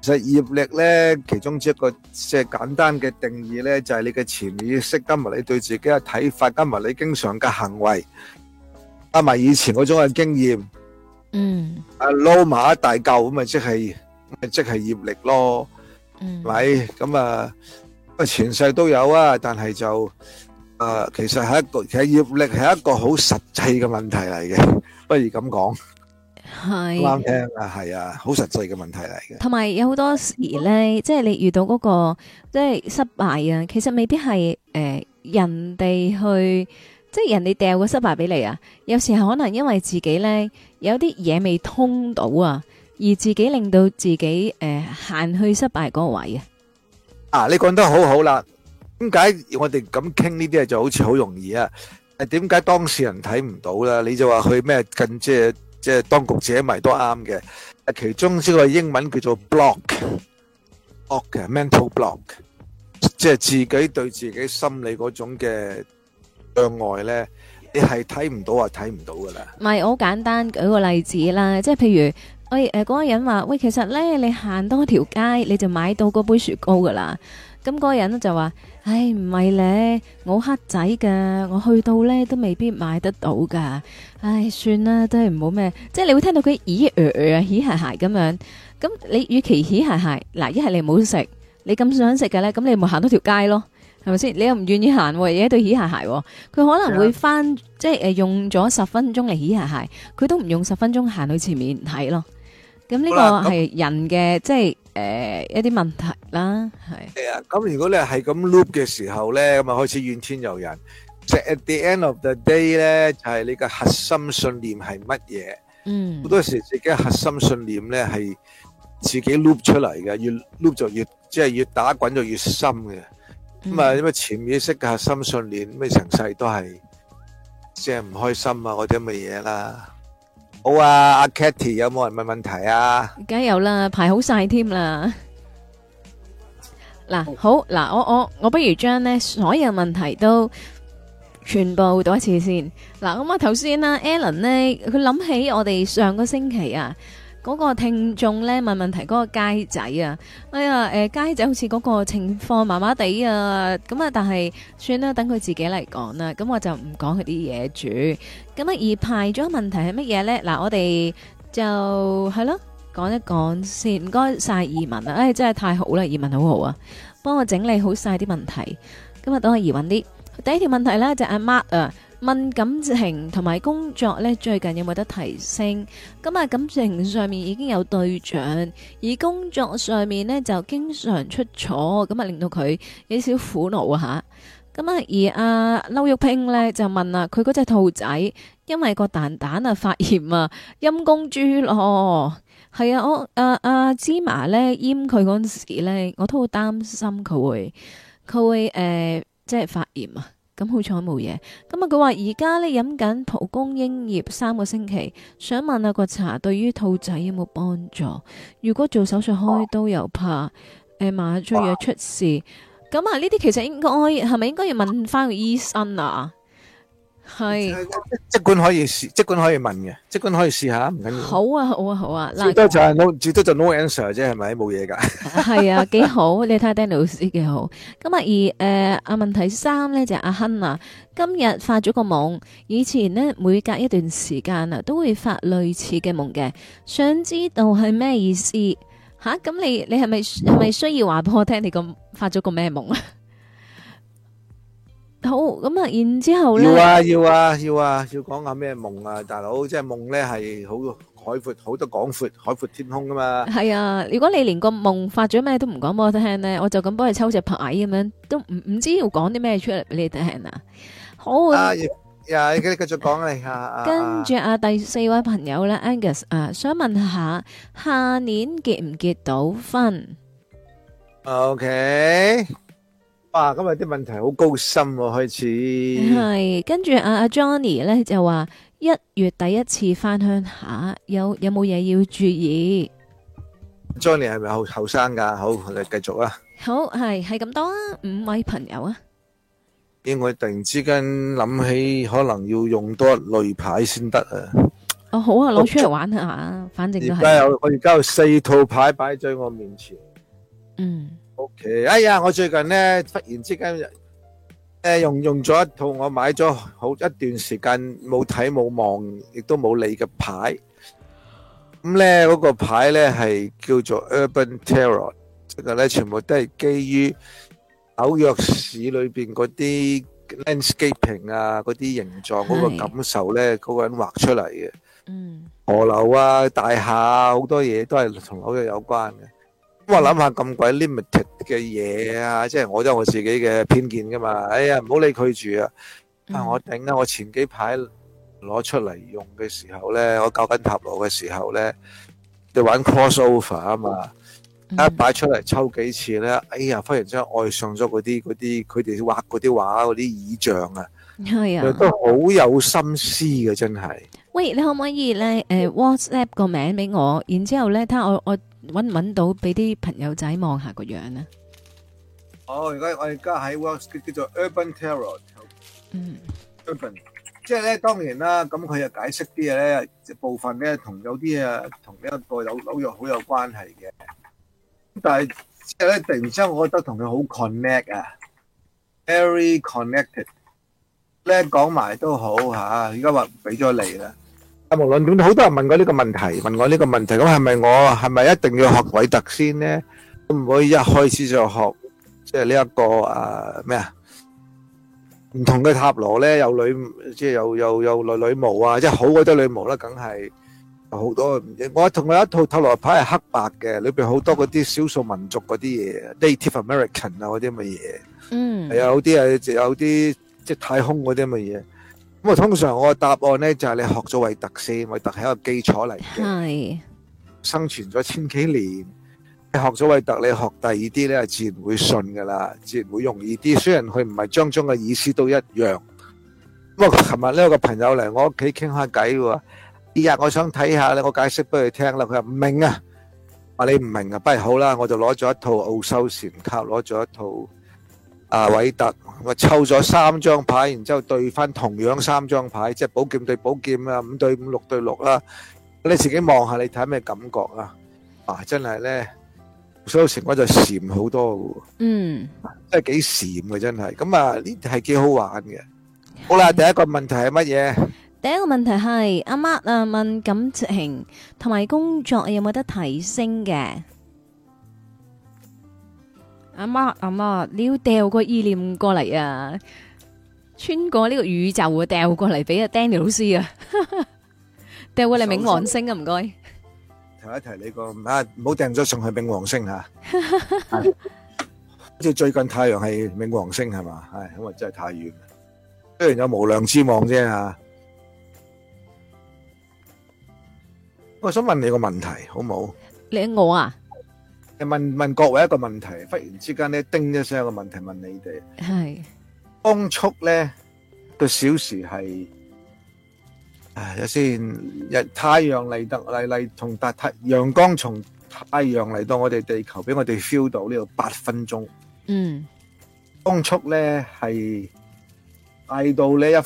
其實業力咧，其中之一個即係簡單嘅定義咧，就係你嘅潛意識，加埋你對自己嘅睇法，加埋你經常嘅行為。加埋以前嗰種嘅經驗，嗯，啊撈埋一大嚿咁咪即係，咁即係業力咯，咪咁啊，啊前世都有啊，但係就，呃其實係一個，其實業力係一個好實際嘅問題嚟嘅，不如咁講，係，啱聽啊，係啊，好實際嘅問題嚟嘅。同埋有好多時咧，即係你遇到嗰個，即係失敗啊，其實未必係誒人哋去。即係人哋掉個失敗俾你啊，有時可能因為自己咧有啲嘢未通到啊，而自己令到自己誒行去失敗嗰個位啊。啊，你講得好好啦。點解我哋咁傾呢啲嘢就好似好容易啊？誒，點解當事人睇唔到呢？你就話去咩近即係即係當局者迷都啱嘅。其中呢個英文叫做 block，okay mental block，即係自己對自己心理嗰種嘅。向外咧，你係睇唔到啊，睇唔到噶啦。唔係我好簡單舉個例子啦，即係譬如，喂、哎、誒，嗰、嗰個人話，喂，其實咧你行多條街，你就買到嗰杯雪糕噶啦。咁、嗰、嗰個人就話，唉唔係咧，我黑仔噶，我去到咧都未必買得到噶。唉，算啦，都係唔好咩？即係你會聽到佢咦啊嘻係係咁樣。咁你與其嘻係系，嗱一係你唔好食，你咁想食嘅咧，咁你咪行多條街咯。係咪先？你又唔願意行喎，而家對起下鞋，佢可能會翻，即係誒用咗十分鐘嚟起下鞋，佢都唔用十分鐘行去前面睇咯。咁呢個係人嘅，即係誒一啲問題啦。係，係啊，咁如果你係咁 loop 嘅時候咧，咁啊開始怨天尤人。即係 at the end of the day 咧，就係你嘅核心信念係乜嘢？嗯，好多時自己核心信念咧係自己 loop 出嚟嘅，越 loop 就越即係越打滾就越深嘅。咁、嗯、啊，啲、嗯、咩潛意識嘅核心信念，咩成世都係即係唔開心啊，嗰啲咁嘅嘢啦。好啊，阿、啊、Katie 有冇人問問題啊？梗係有啦，排好晒添啦。嗱，好嗱，我我我不如將呢所有問題都全部回答一次先嗱。咁、嗯、啊，頭先啦 Alan 呢，佢諗起我哋上個星期啊。嗰個聽眾咧，問問題嗰個街仔啊，哎呀，誒街仔好似嗰個情況麻麻地啊，咁啊，但係算啦，等佢自己嚟講啦，咁我就唔講佢啲嘢住，咁啊而排咗問題係乜嘢咧？嗱，我哋就係咯講一講先，唔該晒移民啊，哎真係太好啦，移民好好啊，幫我整理好晒啲問題，咁啊，等我移民啲第一條問題咧就阿 Mark 啊。問感情同埋工作呢，最近有冇得提升？咁啊，感情上面已經有對象，而工作上面呢，就經常出錯，咁啊令到佢有少少苦惱吓。咁啊，而阿劉玉平呢，就問啊，佢嗰隻兔仔因為個蛋蛋啊發炎啊，陰公豬咯，係啊，我啊啊芝麻呢，閹佢嗰陣時呢，我都好擔心佢會佢會誒、呃、即係發炎啊。咁好彩冇嘢。咁啊，佢話而家咧飲緊蒲公英葉三個星期，想問下個茶對於兔仔有冇幫助？如果做手術開刀又怕誒、欸、麻醉藥出事，咁啊呢啲其實應該係咪應該要問翻個醫生啊？係，即管可以試，即管可以問嘅，即管可以試下，唔緊要。好啊，好啊，好啊，最多就係冇、no, 啊，最多就係 no answer 啫，係咪冇嘢㗎？係 啊，幾好，你睇下 Daniel 老師幾好。咁啊，而、呃、誒，阿問題三咧就係阿亨啊，今日發咗個夢，以前咧每隔一段時間啊都會發類似嘅夢嘅，想知道係咩意思？吓、啊，咁你你，你你係咪係咪需要話俾我聽你個發咗個咩夢啊？ 好，咁啊，然之後咧，要啊，要啊，要啊，要講下咩夢啊，大佬，即係夢咧係好海闊，好多廣闊，海闊天空噶嘛。係啊，如果你連個夢發咗咩都唔講俾我聽咧，我就咁幫你抽隻牌咁樣，都唔唔知要講啲咩出嚟俾你聽啊。好，啊，啊，繼續講嚟吓。跟住啊，第四位朋友咧，Angus，啊，想問下，下年結唔結到婚？OK。哇！今日啲問題好高深喎，啊，開始。係跟住阿阿 Johnny 咧就話一月第一次翻鄉下，有有冇嘢要注意？Johnny 係咪後後生噶？好，我哋繼續啊。好係係咁多啊，五位朋友啊。因為突然之間諗起，可能要用多一類牌先得啊。哦，好啊，攞出嚟玩下都反正就係。而家我而家有四套牌擺在我面前。嗯。O、okay. K，哎呀，我最近咧忽然之間，誒、呃、用用咗一套，我買咗好一段時間冇睇、冇望，亦都冇理嘅牌。咁咧嗰個牌咧係叫做 Urban Terror，即係咧全部都係基於紐約市裏邊嗰啲 landscaping 啊，嗰啲形狀嗰個感受咧，嗰、嗰個人畫出嚟嘅。嗯，河流啊、大廈啊，好多嘢都係同紐約有關嘅。我諗下咁鬼 limited 嘅嘢啊，即係我都我自己嘅偏見噶嘛。哎呀，唔好理佢住啊！我頂啦、啊，我前幾排攞出嚟用嘅時候咧，我搞緊塔羅嘅時候咧，就玩 crossover 啊嘛。一擺出嚟抽幾次咧，哎呀，忽然之間愛上咗嗰啲嗰啲佢哋畫嗰啲畫嗰啲意象啊，都好有心思嘅，真係。喂，你可唔可以咧？誒、呃、，WhatsApp 個名俾我，然之後咧，睇我我。我揾唔揾到俾啲朋友仔望下個樣咧。哦，而家我而家喺個叫做 Urban Terror。嗯，Urban，即係咧，當然啦，咁佢又解釋啲嘢咧，部分咧同有啲嘢同呢一個紐紐約好有關係嘅。但係即係咧，突然之間，我覺得同佢好 connect 啊，very connected。咧講埋都好嚇，而家話俾咗你啦。無論好多人問過呢個問題，問我呢個問題，咁係咪我係咪一定要學偉特先咧？唔可以一開始就學，即係呢一個誒咩啊？唔同嘅塔羅咧，有女，即係有有有女女巫啊，即係好鬼多女巫啦，梗係好多。我同佢一套塔羅牌係黑白嘅，裏邊好多嗰啲少數民族嗰啲嘢，Native American 啊嗰啲咁嘅嘢。嗯，係啊，有啲啊，有啲即係太空嗰啲咁嘅嘢。咁啊，通常我嘅答案呢，就係、是、你學咗偉特先，偉特係一個基礎嚟嘅，生存咗千幾年。你學咗偉特，你學第二啲呢，自然會信噶啦，自然會容易啲。雖然佢唔係張中嘅意思都一樣。咁啊，琴日呢個朋友嚟我屋企傾下偈喎，依日我想睇下咧，我解釋俾佢聽啦。佢話唔明啊，話你唔明啊，不如、啊、好啦，我就攞咗一套奧修禪卡，攞咗一套。啊，偉特，我抽咗三張牌，然之後對翻同樣三張牌，即係寶劍對寶劍啦，五對五，六對六啦。你自己望下，你睇咩感覺啊？啊，真係咧，所有情況就閃好多噶。嗯，真係幾閃嘅，真係。咁啊，呢係幾好玩嘅。好啦，第一個問題係乜嘢？第一個問題係阿媽啊，問感情同埋工作有冇得提升嘅？阿媽阿媽，你要掉個意念過嚟啊！穿過呢個宇宙啊，掉過嚟俾阿 Danny 老師啊，掉過嚟冥王星啊，唔該。提一提你個啊，唔好掟咗上去冥王星吓。好似最近太陽系冥王星係嘛？唉，因為真係太遠，雖然有無量之望啫吓。我想問你個問題，好唔好？你我啊？問問各位一個問題，忽然之間咧，叮一聲個問題問你哋。係光速咧，個小時係，唉，一先日太陽嚟得嚟嚟，從太太陽光從太陽嚟到我哋地球，俾我哋 feel 到呢度八分鐘。嗯，光速咧係，大到咧一，好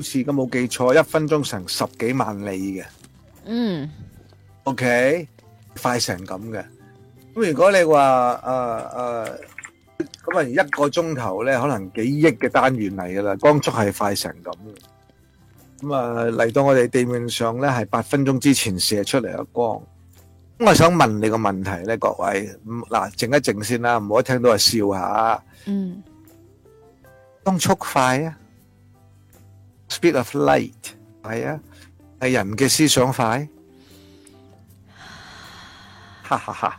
似都冇記錯，一分鐘成十幾萬里嘅。嗯，OK，快成咁嘅。咁如果你話誒誒，咁啊一個鐘頭咧，可能幾億嘅單元嚟噶啦，光速係快成咁嘅。咁啊嚟到我哋地面上咧，係八分鐘之前射出嚟嘅光。咁我想問你個問題咧，各位，嗱，靜一靜先啦，唔好聽到係笑下。嗯。光速快啊？Speed of light 係啊？係人嘅思想快？哈哈哈。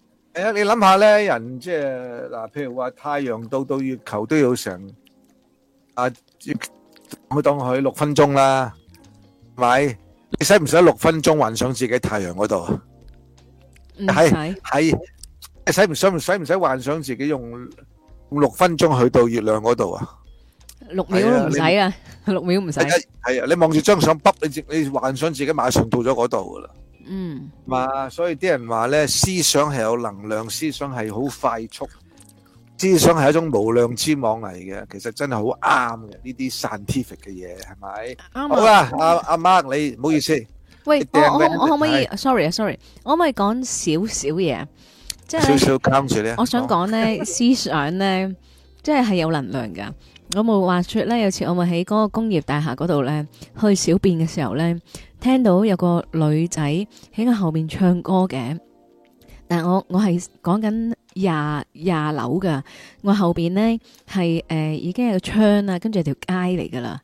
係啊，你諗下咧，人即係嗱，譬如話太陽到到月球都要成啊，去當去六分鐘啦，咪？你使唔使六分鐘幻想自己太陽嗰度？唔使。係，你使唔使唔使唔使幻想自己用五六分鐘去到月亮嗰度啊？六秒都唔使啊，六秒唔使。係啊，你望住張相，筆你你幻想自己馬上到咗嗰度噶啦。嗯，嘛，所以啲人話咧，思想係有能量，思想係好快速，思想係一種無量之網嚟嘅，其實真係、嗯、好啱嘅呢啲 scientific 嘅嘢，係咪？啱啊！阿阿媽，你唔好意思，喂，我我,我可唔 sorry, sorry, 可以？Sorry，Sorry，我可唔可以講少少嘢？少少住咧。我想講咧， 思想咧，即係係有能量噶。我冇話出咧，有次我咪喺嗰個工業大廈嗰度咧，去小便嘅時候咧，聽到有個女仔喺我後面唱歌嘅。但我我係講緊廿廿樓噶，我後面呢，係誒、呃、已經有個窗啦，跟住條街嚟噶啦，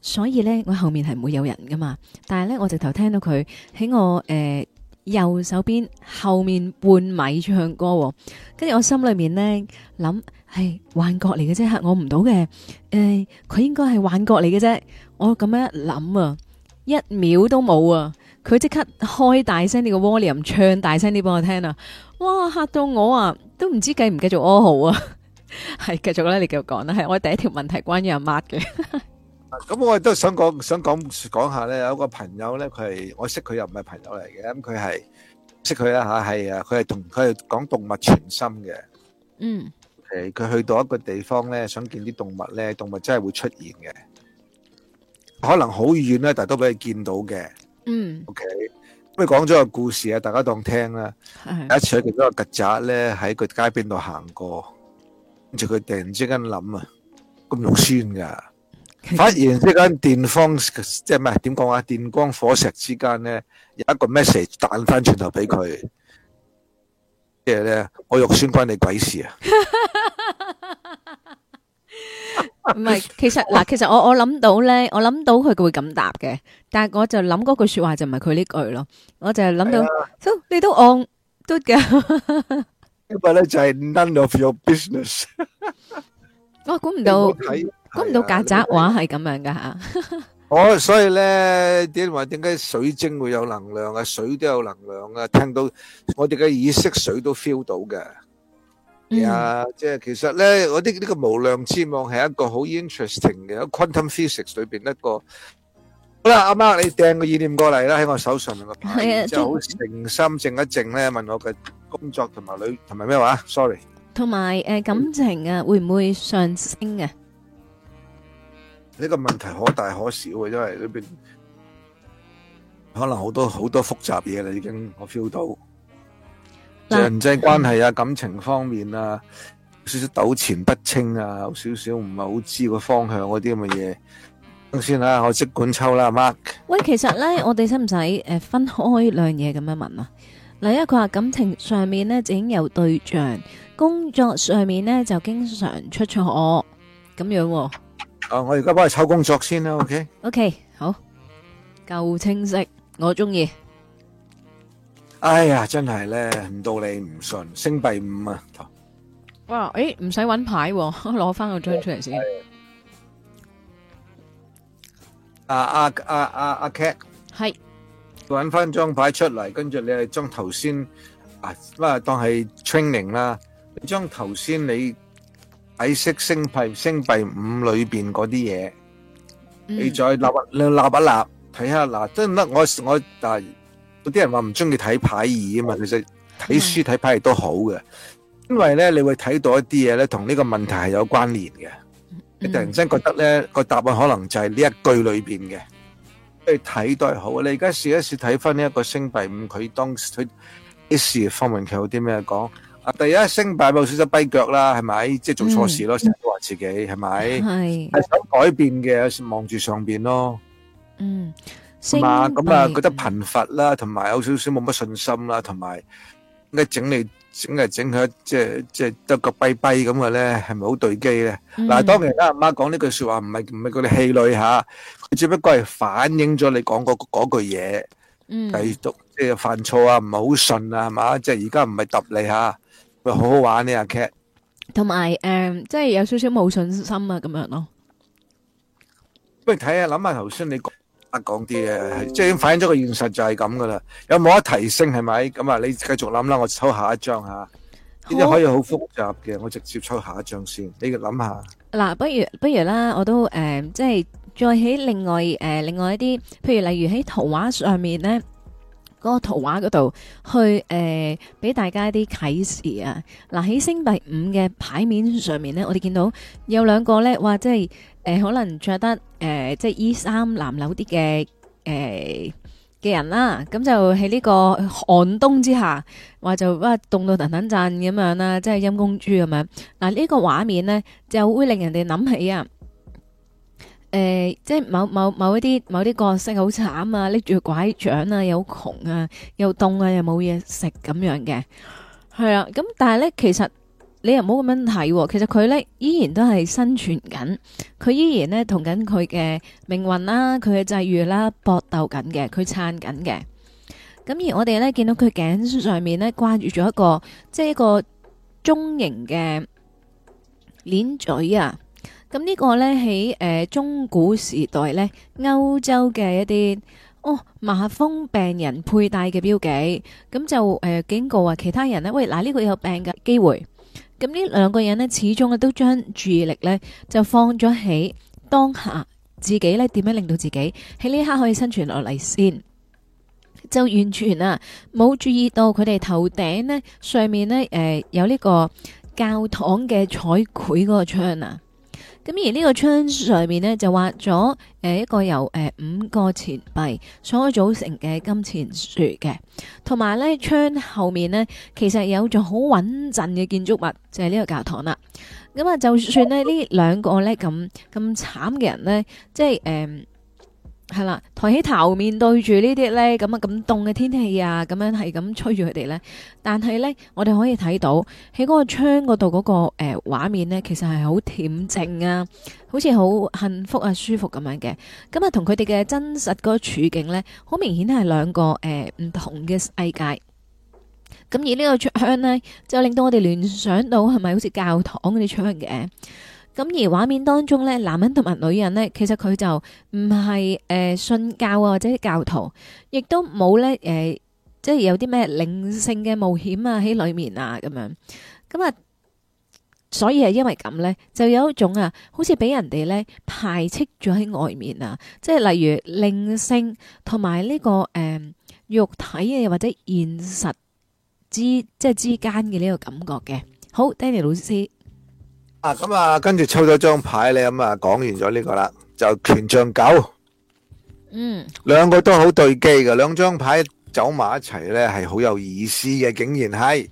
所以咧我後面係唔會有人噶嘛。但係咧我直頭聽到佢喺我、呃、右手邊後面半米唱歌，跟住我心裏面咧諗。係幻覺嚟嘅啫，吓我唔到嘅。誒，佢應該係幻覺嚟嘅啫。我咁樣一諗啊，一秒都冇啊。佢即刻開大聲啲個 volume 唱大聲啲俾我聽啊！哇，吓到我啊，都唔知繼唔繼續喎。好啊。係繼續咧，你繼續講啦。係我第一條問題關於阿 Mark 嘅。咁我亦都想講，想講講下咧，有一個朋友咧，佢係我識佢又唔係朋友嚟嘅，咁佢係識佢啦吓，係啊，佢係同佢係講動物傳心嘅。嗯。誒，佢去到一個地方咧，想見啲動物咧，動物真係會出現嘅，可能好遠咧，但都俾佢見到嘅。嗯，O K，咁你講咗個故事啊，大家當聽啦。有一次佢見到個曱甴咧，喺個街邊度行過，跟住佢突然之間諗啊，咁肉酸噶，忽然之間電光即係咩？點講啊？電光火石之間咧，有一個 message 彈翻轉頭俾佢，即係咧，我肉酸關你鬼事啊！ 唔係，其實嗱，其實我我諗到咧，我諗到佢會咁答嘅，但係我就諗嗰句說話就唔係佢呢句咯，我就係諗到，你都戇，都噶，一不咧就 none of your business，我估唔到，估唔到曱甴話係咁樣噶吓，我所以咧點話點解水晶會有能量啊？水都有能量啊！聽到我哋嘅意識水都 feel 到嘅。係啊，即係其實咧，我啲呢個無量之望係一個好 interesting 嘅 quantum physics 裏邊一個。好啦，阿媽你掟個意念過嚟，啦喺我手上面個，即係好靜心靜一靜咧，問我嘅工作同埋女同埋咩話？Sorry，同埋誒感情啊，會唔會上升啊？呢個問題可大可小啊，因為呢邊可能好多好多複雜嘢啦，已經我 feel 到。人際關係啊，感情方面啊，少少糾纏不清啊，有少少唔係好知個方向嗰啲咁嘅嘢。先啦，我即管抽啦，阿 Mark。喂，其實咧，我哋使唔使誒分開兩嘢咁樣問啊？第一，佢話感情上面咧自己有對象，工作上面咧就經常出錯咁樣。啊，我而家幫你抽工作先啦，OK？OK，好，夠清晰，我中意。哎呀，真係咧，唔到你唔信，星幣五啊！哇，誒，唔使搵牌，攞翻個張出嚟先。阿阿阿阿阿 cat，係，搵翻張牌出嚟，跟住你係將頭先啊，咁啊當係 training 啦。將頭先你骰色星幣星幣五裏邊嗰啲嘢，你再立白你立白立，睇下立真得我我但。有啲人話唔中意睇牌意啊嘛，其實睇書睇牌亦都好嘅，因為咧你會睇到一啲嘢咧，同呢個問題係有關聯嘅。你突然間覺得咧個、嗯嗯、答案可能就係呢一句裏邊嘅，所以睇都係好。你而家試一試睇翻呢一個星幣五，佢當時佢事業方面佢有啲咩講啊？第一星幣冇少少跛腳啦，係咪？即、就、係、是、做錯事咯，成日都話自己係咪？係想改變嘅，望住上邊咯。嗯。係咁、嗯啊，嗯、啊？覺得貧乏啦，同埋有少少冇乜信心啦，同埋咩整理整嚟，整去，即係即係得個弊弊咁嘅咧，係咪好對機咧？嗱，當其他阿媽講呢句說話，唔係唔係佢哋氣餒吓，佢只不過係反映咗你講過嗰句嘢。嗯，繼續即係犯錯啊，唔係好順啊，係嘛、啊？即係而家唔係揼你吓，咪好好玩呢、啊？阿 Cat，同埋誒，即係有少少冇信心啊，咁樣咯。不如睇下諗下頭先你講。得講啲嘅，即係已經反映咗個現實就係咁噶啦，有冇得提升係咪？咁啊，你繼續諗啦，我抽下一張吓，呢啲可以好複雜嘅，我直接抽下一張先，你諗下。嗱，不如不如啦，我都誒、呃，即係再喺另外誒、呃，另外一啲，譬如例如喺圖畫上面咧，嗰、那個圖畫嗰度去誒，俾、呃、大家一啲啟示啊。嗱喺星幣五嘅牌面上面咧，我哋見到有兩個咧，話即係誒、呃，可能着得。誒，即係衣衫襤褸啲嘅誒嘅人啦，咁就喺呢個寒冬之下，話就哇凍到騰騰震咁樣啦，即係陰公豬咁樣。嗱呢個畫面咧，就會令人哋諗起啊，誒，即係某某某一啲某啲角色好慘啊，拎住拐杖啊，又窮啊，又凍啊，又冇嘢食咁樣嘅，係啊，咁但係咧其實。你又冇咁樣睇，哦，其實佢咧依然都係生存緊，佢依然咧同緊佢嘅命運啦，佢嘅際遇啦，搏鬥緊嘅，佢撐緊嘅。咁而我哋咧見到佢頸上面咧掛住咗一個，即、就、係、是、一個中型嘅鏈嘴啊。咁、嗯這個、呢個咧喺誒中古時代咧歐洲嘅一啲哦、喔、麻風病人佩戴嘅標記，咁、嗯、就誒、呃、警告啊其他人咧，喂嗱呢、呃這個有病嘅機會。咁呢兩個人呢始終都將注意力呢就放咗喺當下，自己呢點樣令到自己喺呢刻可以生存落嚟先，就完全啊冇注意到佢哋頭頂呢上面呢誒、呃、有呢個教堂嘅彩繪個窗啊。咁而呢個窗上面咧就畫咗誒一個由誒、呃、五個錢幣所組成嘅金錢樹嘅，同埋咧窗後面咧其實有座好穩陣嘅建築物，就係、是、呢個教堂啦。咁啊，就算咧呢兩個咧咁咁慘嘅人咧，即係誒。呃係啦，抬起頭面對住呢啲咧，咁啊咁凍嘅天氣啊，咁樣係咁吹住佢哋咧。但係咧，我哋可以睇到喺嗰個窗嗰度嗰個誒、呃、畫面咧，其實係好恬靜啊，好似好幸福啊、舒服咁樣嘅。咁啊，同佢哋嘅真實個處境咧，好明顯係兩個誒、呃、唔同嘅世界。咁、嗯、而個香呢個窗咧，就令到我哋聯想到係咪好似教堂嗰啲窗嘅？咁而畫面當中咧，男人同埋女人咧，其實佢就唔係誒信教啊，或者教徒，亦都冇咧誒，即係有啲咩靈性嘅冒險啊喺裏面啊咁樣。咁啊，所以係因為咁咧，就有一種啊，好似俾人哋咧排斥咗喺外面啊，即係例如靈性同埋呢個誒、呃、肉體啊或者現實之即係之間嘅呢個感覺嘅。好，Danny 老師。啊咁啊，跟住抽咗張牌，你咁啊講完咗呢個啦，就權杖九。嗯，兩個都好對機噶，兩張牌走埋一齊咧，係好有意思嘅，竟然係。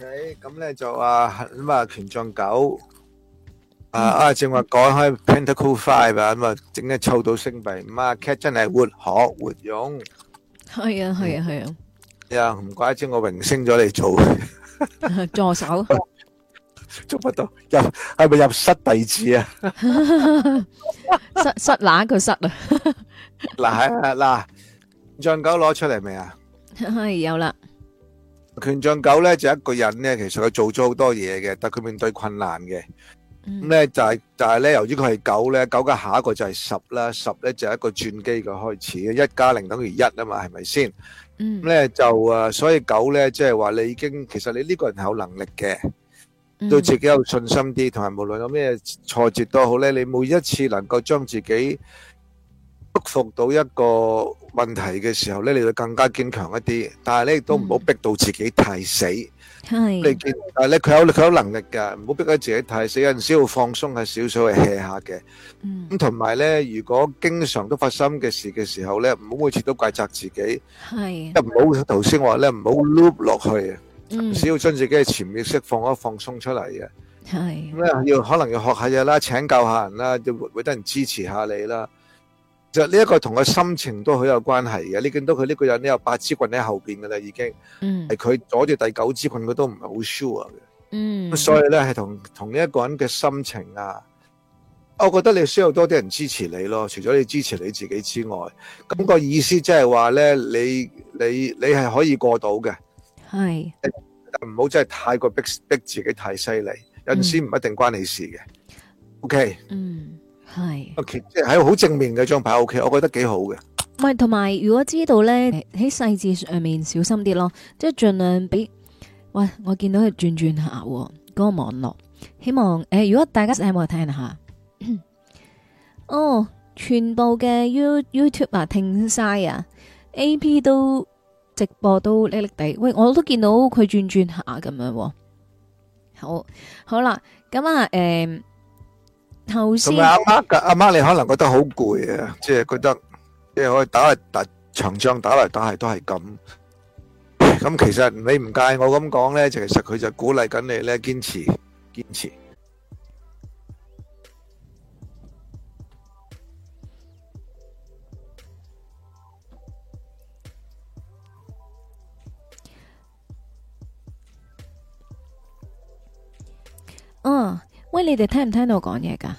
ok 咁咧就啊咁啊權杖九，啊啊正話講開 Pentacle Five 啊咁啊，整一抽到星幣，咁啊 Cat 真係活學活用。係啊係啊係啊，又唔怪之我榮升咗你做助手。做唔到入係咪入室弟子啊？失失懶佢失啊？嗱係啦，杖 九攞出嚟未啊？係、 哎、有啦。權杖九咧就係、一個人咧，其實佢做咗好多嘢嘅，但佢面對困難嘅咁咧就係就係咧，由於佢係九咧，九嘅下一個就係十啦，十咧就一個轉機嘅開始，一加零等於一啊嘛，係咪先？咁、嗯、咧、嗯、就啊，所以九咧即係話你已經其實你呢個人係有能力嘅。嗯、對自己有信心啲，同埋無論有咩挫折都好咧，你每一次能夠將自己克服到一個問題嘅時候咧，你就更加堅強一啲。但係咧，亦都唔好逼到自己太死。係、嗯，你見到咧佢有佢有能力嘅，唔好逼到自己太死。有陣時要放鬆，係少少嚟 hea 下嘅。咁同埋咧，如果經常都發生嘅事嘅時候咧，唔好每次都怪責自己。係、嗯，唔好頭先話咧，唔好碌落去。只、嗯、要將自己嘅潛意識放一放鬆出嚟嘅，咁要可能要學下嘢啦，請教下人啦，要會得人支持下你啦。就呢一個同個心情都好有關係嘅。你見到佢呢個人，呢有八支棍喺後邊噶啦，已經係佢阻住第九支棍都不的，佢都唔係好 sure 嘅。咁所以咧，係同同呢一個人嘅心情啊，我覺得你需要多啲人支持你咯。除咗你支持你自己之外，咁、那個意思即係話咧，你你你係可以過到嘅。係，唔好真係太過逼逼自己太犀利，有、嗯、陣時唔一定關你事嘅。O、okay、K，嗯，係。OK，即係好正面嘅張牌，O、okay、K，我覺得幾好嘅。唔係，同埋如果知道咧，喺細節上面小心啲咯，即係盡量俾。喂，我見到佢轉轉下嗰、哦那個網絡，希望誒、呃，如果大家睇冇睇下？哦，全部嘅 you, YouTube 啊，聽晒啊，AP 都。直播都叻叻地，喂，我都見到佢轉轉下咁樣，好好啦，咁啊，誒，頭先。同埋阿媽，阿媽你可能覺得好攰啊，即係覺得即係可以打嚟打長仗，打嚟打去都係咁。咁其實你唔介意我咁講咧，就其實佢就鼓勵緊你咧，堅持堅持。哦，喂，你哋聽唔聽到我講嘢㗎？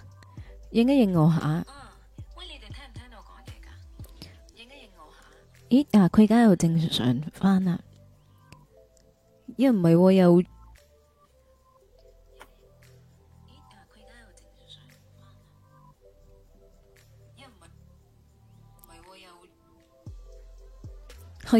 應一應我下、哦。喂，你哋聽唔聽到我講嘢㗎？應一應我下。咦啊，佢而家又正常翻？啦？一唔係我又？佢而家又正常翻啦？一唔係唔係我又？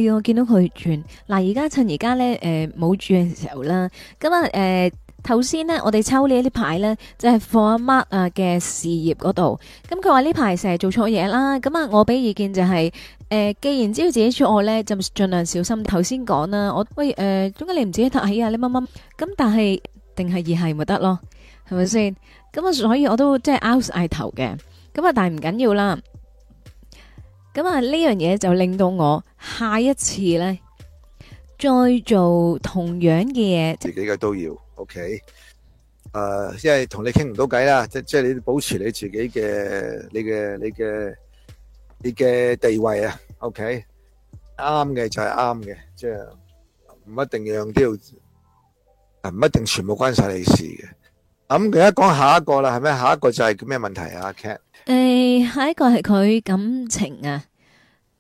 係啊，我見到佢轉嗱，而家趁而家咧誒冇轉嘅時候啦，咁啊誒。呃呃頭先咧，我哋抽呢一啲牌咧，就係放阿 Mark 啊嘅事業嗰度。咁佢話呢排成日做錯嘢啦。咁啊，我俾意見就係、是、誒、呃，既然知道自己錯咧，就盡量小心啲。頭先講啦，我喂誒，點、呃、解你唔自己睇啊？你乜乜咁？但係定係二係咪得咯？係咪先咁啊？所以我都即係 out 晒頭嘅咁啊，但係唔緊要啦。咁啊，呢樣嘢就令到我下一次咧再做同樣嘅嘢，自己嘅都要。O K，誒，即係同你傾唔到偈啦，即即係你保持你自己嘅你嘅你嘅你嘅地位啊。O K，啱嘅就係啱嘅，即係唔一定樣都要，啊唔一定全部關晒你事嘅。咁而家講下一個啦，係咩？下一個就係叫咩問題啊？Cat，誒，下一個係佢感情啊，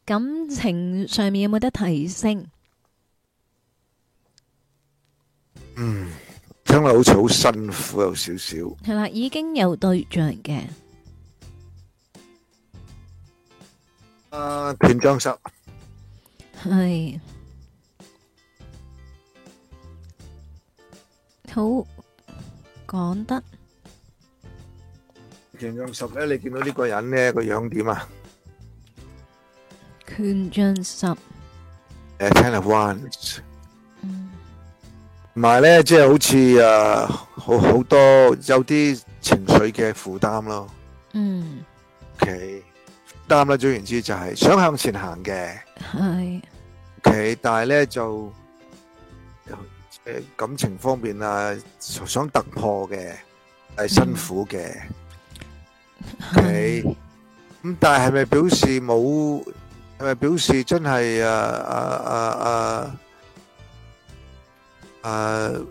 感情上面有冇得提升？嗯。聽落好似好辛苦，有少少。係啦，已經有對象嘅。啊，權杖十。係。好，講得。權杖十咧，你見到呢個人咧，個樣點啊？權杖十。誒，睇下先。同埋咧，即係好似啊，好好多有啲情緒嘅負擔咯。嗯，OK。擔啦，總言之就係想向前行嘅。係。OK，但係咧就誒感情方面啊，想突破嘅係辛苦嘅。OK。咁但係係咪表示冇？係咪表示真係啊啊啊啊？誒，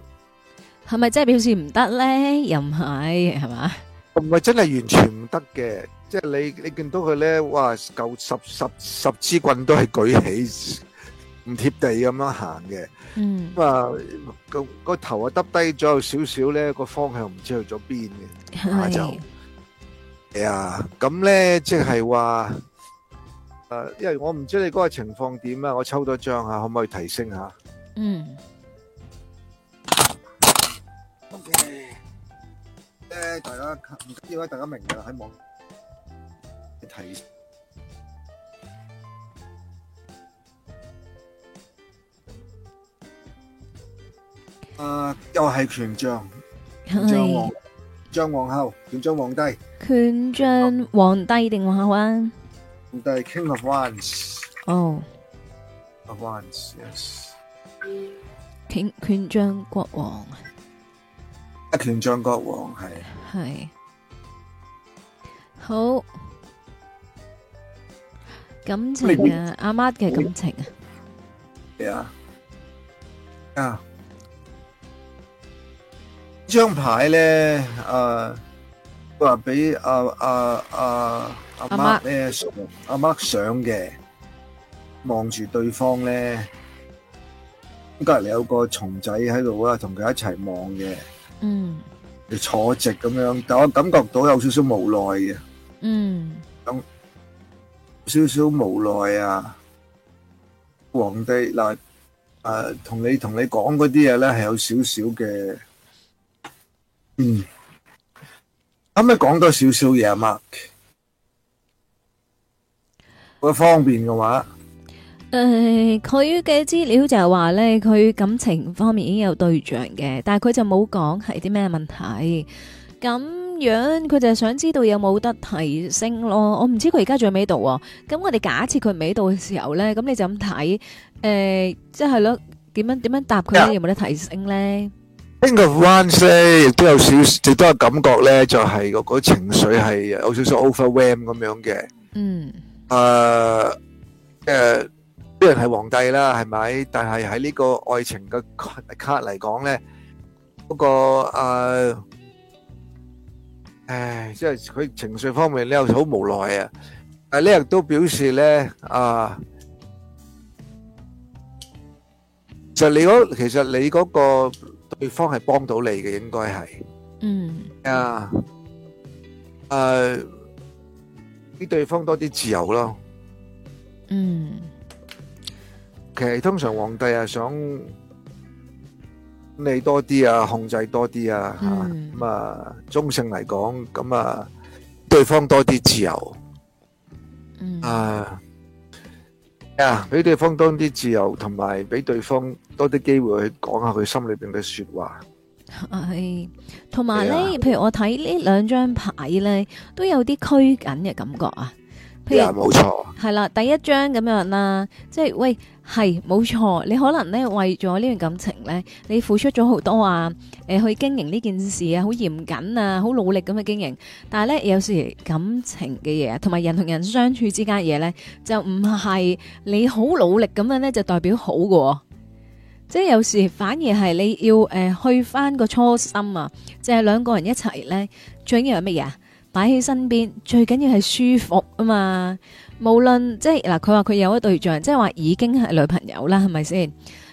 係咪真係表示唔得咧？又唔係，係嘛？唔係真係完全唔得嘅，即係你你見到佢咧，哇！舊十十十支棍都係舉起，唔貼地咁樣行嘅。嗯，咁啊，個個頭啊耷低咗有少少咧，個方向唔知去咗邊嘅，就係啊。咁咧即係話誒，因為我唔知你嗰個情況點啊，我抽多張吓，可唔可以提升吓？嗯。大家應該啊，大家明噶啦，喺網你睇。啊，又係權杖，張王張王后，點張皇帝？權杖皇帝定皇后啊？皇帝 King of Wands。哦，Of Wands，Yes。King 權杖國王。阿權將國王係係好感情啊，阿媽嘅感情啊，係啊啊張牌咧，誒話俾阿阿阿阿媽咧，阿媽上嘅望住對方咧，隔籬有個蟲仔喺度啊，同佢一齊望嘅。嗯，坐直咁樣，但我感覺到有少少無奈嘅，嗯，咁少少無奈啊，皇帝嗱，誒，同你同你講嗰啲嘢咧，係有少少嘅，嗯，可唔可以講多少少嘢啊？Mark，如果方便嘅話。誒，佢嘅資料就係話咧，佢感情方面已經有對象嘅，但係佢就冇講係啲咩問題。咁樣佢就係想知道有冇得提升咯。我唔知佢而家仲喺未到。咁我哋假設佢未到嘅時候咧，咁你就咁睇，誒，即係咯，點樣點樣答佢咧？有冇得提升咧？Think of One say 亦都有少少，亦都有感覺咧，就係個嗰情緒係有少少 overwhelm 咁樣嘅。嗯。誒，誒。雖然係皇帝啦，係咪？但係喺呢個愛情嘅卡嚟講咧，嗰個誒，誒，即係佢情緒方面咧，好無奈啊。但係咧都表示咧，啊，就你嗰其實你嗰個對方係幫到你嘅，應該係嗯啊誒，俾對方多啲自由咯，嗯。其實通常皇帝啊想理多啲啊，控制多啲啊，咁啊中性嚟講，咁啊對方多啲自由，啊啊俾對方多啲自由，同埋俾對方多啲機會去講下佢心裏邊嘅說話，係同埋咧，譬如我睇呢兩張牌咧，都有啲拘謹嘅感覺啊，譬如冇錯，係啦，第一張咁樣啦，即係喂。係冇錯，你可能咧為咗呢段感情咧，你付出咗好多啊！誒、呃，去經營呢件事啊，好嚴謹啊，好努力咁去經營。但係咧，有時感情嘅嘢，同埋人同人相處之間嘢咧，就唔係你好努力咁樣咧，就代表好嘅、啊。即係有時反而係你要誒、呃、去返個初心啊！即係兩個人一齊咧，最緊要係乜嘢啊？擺喺身邊最緊要係舒服啊嘛！無論即係嗱，佢話佢有一對象，即係話已經係女朋友啦，係咪先？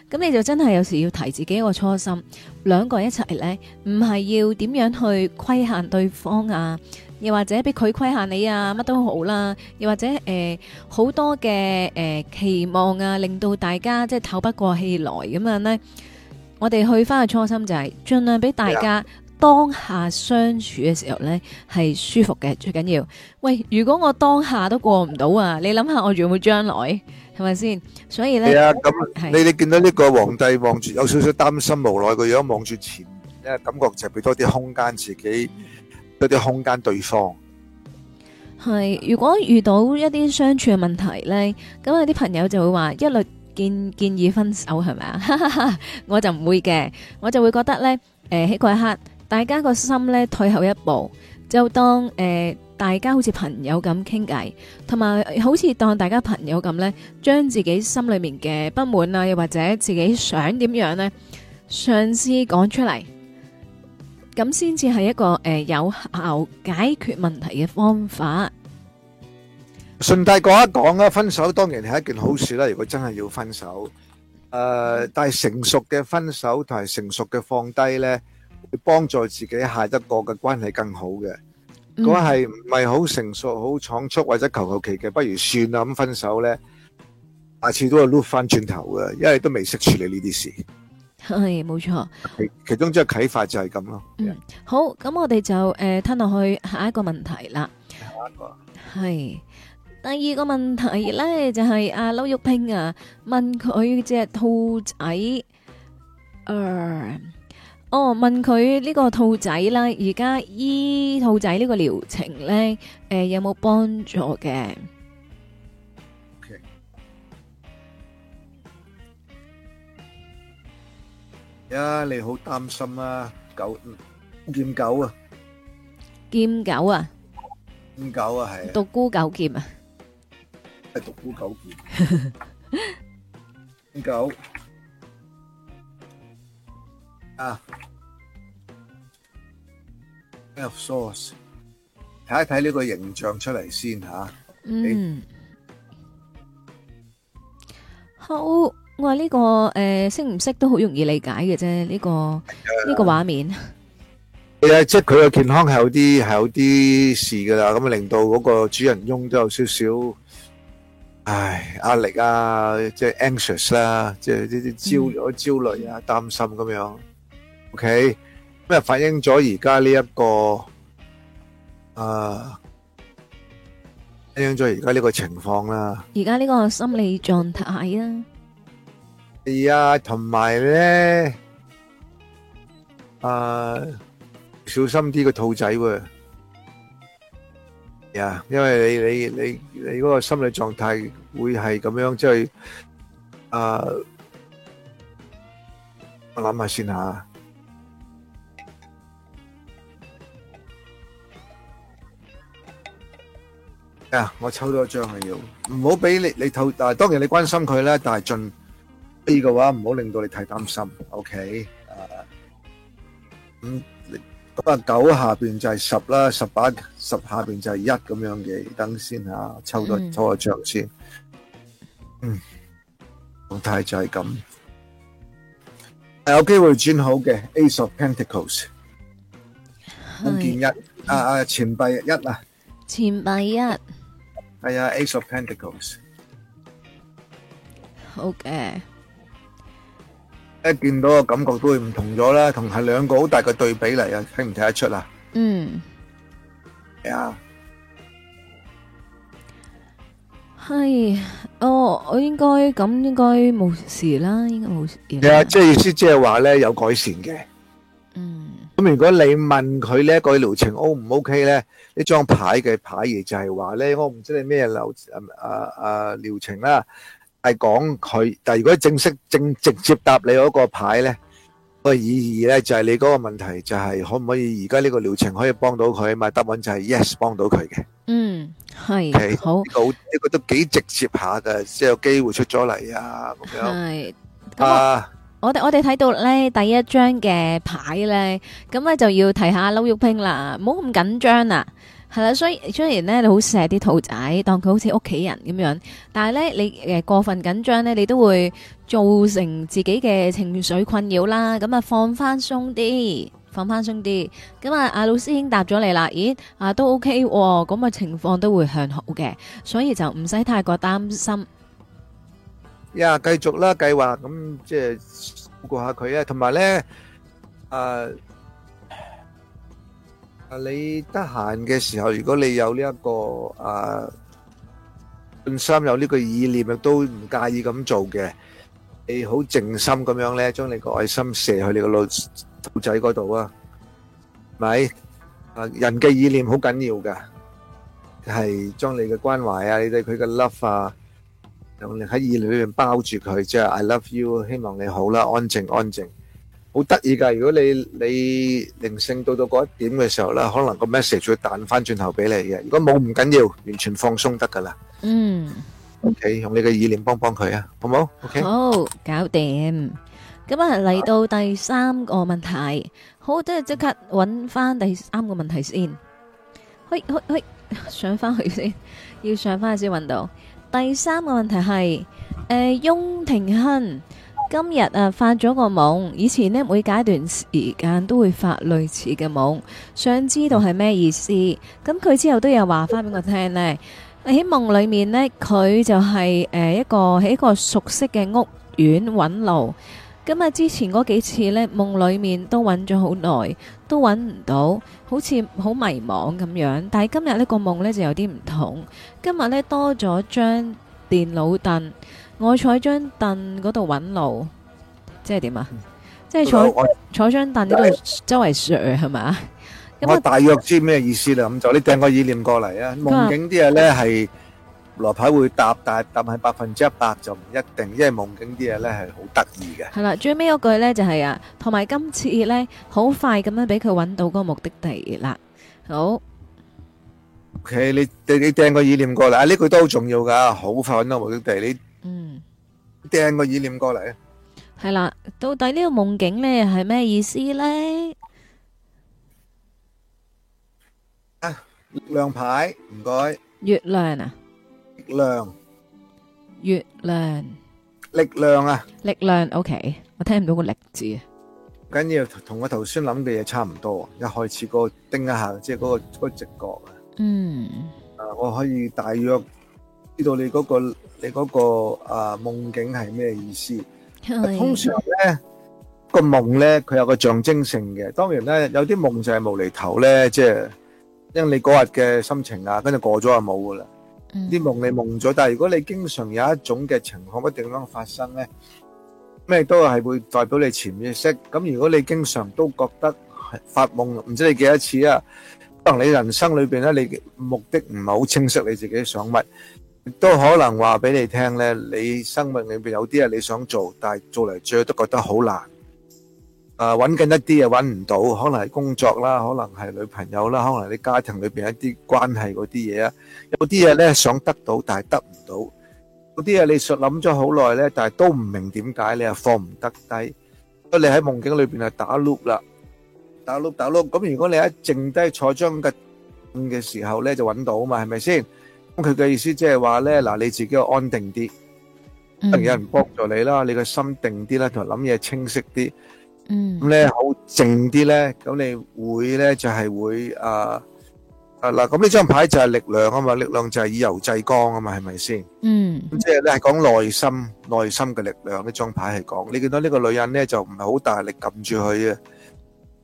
咁你就真係有時要提自己一個初心，兩個人一齊呢，唔係要點樣去規限對方啊，又或者俾佢規限你啊，乜都好啦、啊，又或者誒好、呃、多嘅誒、呃、期望啊，令到大家即係透不過氣來咁樣呢。我哋去返個初心就係、是、盡量俾大家、yeah。當下相處嘅時候咧，係舒服嘅，最緊要。喂，如果我當下都過唔到啊，你諗下我仲有冇將來？係咪先？所以咧，係啊，咁你你見到呢個皇帝望住有少少擔心無奈嘅樣，望住前面，感覺就俾多啲空間自己，多啲空間對方。係，如果遇到一啲相處嘅問題咧，咁有啲朋友就會話一律建建議分手係咪啊？我就唔會嘅，我就會覺得咧，誒喺嗰一刻。大家個心咧，退後一步，就當誒大家好似朋友咁傾偈，同埋好似當大家朋友咁咧，將自己心裏面嘅不滿啊，又或者自己想點樣咧，嘗試講出嚟，咁先至係一個誒有效解決問題嘅方法。順帶講一講啦，分手當然係一件好事啦。如果真係要分手，誒，但係成熟嘅分手同埋成熟嘅放低咧。幫助自己下一個嘅關係更好嘅。如果係唔係好成熟，好倉促或者求求其嘅，不如算啦。咁分手咧，下次都係碌翻轉頭嘅，因為都未識處理呢啲事。係冇錯，其其中一個啟發就係咁咯。嗯，好，咁我哋就誒吞落去下一個問題啦。下一個。係第二個問題咧，就係阿劉玉平啊，問佢隻兔仔，誒。哦，問佢呢個兔仔啦，而家醫兔仔呢個療程咧，誒有冇幫助嘅？啊，你好擔心啊，九劍九啊，劍九啊，劍九啊，係獨孤九劍啊，係獨孤九劍，劍九啊。Health source，睇一睇呢個形象出嚟先吓。嗯，好。我話呢個誒，識唔識都好容易理解嘅啫。呢個呢個畫面，係啊，即係佢個健康係有啲係有啲事噶啦。咁啊，令到嗰個主人翁都有少少，唉，壓力啊，即係 anxious 啦，即係啲啲焦焦慮啊，擔心咁樣。OK。咁反映咗而家呢一個、啊、反映咗而家呢個情況啦。而家呢個心理狀態、哎、呀啊，係啊，同埋咧，小心啲個兔仔喎。呀、啊，因為你你你你嗰個心理狀態會係咁樣，即係、啊、我諗下先吓。啊！我抽多一張要，唔好俾你你透。但係當然你關心佢啦，但係盡呢個話唔好令到你太擔心。OK，啊，咁咁啊九下邊就係十啦，十八十下邊就係一咁樣嘅。等先吓，抽多抽多一張先。嗯，狀態就係咁，係有機會轉好嘅。Ace of Pentacles，按鍵一啊啊錢幣一啊。前排一，係啊，Ace of Pentacles。O K，一見到個感覺都會唔同咗啦，同係兩個好大個對比嚟啊，睇唔睇得出啊？嗯，係啊，係，我我應該咁應該冇事啦，應該冇事。係啊，即係意思即係話咧有改善嘅。嗯。咁如果你問佢呢一個療程 O 唔 O K 咧？呢張牌嘅牌義就係話咧，我唔知你咩療誒誒誒療程啦，係講佢。但係如果正式正直接答你嗰個牌咧，個意義咧就係你嗰個問題就係可唔可以而家呢個療程可以幫到佢？咪答案就係 yes，幫到佢嘅。嗯，係，好，呢個都幾直接下㗎，即係有機會出咗嚟啊！咁樣，係啊。我哋我哋睇到咧，第一張嘅牌咧，咁咧就要提一下 Low Yiping 啦，唔好咁緊張啊，係啦，所以雖然咧你好錫啲兔仔，當佢好似屋企人咁樣，但係咧你誒過分緊張咧，你都會造成自己嘅情緒困擾啦。咁啊放翻鬆啲，放翻鬆啲。咁啊，阿老師已經答咗你啦，咦啊都 OK 喎，哦，咁啊情況都會向好嘅，所以就唔使太過擔心。呀，繼續啦，計劃咁即係照顧下佢啊，同埋咧，啊啊，你得閒嘅時候，如果你有呢一個啊信心，有呢個意念，亦都唔介意咁做嘅，你好靜心咁樣咧，將你個愛心射去你個老老仔嗰度啊，咪啊人嘅意念好緊要噶，係將你嘅關懷啊，你對佢嘅 Love 啊。用你喺意念裏面包住佢，即係 I love you，希望你好啦，安靜安靜，好得意噶。如果你你靈性到到嗰一點嘅時候啦，可能個 message 會彈翻轉頭俾你嘅。如果冇唔緊要，完全放鬆得噶啦。嗯，OK，用你嘅意念幫幫佢啊，好唔好？OK，好，搞掂。咁啊嚟到第三個問題，好，即係即刻搵翻第三個問題先。嘿嘿嘿，上翻去先，要上翻去先搵到。第三個問題係，誒、呃，翁庭亨今日啊發咗個夢，以前咧每隔一段時間都會發類似嘅夢，想知道係咩意思？咁佢之後都有話翻俾我聽呢喺夢裏面呢，佢就係、是、誒、呃、一個喺一個熟悉嘅屋苑揾路。咁啊，之前嗰幾次呢，夢裏面都揾咗好耐，都揾唔到，好似好迷惘咁樣。但係今日呢個夢呢就有啲唔同，今日呢多咗張電腦凳，我坐張凳嗰度揾路，即係點啊？即係坐坐張凳呢度周圍削係咪？我大約知咩意思啦。咁、嗯、就你掟個意念過嚟啊，夢境啲嘢呢係。羅牌會答，但係答埋百分之一百就唔一定，因為夢境啲嘢咧係好得意嘅。係啦，最尾嗰句咧就係啊，同埋今次咧好快咁樣俾佢搵到嗰個目的地啦。好，OK，你你你掟個意念過嚟啊！呢句都好重要噶，好快搵到目的地，你嗯掟個意念過嚟。係啦，到底呢個夢境咧係咩意思咧？啊，月亮牌唔該，月亮啊。量，月亮，力量啊！力量，OK，我聽唔到個力字啊。緊要同我頭先諗嘅嘢差唔多，一開始個叮一下，即係嗰個嗰個直覺啊。嗯，啊，我可以大約知道你嗰個你嗰個啊夢境係咩意思。通常咧個夢咧，佢有個象徵性嘅，當然咧有啲夢就係無厘頭咧，即係因為你嗰日嘅心情啊，跟住過咗就冇噶啦。啲夢你夢咗，但係如果你經常有一種嘅情況不斷咁發生咧，咩都係會代表你潛意識。咁如果你經常都覺得發夢，唔知你幾多次啊？可能你人生裏邊咧，你目的唔係好清晰你自己想乜，都可能話俾你聽咧，你生命裏邊有啲嘢你想做，但係做嚟最後都覺得好難。啊！揾緊一啲又揾唔到，可能係工作啦，可能係女朋友啦，可能係你家庭裏邊一啲關係嗰啲嘢啊。有啲嘢咧想得到，但係得唔到；有啲嘢你實諗咗好耐咧，但係都唔明點解你又放唔得低。所以你喺夢境裏邊係打 loop 啦，打 loop 打 loop。咁如果你喺靜低坐張凳嘅時候咧，就揾到啊嘛，係咪先？咁佢嘅意思即係話咧，嗱，你自己安定啲，有人幫助你啦，你個心定啲啦，同埋諗嘢清晰啲。嗯，咁咧好靜啲咧，咁你會咧就係會啊啊，嗱，咁呢張牌就係力量啊嘛，力量就係以柔制剛啊嘛，係咪先？嗯，咁即係咧係講內心內心嘅力量，呢張牌係講。你見到呢個女人咧就唔係好大力撳住佢嘅，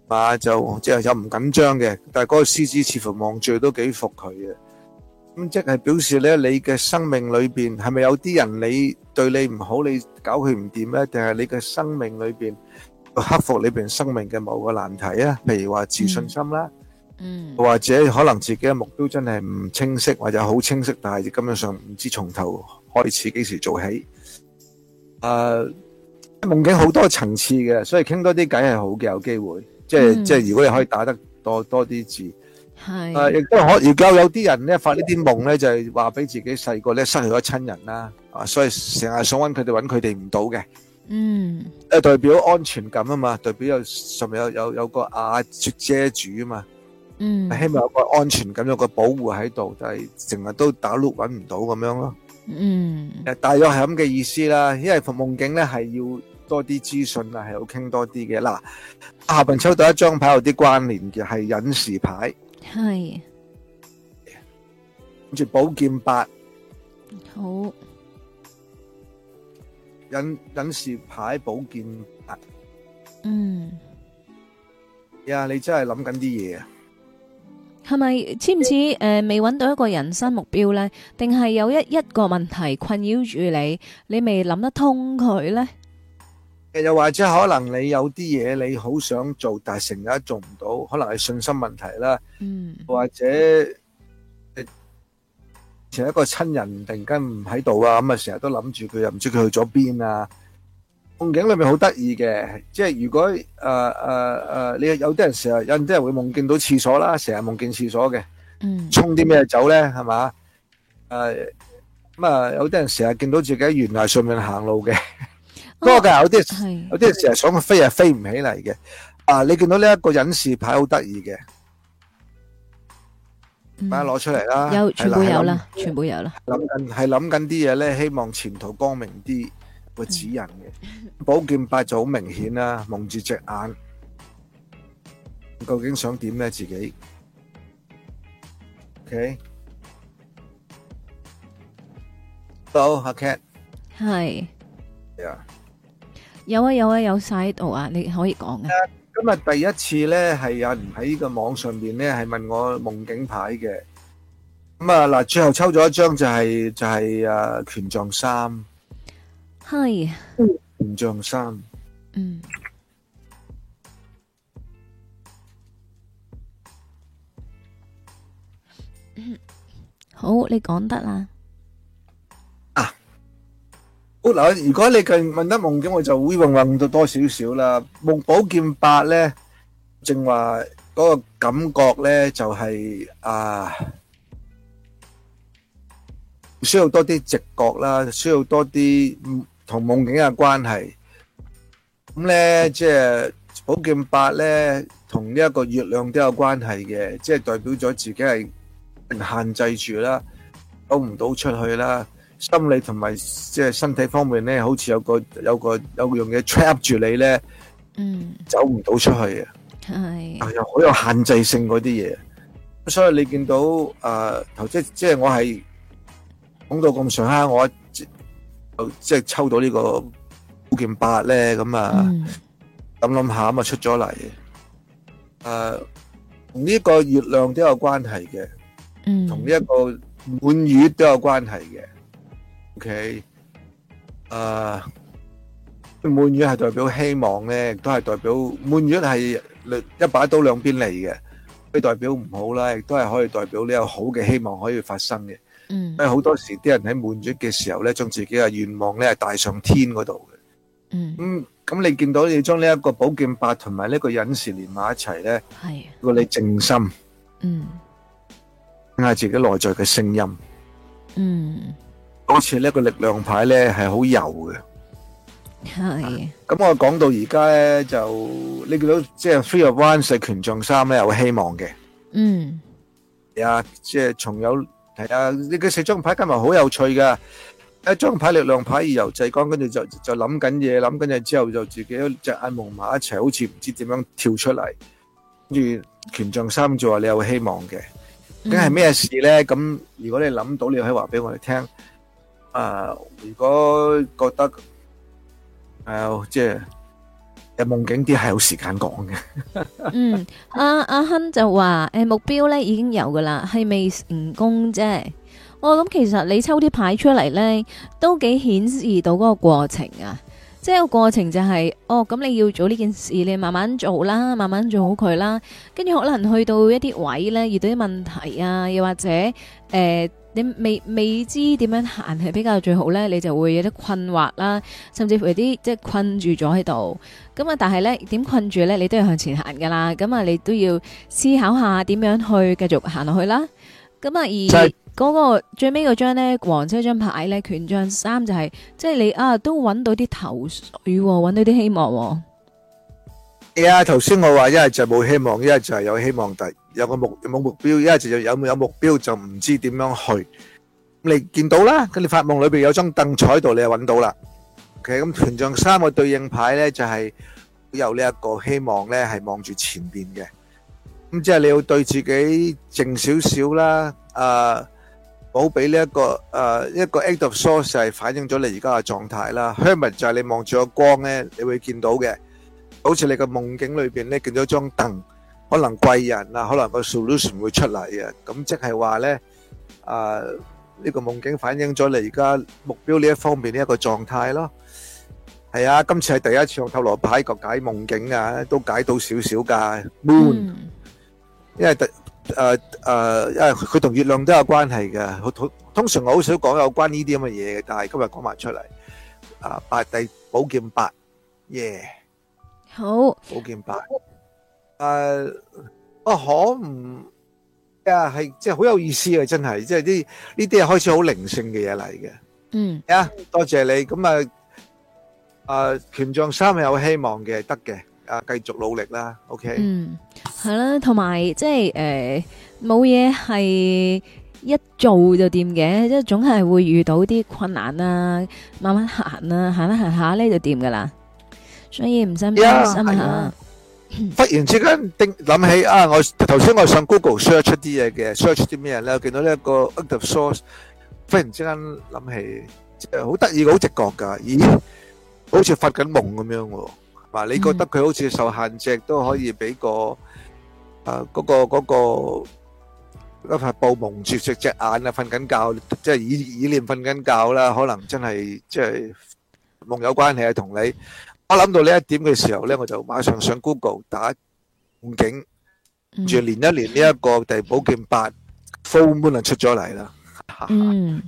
啊就即係又唔緊張嘅，但係嗰個獅子似乎望住都幾服佢嘅。咁即係表示咧，你嘅生命裏邊係咪有啲人你對你唔好，你搞佢唔掂咧，定係你嘅生命裏邊？克服裏邊生命嘅某個難題啊，譬如話自信心啦，嗯，或者可能自己嘅目標真係唔清晰，或者好清晰，但係亦根本上唔知從頭開始幾時做起。誒，夢境好多層次嘅，所以傾多啲偈係好嘅，有機會，即係即係，如果你可以打得多多啲字，係，誒，亦都可。而家有啲人咧發呢啲夢咧，就係話俾自己細個咧失去咗親人啦，啊，所以成日想揾佢哋，揾佢哋唔到嘅。嗯，誒，代表安全感啊嘛，代表有上面有有有個瓦遮住啊姐姐嘛，嗯，希望有個安全感，有個保護喺度，但係成日都打碌揾唔到咁樣咯，嗯，誒，大約係咁嘅意思啦，因為夢境咧係要多啲資訊啊，係要傾多啲嘅，嗱，阿邊抽到一張牌有啲關聯嘅係隱士牌，係，跟住寶劍八，好。隱隱士牌保健啊，嗯，呀，你真係諗緊啲嘢啊，係咪似唔似誒未揾到一個人生目標咧？定係有一一個問題困擾住你，你未諗得通佢咧？又或者可能你有啲嘢你好想做，但係成日做唔到，可能係信心問題啦，嗯，或者。前一個親人突然間唔喺度啊，咁啊成日都諗住佢又唔知佢去咗邊啊。夢境裏面好得意嘅，即係如果誒誒誒，你有啲人成日有啲人會夢見到廁所啦，成日夢見廁所嘅，嗯，沖啲咩走咧係嘛？誒，咁啊有啲人成日見到自己喺懸崖上面行路嘅，嗰個噶有啲，有啲人成日想飛又飛唔起嚟嘅。啊，你見到呢一個隱士牌好得意嘅。快攞出嚟啦！有全部有啦，全部有啦。諗緊係諗緊啲嘢，咧，希望前途光明啲，會指引嘅寶劍八就好明顯啦，蒙住隻眼，究竟想點咧自己？OK，Hello，阿 Cat，係，有啊有啊有晒度啊，你可以講啊。今日第一次呢，係有人，喺呢個網上面呢，係問我夢境牌嘅。咁啊嗱，最後抽咗一張就係就係啊，權杖三。係。權杖三。嗯。好，你講得啦。嗱，如果你佢問得夢境，我就會問問到多少少啦。夢寶劍八咧，正話嗰個感覺咧，就係啊，需要多啲直覺啦，需要多啲同夢境嘅關係。咁咧，即係寶劍八咧，同呢一個月亮都有關係嘅，即係代表咗自己係限制住啦，出唔到出去啦。心理同埋即係身體方面咧，好似有個有個有樣嘢 trap 住你咧，嗯、mm.，走唔到出去啊，係、yes. 又好有限制性嗰啲嘢，所以你見到誒、呃，頭先、即即係我係講到咁上下，我即即係抽到、這個、呢個五件八咧，咁啊諗諗、mm. 下咁啊出咗嚟誒，同、呃、呢個月亮都有關係嘅，嗯，同呢一個滿月都有關係嘅。Mm. 佢誒，滿月係代表希望咧，亦都係代表滿月係一把刀兩邊嚟嘅，可代表唔好啦，亦都係可以代表呢有好嘅希望可以發生嘅。Mm. Mm. 嗯，因為好多時啲人喺滿月嘅時候咧，將自己嘅願望咧係帶上天嗰度嘅。嗯，咁咁你見到你將呢一個寶劍八同埋呢個隱士連埋一齊咧，係，如果你靜心，嗯，聽自己內在嘅聲音，嗯、mm.。好似呢個力量牌咧，係好柔嘅。係咁，我講到而家咧，就呢個即係 Three of Wands 嘅權杖三咧，有希望嘅。嗯，係啊，即係從有係啊，呢個四張牌今日好有趣噶。一張牌力量牌而由濟光跟住就就諗緊嘢，諗緊嘢之後就自己隻眼蒙埋一齊，好似唔知點樣跳出嚟。跟住權杖三就話你有希望嘅，咁係咩事咧？咁如果你諗到，你可以話俾我哋聽。誒、呃，如果覺得誒、呃，即係誒，夢境啲係有時間講嘅、嗯 啊哦。嗯，阿阿亨就話誒，目標咧已經有噶啦，係未成功啫。我諗其實你抽啲牌出嚟咧，都幾顯示到嗰個過程啊。即係個過程就係、是，哦，咁、嗯嗯、你要做呢件事，你慢慢做啦，慢慢做好佢啦。跟住可能去到一啲位咧，遇到啲問題啊，又或者誒。呃你未未知點樣行係比較最好咧，你就會有啲困惑啦，甚至乎有啲即係困住咗喺度。咁啊，但係咧點困住咧，你都要向前行噶啦。咁啊，你都要思考下點樣去繼續行落去啦。咁啊，而嗰、那個最尾嗰張咧，黃車張牌咧，權杖三就係、是、即係你啊，都揾到啲頭緒、哦，揾到啲希望、哦。呀！頭先我話一係就冇希望，一係就係有希望。第有個目冇目標，一係就又有目標就唔知點樣去。咁你見到啦，咁你發夢裏邊有張凳坐喺度，你就搵到啦。其實咁權杖三個對應牌咧，就係有呢一個希望咧，係望住前邊嘅。咁即係你要對自己靜少少啦。啊，好俾呢一個誒一個 act of source 係反映咗你而家嘅狀態啦。Hermit 就係你望住個光咧，你會見到嘅。好似你個夢境裏邊咧見咗張凳，可能貴人啊，可能個 solution 會出嚟啊。咁即係話咧，誒呢個夢境反映咗你而家目標呢一方面呢一個狀態咯。係啊，今次係第一次用塔羅牌解夢境啊，都解到少少噶 moon，因為第誒誒，因為佢同月亮都有關係嘅。我通通常我好少講有關呢啲咁嘅嘢嘅，但係今日講埋出嚟。啊，八第寶劍八，yeah。好，好見白，誒，啊可唔啊係即係好有意思啊，真係即係啲呢啲係開始好靈性嘅嘢嚟嘅。嗯，啊多謝你，咁啊，誒、啊、權杖三係有希望嘅，得嘅，啊繼續努力啦。O、okay? K，嗯，係啦，同埋即係誒冇嘢係一做就掂嘅，即係總係會遇到啲困難啦、啊，慢慢、啊啊啊啊、行啦，行啦行下咧就掂㗎喇。所以唔想俾佢想下。忽然之間，叮諗起啊，我頭先我上 Google search 出啲嘢嘅，search 啲咩咧？見到呢一個 Eight of Swords，忽然之間諗起，即係好得意嘅，好直覺嘅，咦，好似發緊夢咁樣喎。嗱，你覺得佢好似受限制，都可以俾個誒嗰個嗰個一塊布蒙住隻隻眼啊，瞓緊覺，即係以以念瞓緊覺啦。可能真係即係夢有關係啊，同你。我諗到呢一點嘅時候咧，我就馬上上 Google 打夢境，住連一連呢一個地寶劍八 full moon 啊出咗嚟啦，嗯，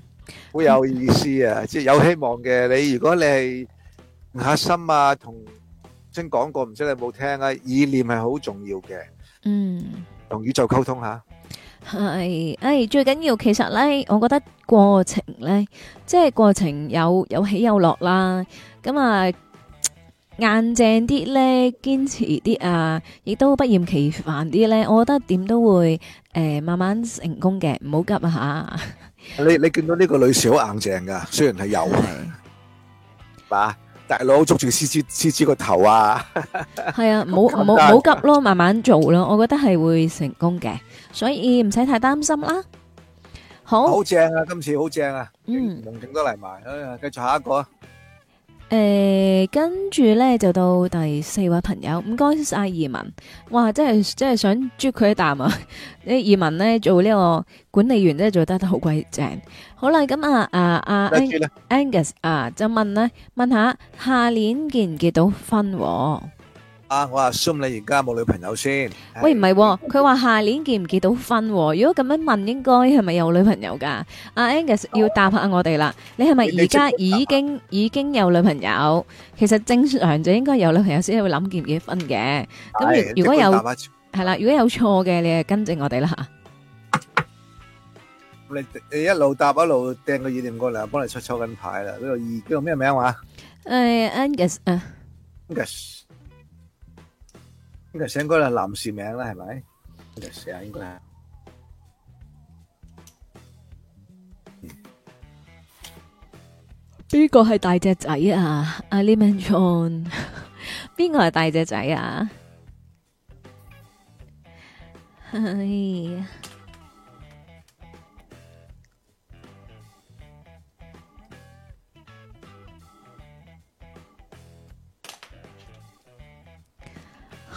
好有意思啊，即係有希望嘅。你如果你係核心啊，同曾講過，唔知你有冇聽啊？意念係好重要嘅，嗯，同宇宙溝通吓，係，誒，最緊要其實咧，我覺得過程咧，即係過程有有起有落啦，咁啊。硬淨啲咧，堅持啲啊，亦都不厭其煩啲咧，我覺得點都會誒慢慢成功嘅，唔好急啊！吓，你你見到呢個女士好硬淨噶，雖然係有，係嘛，大佬捉住獅子獅子個頭啊！係啊，唔好唔好唔好急咯，慢慢做咯，我覺得係會成功嘅，所以唔使太擔心啦。好，好正啊！今次好正啊！嗯，整多嚟，埋，哎呀，繼續下一個啊！誒、欸，跟住咧就到第四位朋友，唔該晒移民，哇，真係真係想啜佢一啖啊！啲移民咧做呢個管理員真係做得得好鬼正，好啦，咁啊啊啊 Angus 啊就問咧，問下下年結唔結到婚？啊！我話蘇姆，你而家冇女朋友先？喂，唔係，佢話下年結唔結到婚？如果咁樣問，應該係咪有女朋友㗎？阿 Angus 要答下我哋啦，你係咪而家已經已經有女朋友？其實正常就應該有女朋友先會諗結唔結婚嘅。咁如果有係啦，如果有錯嘅，你係糾正我哋啦。你你一路答一路掟個意見過嚟，我幫你出錯緊牌啦。呢個二叫咩名話？誒，Angus，嗯，Angus。呢個寫應該係男士名啦，係咪？呢個寫應該係邊個係大隻仔啊？阿 Lee Man John，邊個係大隻仔啊？嘿、 啊。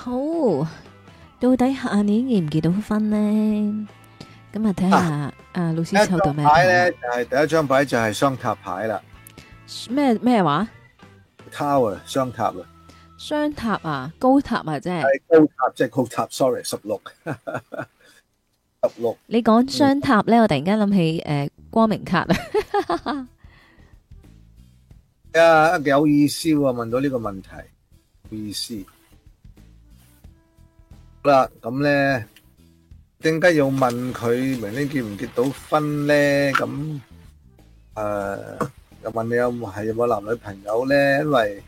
好，到底下年結唔結到婚咧？咁啊，睇下啊，老師抽到咩牌咧？係第一張牌就係雙塔牌啦。咩咩話？Tower，雙塔啊。雙塔啊，高塔啊，即係。係高塔，即係高塔。Sorry，十六，十六。你講雙塔咧，我突然間諗起誒光明卡啊。啊，幾有意思喎！問到呢個問題，好有意思。好啦，咁咧，點解要問佢明天結唔結到婚咧？咁誒，又問你有冇係有冇男女朋友咧？因為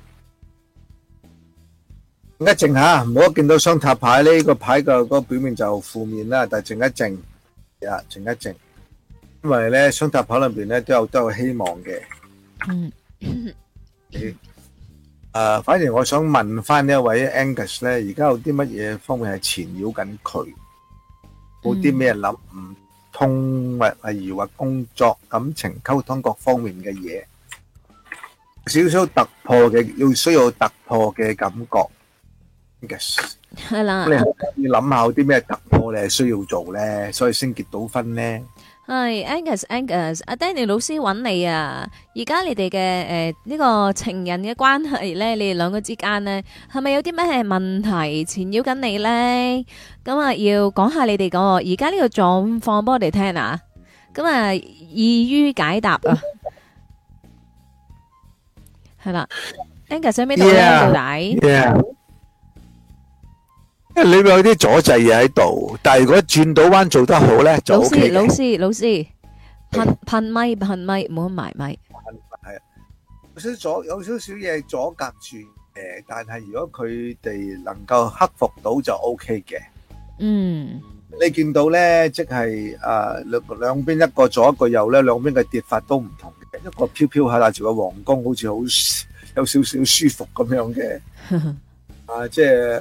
一陣下，唔好見到雙塔牌咧，個牌嘅嗰表面就負面啦。但係一陣下，靜，啊，一陣下靜，因為咧雙塔牌裏邊咧都有都有希望嘅。嗯。誒，反而我想問翻呢一位 Angus 咧，而家有啲乜嘢方面係纏繞緊佢？冇啲咩諗唔通，或例如話工作、感情、溝通各方面嘅嘢，少少突破嘅，要需要突破嘅感覺。Angus 係啦，你要諗下有啲咩突破你係需要做咧，所以先結到婚咧。係 Angus，Angus，阿 Danny 老師揾你啊。而家你哋嘅誒呢個情人嘅關係咧，你哋兩個之間咧，係咪有啲咩問題纏繞緊你咧？咁啊，要講下你哋個而家呢個狀況，畀我哋聽啊。咁啊，易於解答啊。係啦，Angus，上邊到底。因為裏面有啲阻滯嘢喺度，但係如果轉到彎做得好咧，就 OK 嘅。老師，老師，老師，噴噴咪，噴咪，冇咁埋咪。係，有少少左，有少少嘢阻隔住。誒，但係如果佢哋能夠克服到，就 OK 嘅。嗯，你見到咧，即係誒，兩兩邊一個左一個右咧，兩邊嘅跌法都唔同嘅。一個飄飄下帶住個黃光，好似好有少少舒服咁樣嘅。啊，即係。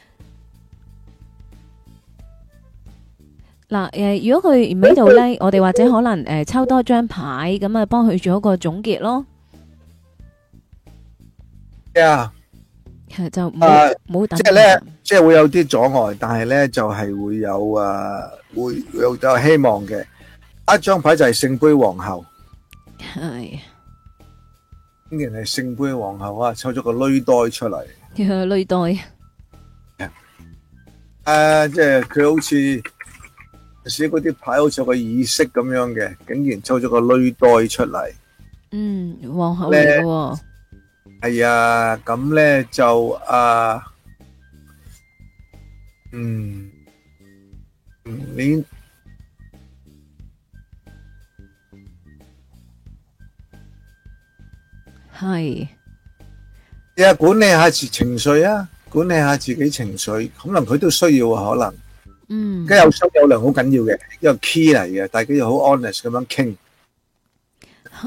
嗱，誒，如果佢唔喺度咧，我哋或者可能誒、呃、抽多張牌，咁啊幫佢做一個總結咯。啊、yeah.，係、uh, 就啊，冇即係咧，即係會有啲阻礙，但係咧就係、是、會有啊，會，會有就希望嘅。一張牌就係聖杯皇后，係，竟然係聖杯皇后啊！抽咗個累袋出嚟，累、yeah, 袋，誒，即係佢好似。寫嗰啲牌好似個意識咁樣嘅，竟然抽咗個女袋出嚟。嗯，皇后嚟嘅。係啊，咁呢就啊，嗯，你係，要管理下自情緒啊，管理下自己情緒，可能佢都需要可能。嗯，咁有商有量好緊要嘅，一個 key 嚟嘅。大家要好 honest 咁樣傾，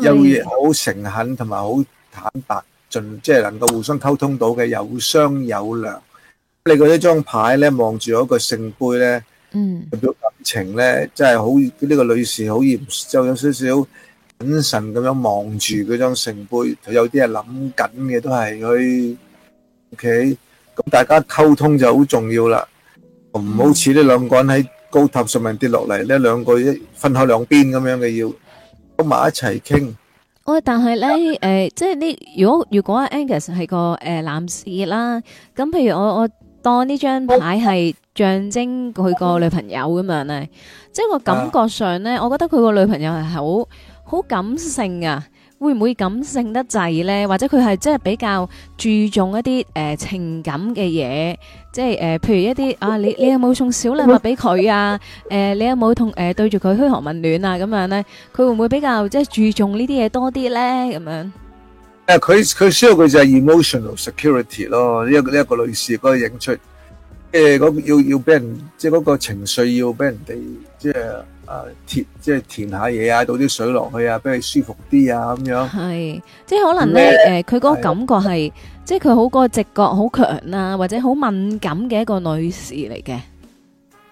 又會好誠懇，同埋好坦白，盡即係能夠互相溝通到嘅有商有量。你嗰一張牌咧，望住嗰個聖杯咧，嗯，表情咧真係好，呢個女士好嚴，就有少少謹慎咁樣望住嗰張聖杯，就有啲係諗緊嘅，都係佢，OK。咁大家溝通就好重要啦。唔好似呢兩個人喺高塔上面跌落嚟，呢兩個一分開兩邊咁樣嘅，要合埋一齊傾。哦，但係咧，誒，即係呢，如果如果阿 Angus 係個誒男士啦，咁譬如我我當呢張牌係象徵佢個女朋友咁樣咧，即係個感覺上咧，我覺得佢個女朋友係好好感性啊。會唔會感性得滯咧？或者佢係即係比較注重一啲誒情感嘅嘢，即係誒，譬如一啲啊，你你有冇送小禮物俾佢啊？誒，你有冇同誒對住佢嘘寒問暖啊？咁樣咧，佢會唔會比較即係注重呢啲嘢多啲咧？咁樣？啊，佢佢需要佢就係 emotional security 咯，呢一呢一個女士嗰影出，即係嗰要要俾人，即係嗰個情緒要俾人哋，即係。誒，填即係填下嘢啊，倒啲水落去啊，俾佢舒服啲啊，咁樣係，即係可能咧，誒，佢嗰個感覺係，即係佢好個直覺好強啊，或者好敏感嘅一個女士嚟嘅。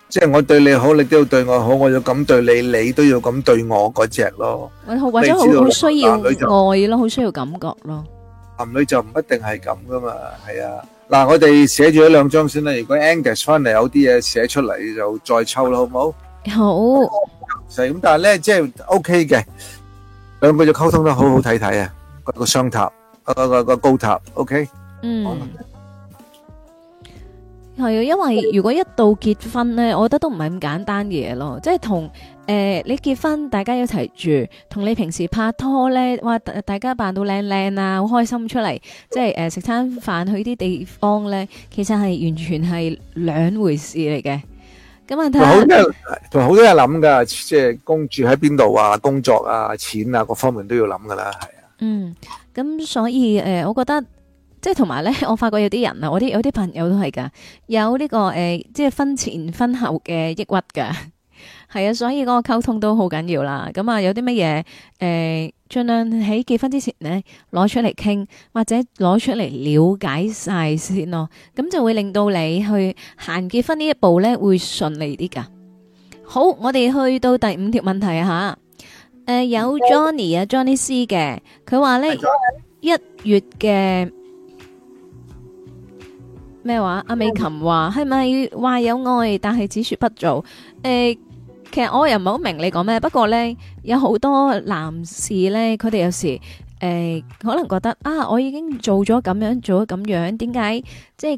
即係我對你好，你都要對我好，我要咁對你，你都要咁對我嗰隻咯。或者好好需要愛咯，好需要感覺咯。男女就唔一定係咁噶嘛，係啊。嗱，我哋寫住一兩張先啦。如果 Angus 翻嚟有啲嘢寫出嚟，就再抽啦，好唔好？好，就係咁，但係咧，即係 O K 嘅，兩個人溝通得好好睇睇啊，嗯看看那個個雙塔，個、呃、個、那個高塔，O K。OK? 嗯，係、哦、啊，因為如果一到結婚咧，我覺得都唔係咁簡單嘅嘢咯，即係同誒你結婚，大家一齊住，同你平時拍拖咧，哇，大家扮到靚靚啊，好開心出嚟，即係誒食餐飯去啲地方咧，其實係完全係兩回事嚟嘅。咁啊，好多人，仲好多嘢諗噶，即係公住喺邊度啊，工作啊，錢啊，各方面都要諗噶啦，係啊。嗯，咁所以誒，我覺得即係同埋咧，我發覺有啲人啊，我啲有啲朋友都係噶，有呢個誒，即係婚前婚後嘅抑鬱噶。係啊，所以嗰個溝通都好緊要啦。咁啊，有啲乜嘢誒，呃、盡量喺結婚之前呢攞出嚟傾，或者攞出嚟了解晒先咯。咁就會令到你去行結婚呢一步咧，會順利啲噶。好，我哋去到第五條問題啊吓。誒、呃，有 Johnny 啊，Johnny C 嘅，佢話咧一月嘅咩話？阿美琴話係咪話有愛，但係只說不做？誒、呃。其實我又唔係好明你講咩，不過咧有好多男士咧，佢哋有時誒可能覺得啊，我已經做咗咁樣，做咗咁樣，點解即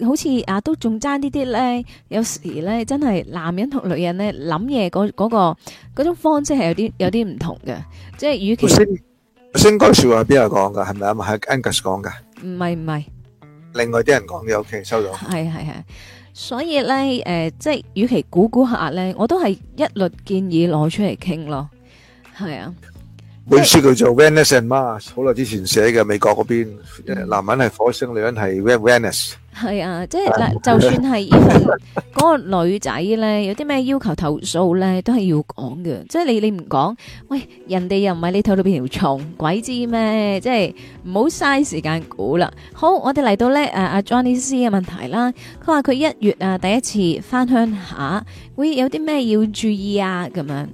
係好似啊都仲爭啲啲咧？有時咧真係男人同女人咧諗嘢嗰嗰個嗰種方式係有啲有啲唔同嘅。即係與其先先嗰句話邊個講噶，係咪啊？係 Angus 講嘅，唔係唔係，另外啲人講嘅，OK 收到，係係係。所以呢，誒、呃，即係與其估估下呢，我都係一律建議攞出嚟傾咯，係啊。本書叫做 Venus and Mars，好耐之前寫嘅美國嗰邊，男人係火星，女人係 Venus。係啊，即係嗱，就算係嗰個女仔咧，有啲咩要求投訴咧，都係要講嘅。即係你你唔講，喂，人哋又唔係你肚度邊條蟲鬼知咩？即係唔好嘥時間估啦。好，我哋嚟到咧，誒阿 Johnny C 嘅問題啦，佢話佢一月啊第一次翻鄉下，會有啲咩要注意啊？咁樣。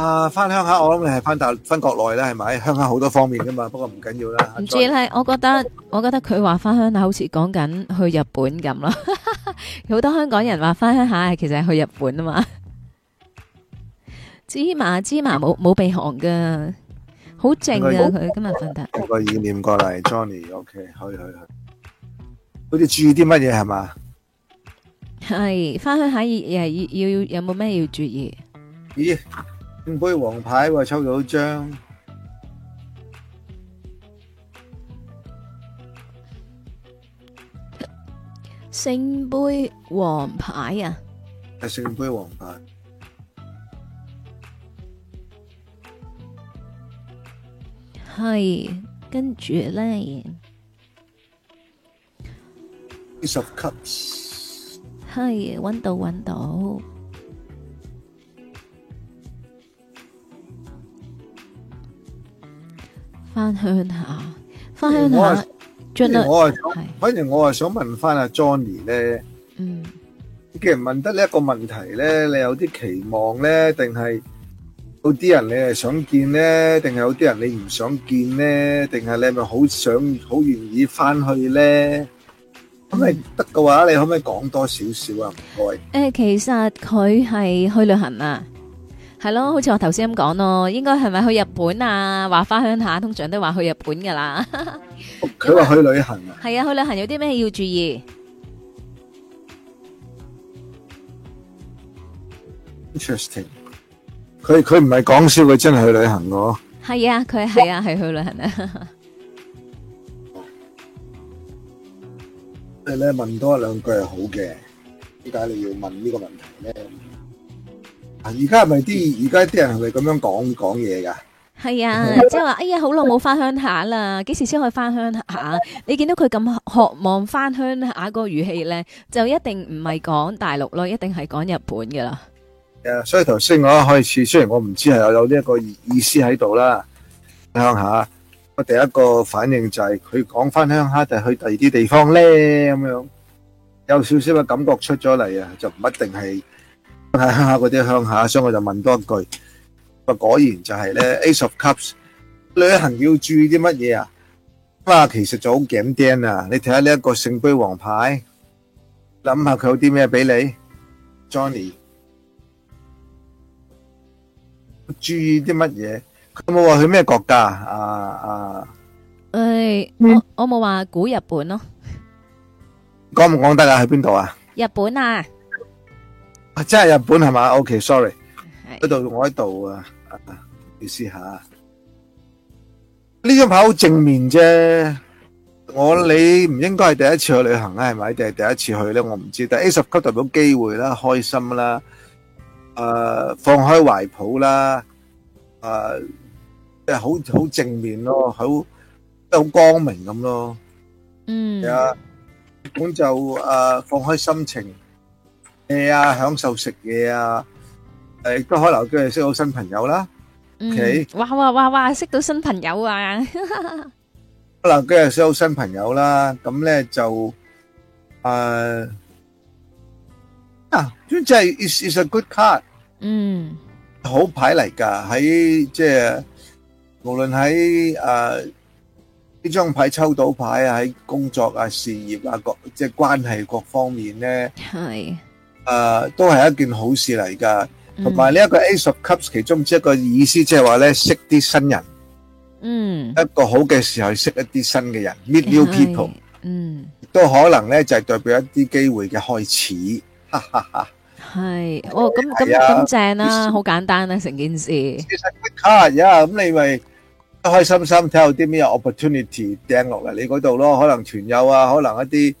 啊！翻鄉下，我諗你係翻大翻國內啦，係咪？鄉下好多方面噶嘛，不過唔緊要啦。唔知係，我覺得我覺得佢話翻鄉下好似講緊去日本咁咯。好多香港人話翻鄉下，其實係去日本啊嘛。芝麻芝麻冇冇鼻鼾噶，好靜啊！佢今日瞓得。個意念過嚟，Johnny，OK，可以，去去去。好似注意啲乜嘢係嘛？係翻鄉下，又係要有冇咩要注意？咦？聖杯王牌喎，抽到張聖杯王牌啊！係聖杯王牌，係跟住咧，十級係搵到搵到。翻鄉下，翻鄉下。反正我啊，反而我係，想問翻阿 Johnny 咧。嗯。既然問得呢一個問題咧，你有啲期望咧，定係有啲人你係想見咧，定係有啲人你唔想見咧，定係你係咪好想好願意翻去咧？咁你得嘅話，你可唔可以講多少少啊？唔該。誒，其實佢係去旅行啊。係咯，好似我頭先咁講咯，應該係咪去日本啊？話翻鄉下，通常都話去日本噶啦。佢 話、哦、去旅行啊。係啊，去旅行有啲咩要注意？Interesting。佢佢唔係講笑，佢真係去旅行個。係啊，佢係啊，係去旅行啊。你 你問多一兩句係好嘅，點解你要問呢個問題咧？而家係咪啲而家啲人係咪咁樣講講嘢噶？係啊，即係話哎呀，好耐冇翻鄉下啦，幾時先可以翻鄉下？你見到佢咁渴望翻鄉下個語氣咧，就一定唔係講大陸咯，一定係講日本噶啦。誒，所以頭先我一開始雖然我唔知係有有呢一個意思喺度啦，鄉下，我第一個反應就係佢講翻鄉下定係去第二啲地方咧，咁樣有少少嘅感覺出咗嚟啊，就唔一定係。喺鄉下嗰啲鄉下，所以我就問多一句，啊果然就係咧。Ace of Cups 旅行要注意啲乜嘢啊？咁啊，其實就好簡單啊！你睇下呢一個聖杯王牌，諗下佢有啲咩俾你，Johnny。注意啲乜嘢？佢冇話去咩國家啊啊！誒，我我冇話估日本咯。講唔講得啊？去邊度啊？日本啊！啊，真係日本係嘛？OK，sorry，喺度我喺度啊，你試吓，呢張牌好正面啫。我你唔應該係第一次去旅行咧，係咪？定係第一次去咧？我唔知。但 A 十級代表機會啦，開心啦，誒，放開懷抱啦，誒，即係好好正面咯，好即係好光明咁咯。嗯。係啊，咁就誒，放開心情。誒啊，享受食嘢啊！誒，都可能跟住識到新朋友啦。OK，哇哇哇哇，識到新朋友啊！嗱，跟住識到新朋友啦。咁咧就誒啊，即係 is is a good card。嗯，好牌嚟噶。喺即係無論喺誒呢張牌抽到牌啊，喺工作啊、事業啊、各即係關係各方面咧，係。誒、啊，都係一件好事嚟噶，同埋呢一個 Ace of Cups 其中一個意思就是說呢，即係話咧識啲新人，嗯，一個好嘅時候識一啲新嘅人，meet new people，嗯，都可能咧就代表一啲機會嘅開始，哈哈哈，哈，係，哦，咁咁咁正啦、啊，好簡單啊成件事，card 啊，咁、嗯、你咪開開心心睇下有啲咩 opportunity 掟落嚟你嗰度咯，可能團友啊，可能一啲。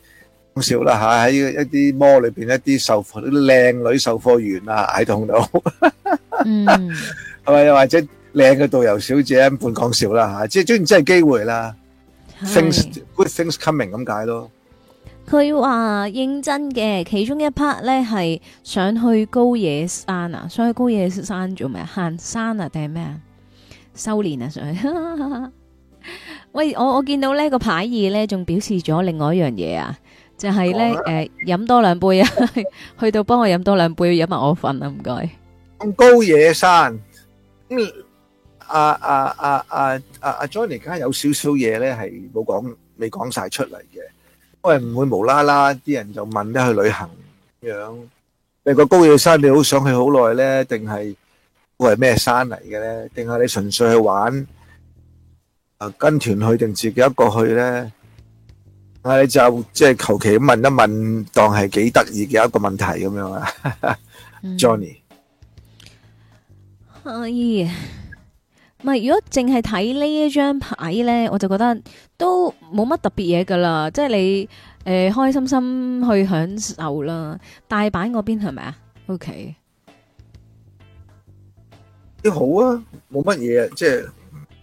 講笑啦吓，喺一啲模裏邊一啲售靚女售貨員啊喺度，嗯，係咪又或者靚嘅導遊小姐半講笑啦吓，即係當然真係機會啦。Things good things coming 咁解咯。佢話認真嘅其中一 part 咧係想去高野山啊，想去高野山做咩行山啊定係咩啊？修煉啊上去。 喂，我我見到呢、呢個牌二咧仲表示咗另外一樣嘢啊。就係咧，誒，飲多兩杯啊，去到幫我飲多兩杯，飲埋我份啊，唔該。高野山，阿阿阿阿阿 Johnny，而家有少少嘢咧，係冇講，未講晒出嚟嘅。我係唔會無啦啦，啲人就問得去旅行咁樣。你個高野山，你好想去好耐咧，定係？會係咩山嚟嘅咧？定係你純粹去玩？啊，跟團去定自己一個去咧？我、啊、就即係求其問一問，當係幾得意嘅一個問題咁樣啊、嗯、，Johnny。阿、哎、姨，唔係如果淨係睇呢一張牌咧，我就覺得都冇乜特別嘢㗎喇，即係你誒、呃、開心心去享受啦。大阪嗰邊係咪啊？OK。啲、okay 欸、好啊，冇乜嘢啊，即係。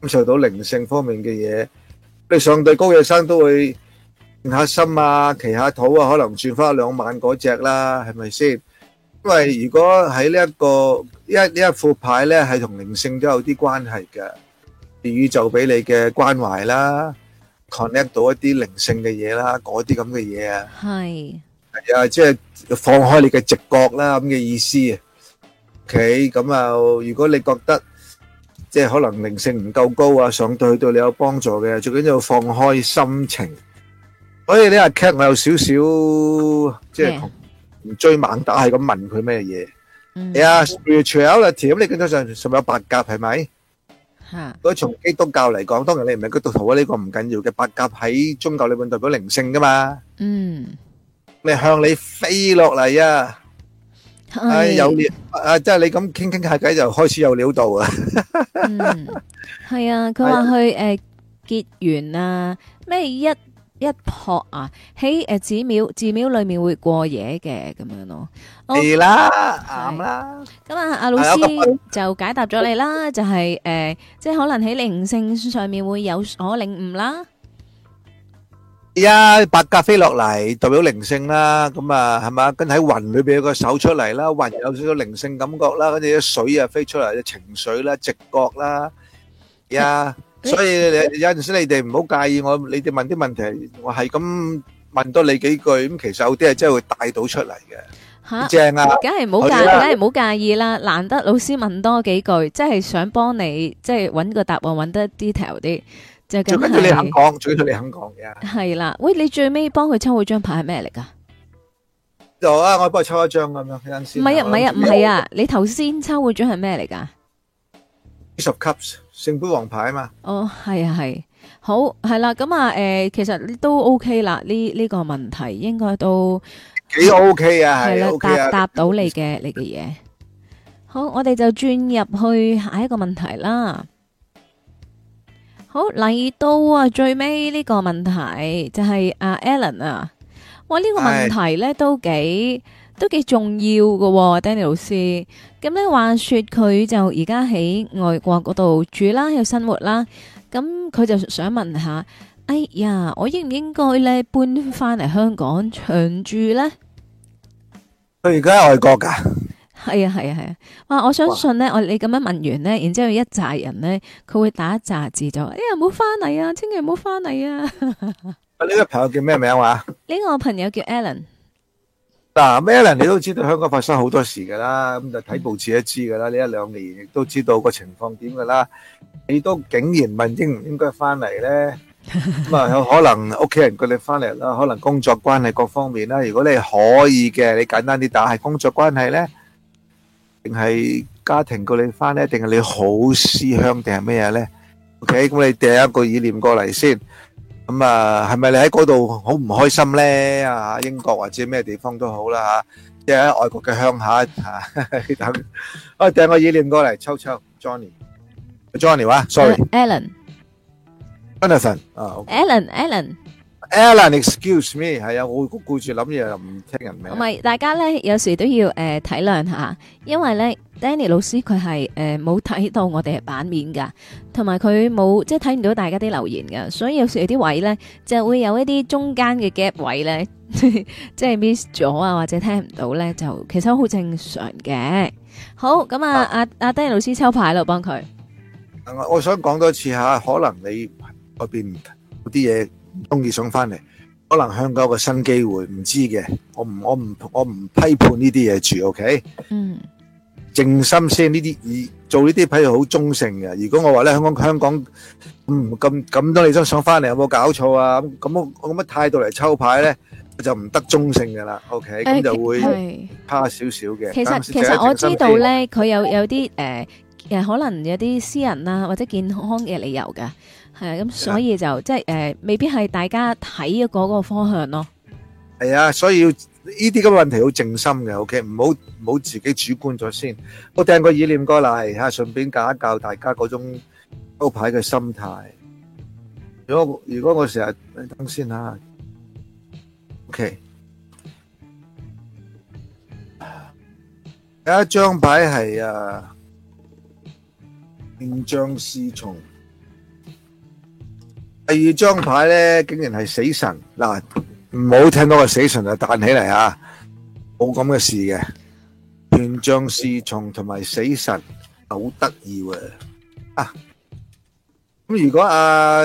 感受到靈性方面嘅嘢，你上對高嘅山都會靜下心啊，祈下禱啊，可能轉翻兩晚嗰隻啦，係咪先？因為如果喺呢一個一一副牌咧，係同靈性都有啲關係嘅，宇宙俾你嘅關懷啦，connect 到一啲靈性嘅嘢啦，嗰啲咁嘅嘢啊，係係啊，即係放開你嘅直覺啦，咁嘅意思。OK，咁啊，如果你覺得，即係可能靈性唔夠高啊，上到去對你有幫助嘅，最緊要放開心情。所以呢阿 Cat 我有少少即係唔窮追猛打，係咁問佢咩嘢？啊，spirituality 咁你見到上上面有白鴿係咪？吓，如果從基督教嚟講，當然你唔係基督徒啊，呢個唔緊要嘅。白鴿喺宗教裏邊代表靈性噶嘛。嗯，你向你飛落嚟呀。誒，有料即係你咁傾傾下偈就開始有料到啊！嗯，係啊，佢話去誒結緣啊，咩一一扑啊，喺誒、啊、寺廟寺廟裏面會過夜嘅咁樣咯。嚟啦，啱啦。咁啊，阿、哦啊、老師就解答咗你啦， 就係、是、誒、呃，即係可能喺靈性上面會有所領悟啦。呀，白鴿飛落嚟，代表靈性啦，咁啊係嘛，跟喺雲裏邊有個手出嚟啦，雲有少少靈性感覺啦，跟住啲水啊飛出嚟，啲情緒啦、直覺啦，呀，所以有陣時你哋唔好介意我，你哋問啲問題，我係咁問多你幾句，咁其實有啲係真係會帶到出嚟嘅，吓，正啊，梗係唔好介，梗係唔好介意啦，難得老師問多幾句，即係想幫你，即係搵個答案搵得 detail 啲。最緊要你肯講，最緊要你肯講嘅。係啦，喂，你最尾幫佢抽嗰張牌係咩嚟噶？就、哦、啊，我幫佢抽一張咁樣，等先。唔係啊，唔係啊，唔係啊！你頭先抽嗰張係咩嚟噶？十級聖杯王牌啊嘛。哦，係啊，係，好，係啦，咁啊，誒，其實都 OK 啦，呢、這、呢個問題應該都幾 OK 啊，係啦，OK 啊、答答到你嘅，你嘅嘢。好，我哋就轉入去下一個問題啦。好，嚟到啊，最尾呢個問題就係阿 Alan 啊，哇呢個問題咧都幾都幾重要噶，Danny 老師。咁咧話說佢就而家喺外國嗰度住啦，有生活啦。咁佢就想問下，哎呀，我應唔應該咧搬翻嚟香港長住咧？佢而家喺外國噶。係啊，係啊，係啊。哇！我相信咧，我你咁樣問完咧，然之後一紮人咧，佢會打一紮字就哎呀，唔好翻嚟啊，千祈唔好翻嚟啊。啊，呢個朋友叫咩名話？呢個朋友叫 Alan。嗱，Alan，你都知道香港發生好多事噶啦，咁就睇報紙都知噶啦。呢一兩年亦都知道個情況點噶啦。你都竟然問應唔應該翻嚟咧？咁啊，有可能屋企人叫你翻嚟啦，可能工作關係各方面啦。如果你可以嘅，你簡單啲打係工作關係咧。定係家庭過嚟翻咧，定係你好思鄉，定係咩嘢咧？OK，咁你掟一個意念過嚟先。咁啊，係咪你喺嗰度好唔開心咧？啊，英國或者咩地方都好啦吓，即係喺外國嘅鄉下吓。等，啊，掟個意念過嚟，抽抽，Johnny，Johnny 啊，Sorry，Alan，Anderson 啊，Alan，Alan，Alan，excuse me，係啊，我顧住諗嘢又唔聽人名。唔係，大家咧有時都要誒體諒下，因為咧 Danny 老師佢係誒冇睇到我哋嘅版面噶，同埋佢冇即係睇唔到大家啲留言噶，所以有時有啲位咧就會有一啲中間嘅 gap 位咧，即係 miss 咗啊，或者聽唔到咧，就其實好正常嘅。好，咁啊，阿阿 Danny 老師抽牌咯，幫佢。我想講多一次吓，可能你嗰邊啲嘢。中意想翻嚟，可能香港有個新機會唔知嘅，我唔我唔我唔批判呢啲嘢住，OK？嗯，靜心聲靜心先，呢啲以做呢啲批度好中性嘅。如果我話咧香港香港唔咁咁多，你想想翻嚟有冇搞錯啊？咁咁乜咁乜態度嚟抽牌咧，就唔得中性㗎喇。OK？咁就會差少少嘅。其實其實我知道咧，佢有有啲誒誒，可能有啲私人啊或者健康嘅理由嘅。係咁，所以就即係誒，未必係大家睇嗰個方向咯。係啊，所以要呢啲咁嘅問題好靜心嘅。OK，唔好唔好自己主觀咗先。我掟個意念過嚟吓，順便教一教大家嗰種 out 牌嘅心態。如果如果我成日等先吓，OK，第一張牌係啊，權杖侍從。第二張牌咧，竟然係死神嗱，唔好聽到個死神就彈起嚟啊，冇咁嘅事嘅。元將侍從同埋死神，好得意喎。啊，咁如果阿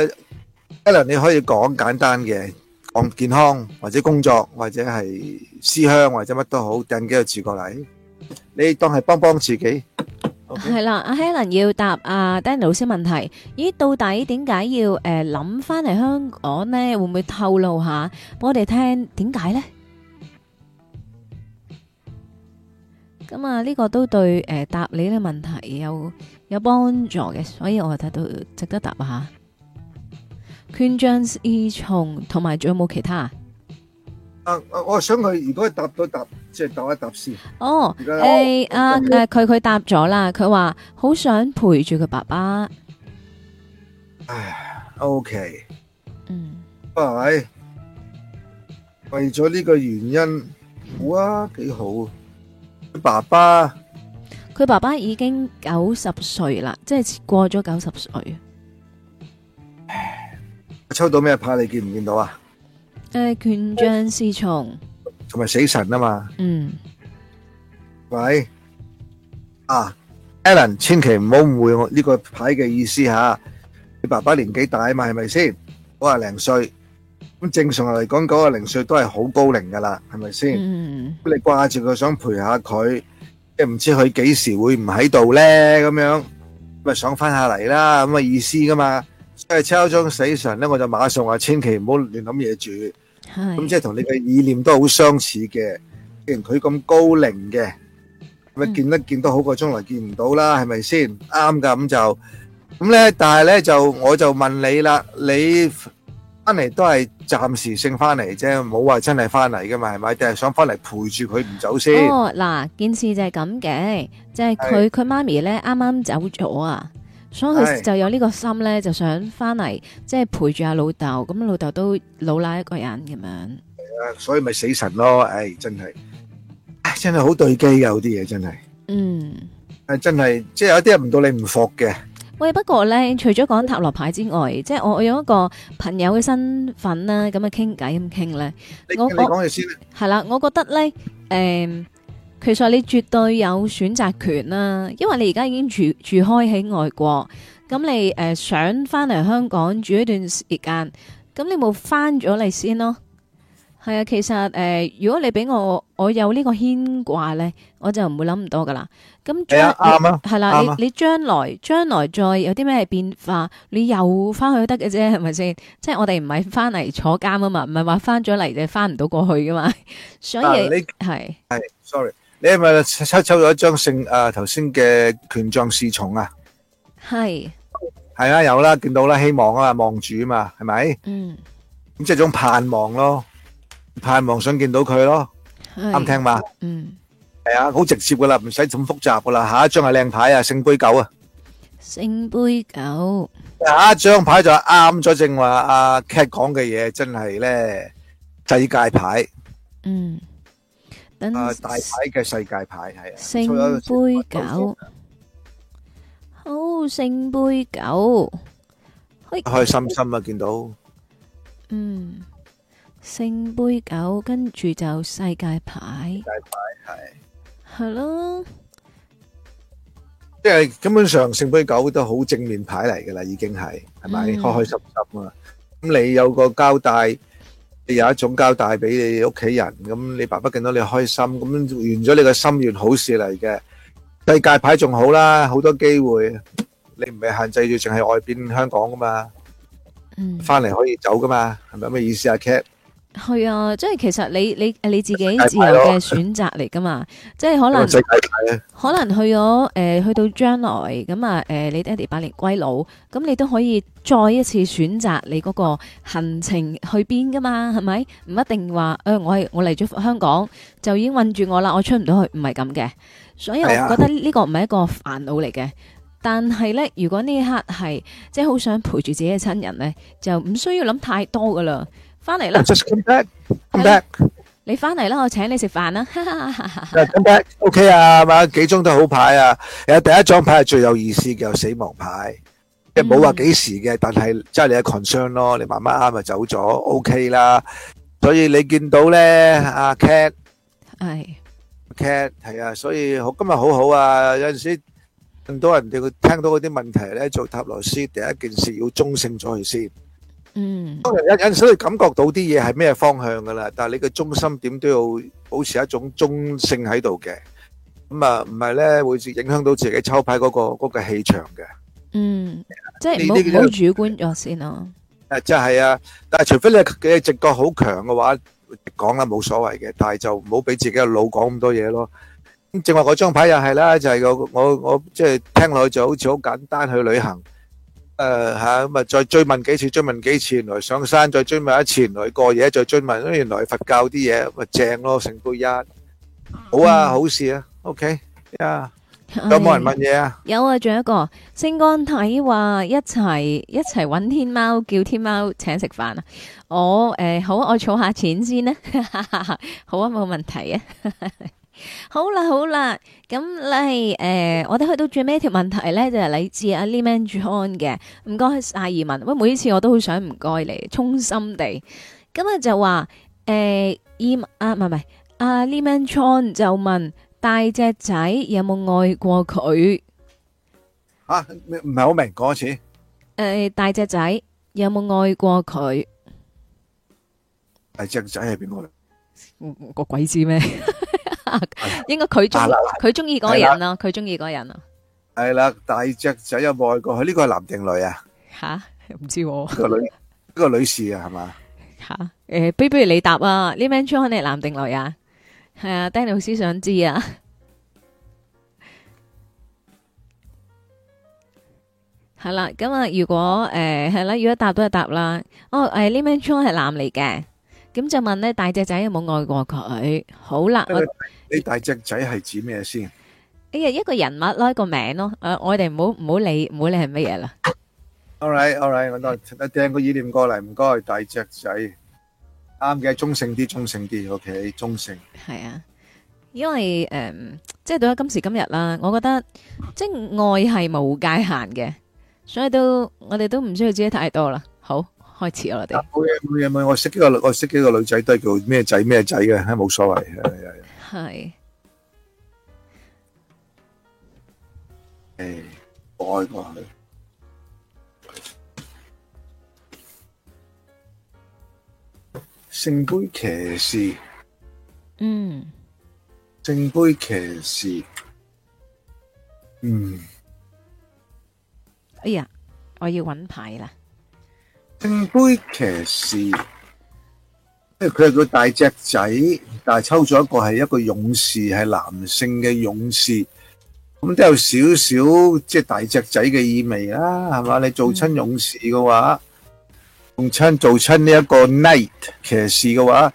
Alan，你可以講簡單嘅，講健康或者工作或者係思鄉或者乜都好，掟幾個字過嚟，你當係幫幫自己。係、嗯、啦，阿 Helen 要答阿、啊、Danny 老師問題，咦，到底點解要誒諗翻嚟香港呢？會唔會透露一下，幫我哋聽點解呢？咁、嗯、啊，呢、這個都對誒、呃、答你嘅個問題有有幫助嘅，所以我睇到值得答一下。捐章衣從，同埋仲有冇其他我想佢如果答都答，即係答一答先。哦，係啊誒，佢佢答咗啦，佢話好想陪住佢爸爸。唉，OK。嗯。喂，咪？為咗呢個原因，好啊，幾好。佢爸爸，佢爸爸已經九十歲啦，即係過咗九十歲。唉，抽到咩牌？你見唔見到啊？誒、啊，權杖侍從同埋死神啊嘛，嗯，喂，啊，Alan，千祈唔好誤會我呢個牌嘅意思吓、啊，你爸爸年紀大啊嘛，係咪先？九十零歲，咁正常嚟講，九、那個、零歲都係好高齡噶啦，係咪先？嗯，你掛住佢，想陪下佢，即係唔知佢幾時會唔喺度咧，咁樣咪想返下嚟啦，咁嘅、那個、意思噶、啊、嘛。所以抽張死神咧，我就馬上話，千祈唔好亂諗嘢住。咁即係同你嘅意念都好相似嘅，既然佢咁高齡嘅，咪見一見都好過將來見唔到啦，係咪先？啱噶，咁就咁咧，但係咧就我就問你啦，你翻嚟都係暫時性翻嚟啫，唔好話真係翻嚟噶嘛，係咪？定係想翻嚟陪住佢唔走先。哦，嗱，件事就係咁嘅，就係佢佢媽咪咧啱啱走咗啊。所以佢就有呢個心咧，就想翻嚟，即係陪住阿老豆，咁老豆都老啦，一個人咁樣。係啊，所以咪死神咯。唉，真係，唉，真係好對機噶，嗰啲嘢真係。嗯。係真係，即係有一啲人唔到你唔服嘅。喂，不過咧，除咗講塔羅牌之外，即係我用一個朋友嘅身份啦，咁啊傾偈咁傾咧。你請你講嘢先。係啦，我覺得咧，誒。其實你絕對有選擇權啦，啊，因為你而家已經住住開喺外國，咁你誒、呃、想翻嚟香港住一段時間，咁你冇翻咗嚟先咯。係啊，其實誒、呃，如果你俾我，我有呢個牽掛咧，我就唔會諗唔到噶啦。咁將啱啊，係、yeah, 啦，right, right, 你，right. 你將來將來再有啲咩變化，你又翻去都得嘅啫，係咪先？即、就、係、是、我哋唔係翻嚟坐監啊嘛，唔係話翻咗嚟就翻唔到過去噶嘛。所以係係、yeah, you... yeah，sorry。你係咪抽抽咗一張聖啊，頭先嘅權杖侍從啊？係係啊，有啦，見到啦，希望啊，望住啊嘛，係咪？嗯，咁即係種盼望咯，盼望想見到佢咯，啱聽嘛？嗯，係啊，好直接噶啦，唔使咁複雜噶啦。下一張係靚牌啊，聖杯九啊，聖杯九。下一張牌就啱咗正話阿 cat 講嘅嘢，真係咧世界牌。嗯。啊！大牌嘅世界牌係啊，聖杯九，好聖杯九，開開心心啊！見到，嗯，聖杯九，跟住就世界牌，世界牌係，係咯，即係根本上聖杯九都好正面牌嚟噶啦，已經係，係咪開開心心啊？咁你有個交代。你有一種交代俾你屋企人，咁你爸爸見到你開心，咁完咗你個心願，好事嚟嘅。世界牌仲好啦，好多機會，你唔係限制住淨係外邊香港噶嘛，嗯，翻嚟可以走噶嘛，係咪有咩意思啊？Cat？係啊，即係其實你你誒你自己自由嘅選擇嚟噶嘛，即係可能可能去咗誒、呃，去到將來咁啊誒，你爹哋百年歸老，咁你都可以再一次選擇你嗰個行程去邊噶嘛，係咪？唔一定話誒、呃，我係我嚟咗香港就已經困住我啦，我出唔到去，唔係咁嘅。所以我覺得呢個唔係一個煩惱嚟嘅，但係咧，如果呢一刻係即係好想陪住自己嘅親人咧，就唔需要諗太多噶啦。翻嚟啦！Just come back, come back。你翻嚟啦，我請你食飯啦。Come back，OK 啊，係嘛？幾張都好牌啊。有第一張牌係最有意思嘅，死亡牌。即係冇話幾時嘅，但係即係你嘅 concern 咯。你慢慢啱咪走咗，OK 啦。所以你見到咧，阿 Cat 係，Cat 係啊。所以今日好好啊。有陣時咁多人哋會聽到嗰啲問題咧，做塔羅師第一件事要中性咗佢先。嗯，當然有，有所以感覺到啲嘢係咩方向噶啦，但係你嘅中心點都要保持一種中性喺度嘅，咁啊唔係咧會影響到自己抽牌嗰個嗰個氣場嘅。嗯，即係唔好主觀咗先咯。誒，即係啊，但係除非你嘅直覺好強嘅話，講啦冇所謂嘅，但係就唔好俾自己嘅腦講咁多嘢咯。咁正話嗰張牌又係啦，就係個我我即係聽落去就好似好簡單去旅行。誒吓咁啊！再追問幾次，追問幾次，原來上山再追問一次，原來過夜再追問，原來佛教啲嘢咪正咯，聖杯一好啊，好事啊，OK 啊，有冇人問嘢啊？有啊，仲有一個星光體話一齊一齊搵天貓叫天貓請食飯啊！我誒好，我儲下錢先啦，好啊，冇問題啊。好啦好啦，咁嚟誒，我哋去到最尾一條問題咧，就係、是、來自阿 Lemon John 嘅，唔該晒移民。喂，每一次我都好想唔該你，衷心地。今日就話誒、呃，啊唔係唔係阿 Lemon John 就問、啊呃、大隻仔有冇愛過佢？吓，唔係好明，講多次。誒，大隻仔有冇愛過佢？大隻仔係邊個？個鬼知咩？ 啊、應該佢中佢中意嗰個人啊。佢中意嗰個人啊。係啦，大隻仔有冇愛過佢？呢、這個係男定女啊？吓，唔知、這個女，這個女士啊，係嘛？吓，誒、呃，比不如你答啊，呢 man 穿肯定係男定女啊？係啊 ，Danny 老師想知啊。係 啦， 咁啊、呃，如果誒係啦，如果答都係答啦。哦，誒、哎，呢 man 穿係男嚟嘅。咁就問咧，大隻仔有冇愛過佢？好啦，你大隻仔係指咩先？哎呀，一個人物咯，一個名咯。誒，我哋唔好唔好理，唔好理係乜嘢啦。All right，all right，我都，我掟個意念過嚟，唔該。大隻仔，啱嘅，中性啲，中性啲，OK，中性。係啊，因為誒，即係到咗今時今日啦，我覺得即係愛係冇界限嘅，所以都我哋都唔需要知得太多啦。好。開始啦，我識幾個女，我識幾個女仔都係叫咩仔咩仔嘅，係，冇所謂。係，誒，我愛過佢，聖杯騎士，嗯，聖杯騎士，嗯，哎呀，我要揾牌啦。聖杯騎士，因為佢係個大隻仔，但係抽咗一個係一個勇士，係男性嘅勇士，咁都有少少即係大隻仔嘅意味啦、啊，係嘛？你做親勇士嘅話，用、嗯、親做親呢一個 night 騎士嘅話，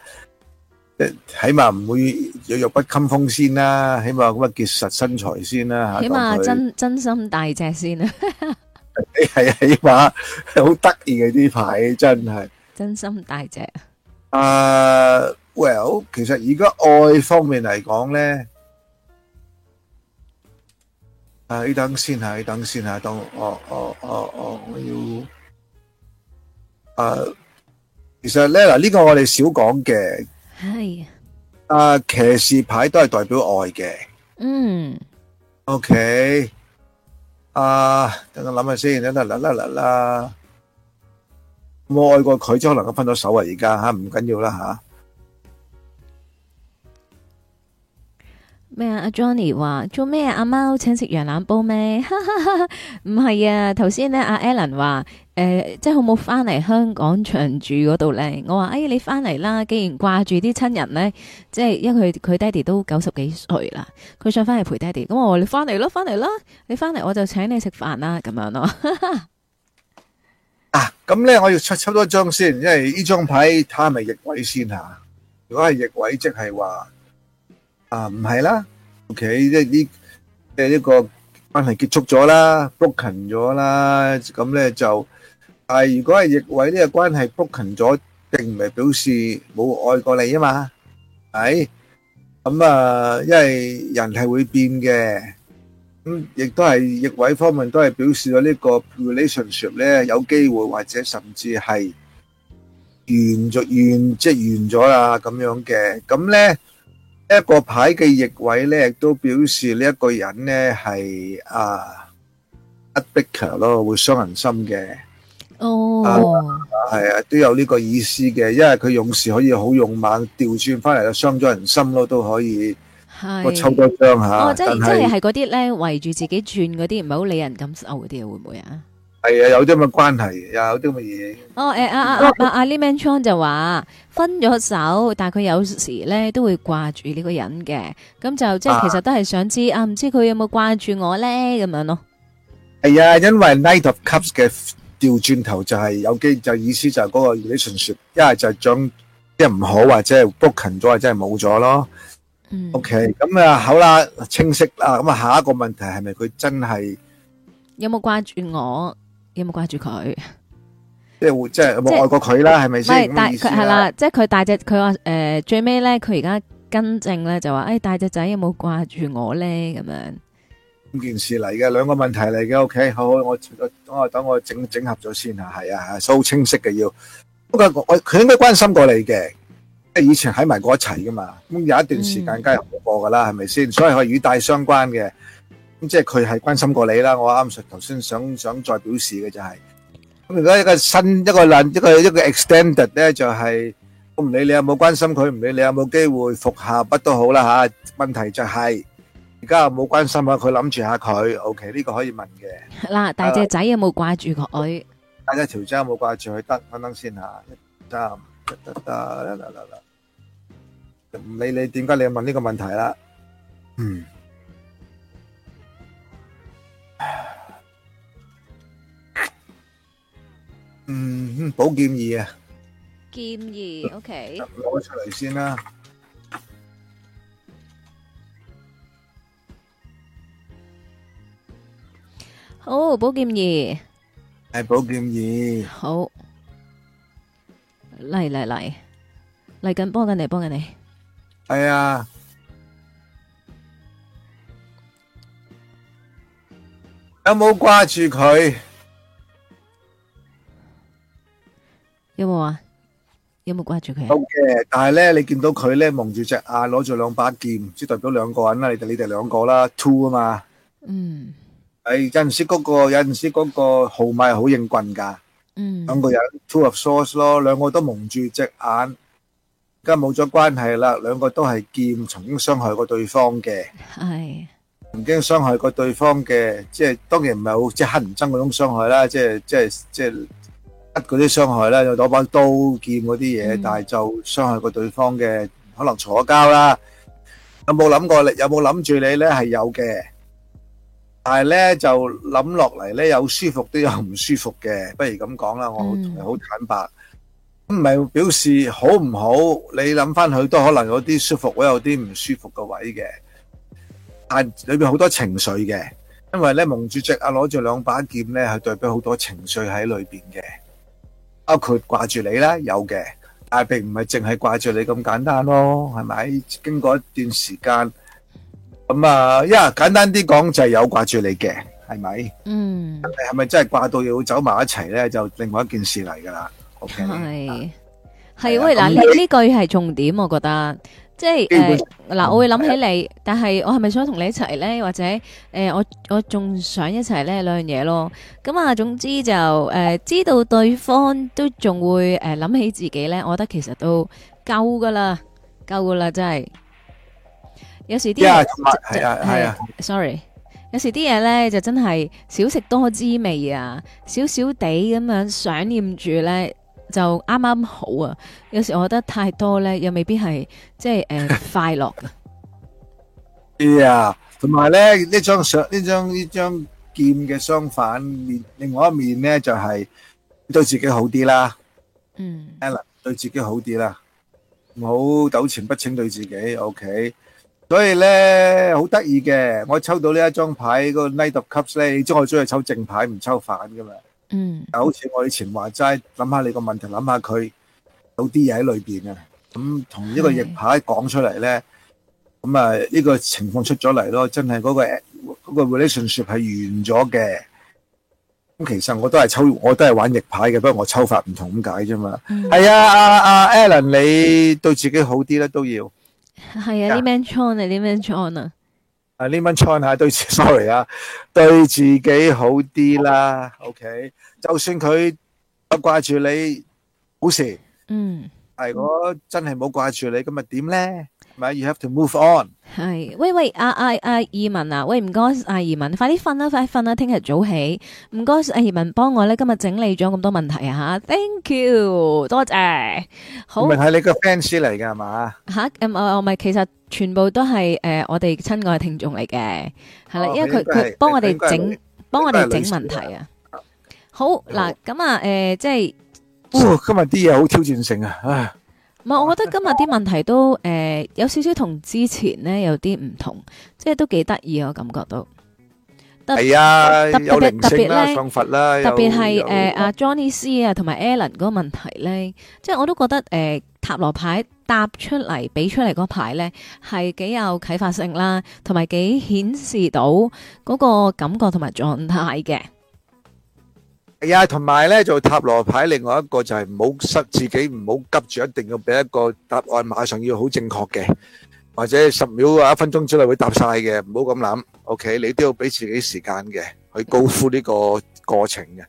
起碼唔會弱弱不禁風先啦，起碼咁啊結實身材先啦，起碼真真，真心大隻先啊！ 你係起碼好得意嘅啲牌，真係真心大隻。啊，Well，其實而家愛方面嚟講咧，啊，你等先吓，你等先吓，等，我，我，我，我，我要，啊，其實咧嗱，呢個我哋少講嘅，係，啊，騎士牌都係代表愛嘅，嗯，OK。啊，等我諗下先，啦啦啦啦啦，我愛過佢，只可能佢分到手啊！而家吓唔緊要啦吓。咩啊？阿 Johnny 話做咩啊？阿貓、啊啊、請食羊腩煲咩？唔係啊，頭先咧阿 Alan 話。啊誒，即係好冇翻嚟香港長住嗰度咧？我話誒，你翻嚟啦，既然掛住啲親人咧，即係因為佢佢爹哋都九十幾歲啦，佢想翻嚟陪爹哋，咁我話你翻嚟咯，翻嚟咯，你翻嚟我就請你食飯啦，咁樣咯。啊，咁咧我要抽多張先，因為呢張牌睇下咪逆位先吓。如果係逆位，即係話啊，唔係啦，OK，即係呢，即係一個關係結束咗啦，broken 咗啦，咁咧就。但係如果係逆位，呢個關係 broken 咗，並唔係表示冇愛過你啊嘛，係咁啊，因為人係會變嘅，咁亦都係逆位方面都係表示咗呢個 relationship 咧，有機會或者甚至係完咗完，即係完咗啦咁樣嘅，咁咧一個牌嘅逆位咧，亦都表示呢一個人咧係啊一逼強咯，會傷人心嘅。哦、oh. 啊，係啊，都有呢個意思嘅，因為佢用時可以好勇猛，調轉翻嚟就傷咗人心咯，都可以，我抽多張吓。哦，即係即係係嗰啲咧，圍住自己轉嗰啲，唔係好理人感受嗰啲啊，會唔會啊？係啊，有啲咁嘅關係，又有啲咁嘅嘢。哦，誒、啊，阿阿阿 l e m c n t 就話分咗手，但係佢有時咧都會掛住呢個人嘅，咁就即係其實都係想知啊，唔、啊、知佢有冇掛住我咧，咁樣咯。係啊，因為 Knight of Cups 嘅。調轉頭就係有機就意思就係嗰個 relationship，一係就將即係唔好或者係 book 近咗或者係冇咗咯。嗯、OK，咁啊好啦，清晰啦。咁啊下一個問題係咪佢真係有冇掛住我？有冇掛住佢？即係即係冇愛過佢啦，係咪先？但係大啦，即係佢大隻，佢話誒最尾咧，佢而家更正咧就話誒大隻仔有冇掛住我咧咁樣。兩件事嚟嘅，兩個問題嚟嘅。OK，好，我我等我整整合咗先吓，係啊，所以好清晰嘅要。不過我佢應該關心過你嘅，即係以前喺埋過一齊噶嘛。咁有一段時間梗係過噶啦，係咪先？所以係與大相關嘅。咁即係佢係關心過你啦。我啱頭先想想再表示嘅就係。咁而家一個新一個論一個一個 extended 咧就係，我唔理你有冇關心佢，唔理你有冇機會復下筆都好啦吓。問題就係。而家冇關心啊，佢諗住下佢，OK 呢個可以問嘅。嗱，大隻仔有冇掛住佢？大隻條仔有冇掛住佢？得，等等先吓。得得得得得得，唔理你點解你問呢個問題啦。嗯，嗯，寶劍二啊。劍二，OK。攞出嚟先啦。哦，寶劍二，係寶劍二。好，嚟嚟嚟，嚟緊幫緊你，幫緊你。係啊，有冇掛住佢？有冇啊？有冇掛住佢？OK，但係咧，你見到佢咧，蒙住隻眼，攞住兩把劍，即係代表兩個人啦。你哋你哋兩個啦，two 啊嘛。嗯。係，有陣時嗰個，有陣時嗰個號碼好應棍噶。嗯。兩個有 two of source 咯，兩個都蒙住隻眼，而家冇咗關係啦。兩個都係劍，曾經傷害過對方嘅。係。曾經傷害過對方嘅，即係當然唔係好乞人憎嗰種傷害啦，即係即係即係得嗰啲傷害啦，又攞把刀劍嗰啲嘢，但係就傷害過對方嘅，可能坐咗交啦。有冇諗過你？有冇諗住你咧？係有嘅。但係咧就諗落嚟咧有舒服都有唔舒服嘅，不如咁講啦，我同你好坦白，唔、嗯、係表示好唔好。你諗翻去都可能有啲舒服，會有啲唔舒服嘅位嘅。但係裏邊好多情緒嘅，因為咧蒙主席啊攞住兩把劍咧係代表好多情緒喺裏邊嘅，包括掛住你啦，有嘅，但係並唔係淨係掛住你咁簡單咯，係咪？經過一段時間。咁啊，因為簡單啲講就係有掛住你嘅，係咪？嗯，係咪真係掛到要走埋一齊咧？就另外一件事嚟噶啦。OK，係係喂嗱，呢呢句係重點，我覺得即係誒嗱，我會諗起你，但係我係咪想同你一齊咧？或者誒，我我仲想一齊呢兩樣嘢咯。咁啊，總之就誒知道對方都仲會誒諗起自己咧，我覺得其實都夠噶啦，夠噶啦，真係。有時啲係啊係啊，sorry，有時啲嘢咧就真係少食多滋味啊，少少地咁樣想念住咧就啱啱好啊。有時我覺得太多咧又未必係即係誒快樂。係啊，同埋咧呢張相呢張呢張劍嘅相反面，另外一面咧就係對自己好啲啦。嗯，Alan 對自己好啲啦，唔好糾纏不清對自己。OK。所以咧好得意嘅，我抽到呢一張牌，嗰個 Knight of Cups 咧，你知我中意抽正牌，唔抽反噶嘛。嗯，嗱，好似我以前話齋，諗下你個問題，諗下佢有啲嘢喺裏邊啊。咁同一個逆牌講出嚟咧，咁啊呢個情況出咗嚟咯，真係嗰個嗰個 relationship 係完咗嘅。咁其實我都係抽，我都係玩逆牌嘅，不過我抽法唔同咁解啫嘛。係啊，阿阿 Alan，你對自己好啲咧，都要。係啊，呢蚊倉啊，呢蚊倉啊，啊呢蚊倉係，啊啊啊啊，對，sorry 啊，啊，對自己好啲啦，OK，、嗯、就算佢掛住你好事，嗯。我真係冇掛住你，今日點咧？咪，You have to move on。係喂喂，阿阿阿移民啊，喂，唔該、啊，阿移民，快啲瞓啦，快啲瞓啦，聽日早起。唔該、啊，阿移民，幫我咧今日整理咗咁多問題啊吓，Thank you，多謝。好，明係你個 fans 嚟嘅係嘛？吓，唔我咪，其實全部都係誒、呃，我哋親愛嘅聽眾嚟嘅，係啦、哦，因為佢佢幫我哋整，幫我哋整，整問題啊。好嗱，咁啊，誒、啊呃，即係。哦、今日啲嘢好挑戰性啊！唉，唔係，我覺得今日啲問題都誒、呃、有少少同之前咧有啲唔同，即係都幾得意，我感覺到係啊，有唔清啦，佛啦，特別係誒阿 Johnny C 啊同埋 Alan 嗰個問題咧，即係我都覺得誒、呃、塔羅牌答出嚟俾出嚟嗰牌咧係幾有啟發性啦，同埋幾顯示到嗰個感覺同埋狀態嘅。呀，同埋咧做塔羅牌，另外一個就係唔好失自己，唔好急住一定要俾一個答案，馬上要好正確嘅，或者十秒啊一分鐘之內會答晒嘅，唔好咁諗。OK，你都要俾自己時間嘅去高呼呢個過程嘅。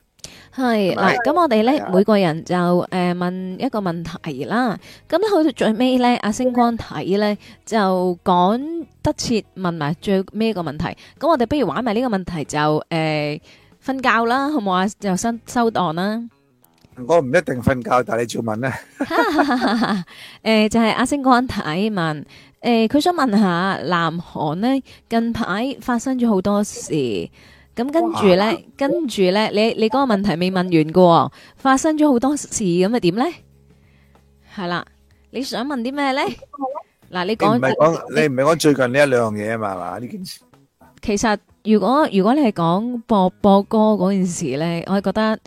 係，咁我哋咧每個人就誒問一個問題啦。咁咧去到最尾咧，阿星光睇，咧就趕得切問埋最尾一個問題。咁我哋不如玩埋呢個問題就誒。瞓覺啦，好唔好啊？又收收檔啦，我唔一定瞓覺，但你照問啦。誒，就係阿星講緊睇問，誒，佢想問下南韓咧，近排發生咗好多事，咁跟住咧，跟住咧，你你嗰個問題未問完噶，發生咗好多事，咁啊點咧？係啦，你想問啲咩咧？嗱，你講講，你唔係講最近呢一兩樣嘢啊嘛，係嘛？呢件事其實。如果如果你係講博博哥嗰件事咧，我係覺得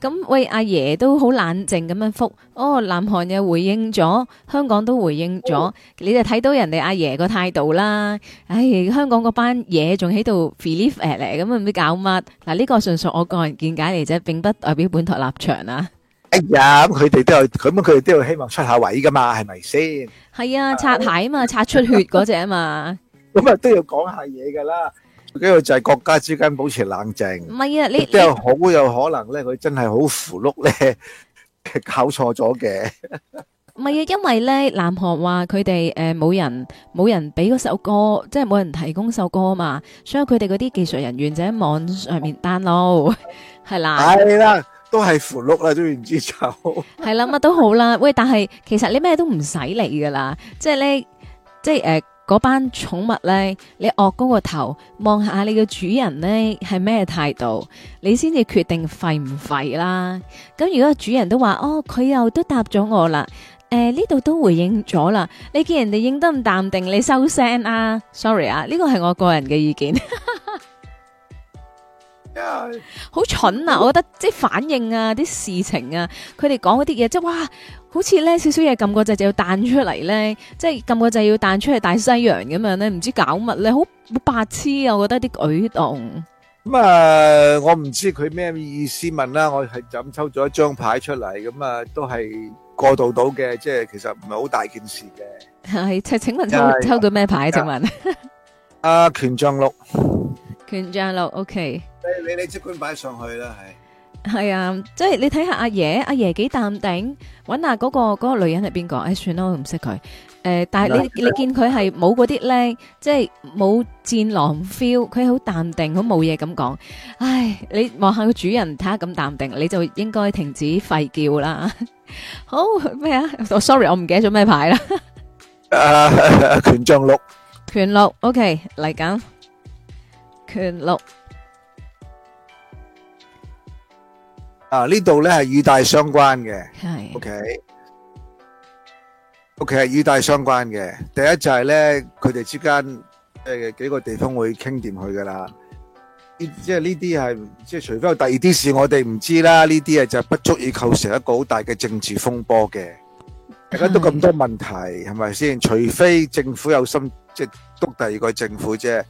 咁喂阿爺都好冷靜咁樣覆哦，南韓又回應咗，香港都回應咗、哦，你就睇到人哋阿爺個態度啦。唉、哎，香港嗰班嘢仲喺度 feel 嚟咁啊，唔知搞乜？嗱，呢個純屬我個人見解嚟啫，並不代表本台立場啊。哎呀，佢哋都有，咁樣佢哋都有希望出下位噶嘛，係咪先？係啊，擦鞋嘛，擦出血嗰隻啊嘛，咁 啊都要講下嘢噶啦。呢個就係國家之間保持冷靜。唔係啊，你即好有可能咧，佢真係好符碌咧， 搞錯咗嘅。唔係啊，因為咧，南韓話佢哋誒冇人冇人俾嗰首歌，即係冇人提供首歌啊嘛，所以佢哋嗰啲技術人員就喺網上面 download 係啦。係 啦，都係符碌啦，都唔知走。係啦，乜都好啦。喂，但係其實你咩都唔使理㗎啦，即係咧，即係誒。呃嗰班寵物咧，你昂高個頭望下你嘅主人咧係咩態度，你先至決定吠唔吠啦。咁如果主人都話哦，佢又都答咗我啦，誒呢度都回應咗啦，你見人哋應得咁淡定，你收聲啊！sorry 啊，呢個係我個人嘅意見，好、 yeah. 蠢啊！我覺得即係反應啊，啲事情啊，佢哋講嗰啲嘢即係哇。好似咧少少嘢撳個掣就要彈出嚟咧，即係撳個掣要彈出去大西洋咁樣咧，唔知搞乜咧，好白痴啊！我覺得啲舉動。咁啊，我唔知佢咩意思問啦，我係就咁抽咗一張牌出嚟，咁啊都係過渡到嘅，即係其實唔係好大件事嘅。係，請問抽抽到咩牌？請問。啊，權杖六。權杖六，OK。你你你即管擺上去啦，係。係啊，即係你睇下阿爺，阿爺幾淡定，揾下嗰個嗰個女人係邊個？誒，算啦，我唔識佢。誒，但係你你見佢係冇嗰啲靚，即係冇戰狼 feel，佢好淡定，好冇嘢咁講。唉，你望下個主人，睇下咁淡定，你就應該停止吠叫啦。好咩啊？我 sorry，我唔記得咗咩牌啦。誒，權杖六，權六，OK 嚟緊，權六。啊！呢度咧係與大相關嘅，OK，OK 係與大相關嘅。第一就係咧，佢哋之間即係幾個地方會傾掂佢噶啦。即係呢啲係即係除非有第二啲事我哋唔知啦，呢啲啊就不足以構成一個好大嘅政治風波嘅。大家都咁多問題係咪先？除非政府有心，即係督第二個政府啫。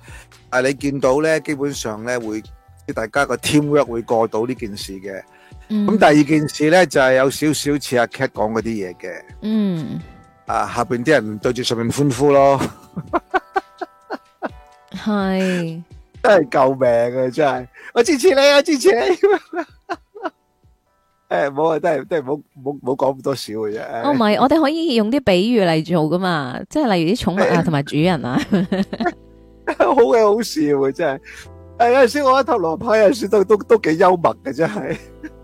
但、啊、你見到咧，基本上咧會，即係大家個 teamwork 會過到呢件事嘅。咁、嗯嗯、第二件事咧，就係、是、有少少似阿 Cat 講嗰啲嘢嘅。嗯。啊，下邊啲人對住上面歡呼咯。係。 真係救命啊！真係，我支持你啊！支持你。誒，好啊， 哎、真係真係，冇好冇講咁多少嘅啫。 哦，唔係，我哋可以用啲比喻嚟做噶嘛，即係例如啲寵物啊，同 埋主人啊。 好嘅，好笑啊！真係。哎、有啊，先我一投羅牌又算得都都幾幽默嘅，真係。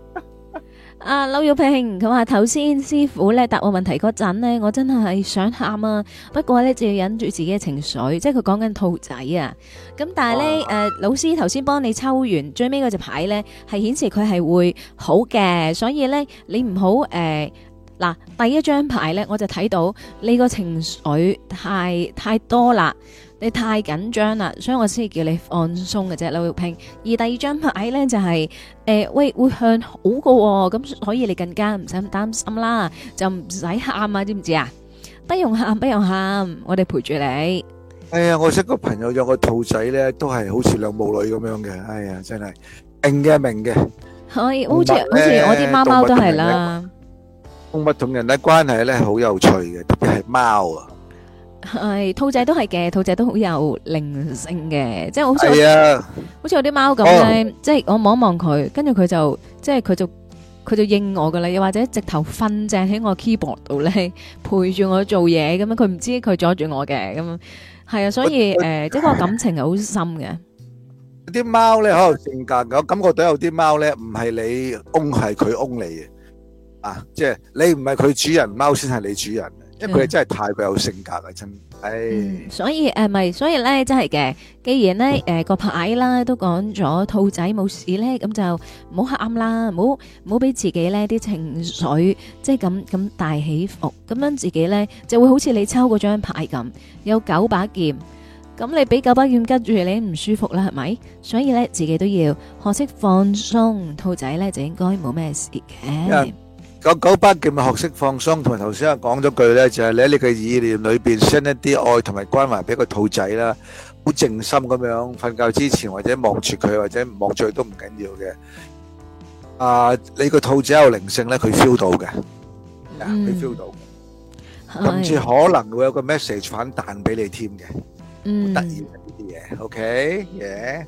啊，劉玉平，佢話頭先師傅咧答我的問題嗰陣呢，我真係想喊啊，不過咧就要忍住自己嘅情緒，即係佢講緊兔仔啊。咁但係咧，誒、呃，老師頭先幫你抽完最尾嗰隻牌咧，係顯示佢係會好嘅，所以咧你唔好誒，嗱、呃、第一張牌咧，我就睇到你個情緒太太多啦。你太緊張啦，所以我先叫你放鬆嘅啫，劉玉平。而第二張牌咧就係誒喂，會向好嘅，咁所以你更加唔使咁擔心啦，就唔使喊啊，知唔知啊？不用喊，不用喊，我哋陪住你。哎呀，我識個朋友養個兔仔咧，都係好似兩母女咁樣嘅。哎呀，真係明嘅，明嘅。可以，好似好似我啲貓貓都係啦。動物同人嘅關係咧好有趣嘅，特別係貓啊。係，兔仔都係嘅，兔仔都好有靈性嘅，即係好似，係啊，好似有啲貓咁咧，即係我望一望佢，跟住佢就，即係佢就佢就應我噶啦，又或者直頭瞓正喺我 keyboard 度咧，陪住我做嘢咁樣，佢唔知佢阻住我嘅，咁樣係啊，所以誒，即係個感情係好深嘅。啲貓咧，可能性格我感覺到有啲貓咧，唔係你擁係佢擁你嘅，啊，即係你唔係佢主人，貓先係你主人。因為佢真係太過有性格啦，真，唉，所以誒咪，所以咧真係嘅，既然咧誒個牌啦都講咗兔仔冇事咧，咁就唔好喊啦，唔好唔好俾自己咧啲情緒即係咁咁大起伏，咁樣自己咧就會好似你抽嗰張牌咁，有九把劍，咁你俾九把劍拮住你唔舒服啦，係咪？所以咧自己都要學識放鬆，兔仔咧就應該冇咩事嘅。九九八建議學識放鬆，同埋頭先又講咗句咧，就係你喺你嘅意念裏邊 send 一啲愛同埋關懷俾個兔仔啦，好靜心咁樣瞓覺之前，或者望住佢，或者唔望住都唔緊要嘅。啊，你個兔仔有靈性咧，佢 feel 到嘅，啊，佢 feel 到，諗住可能會有個 message 反彈俾你添嘅，好得意嘅呢啲嘢，OK，耶。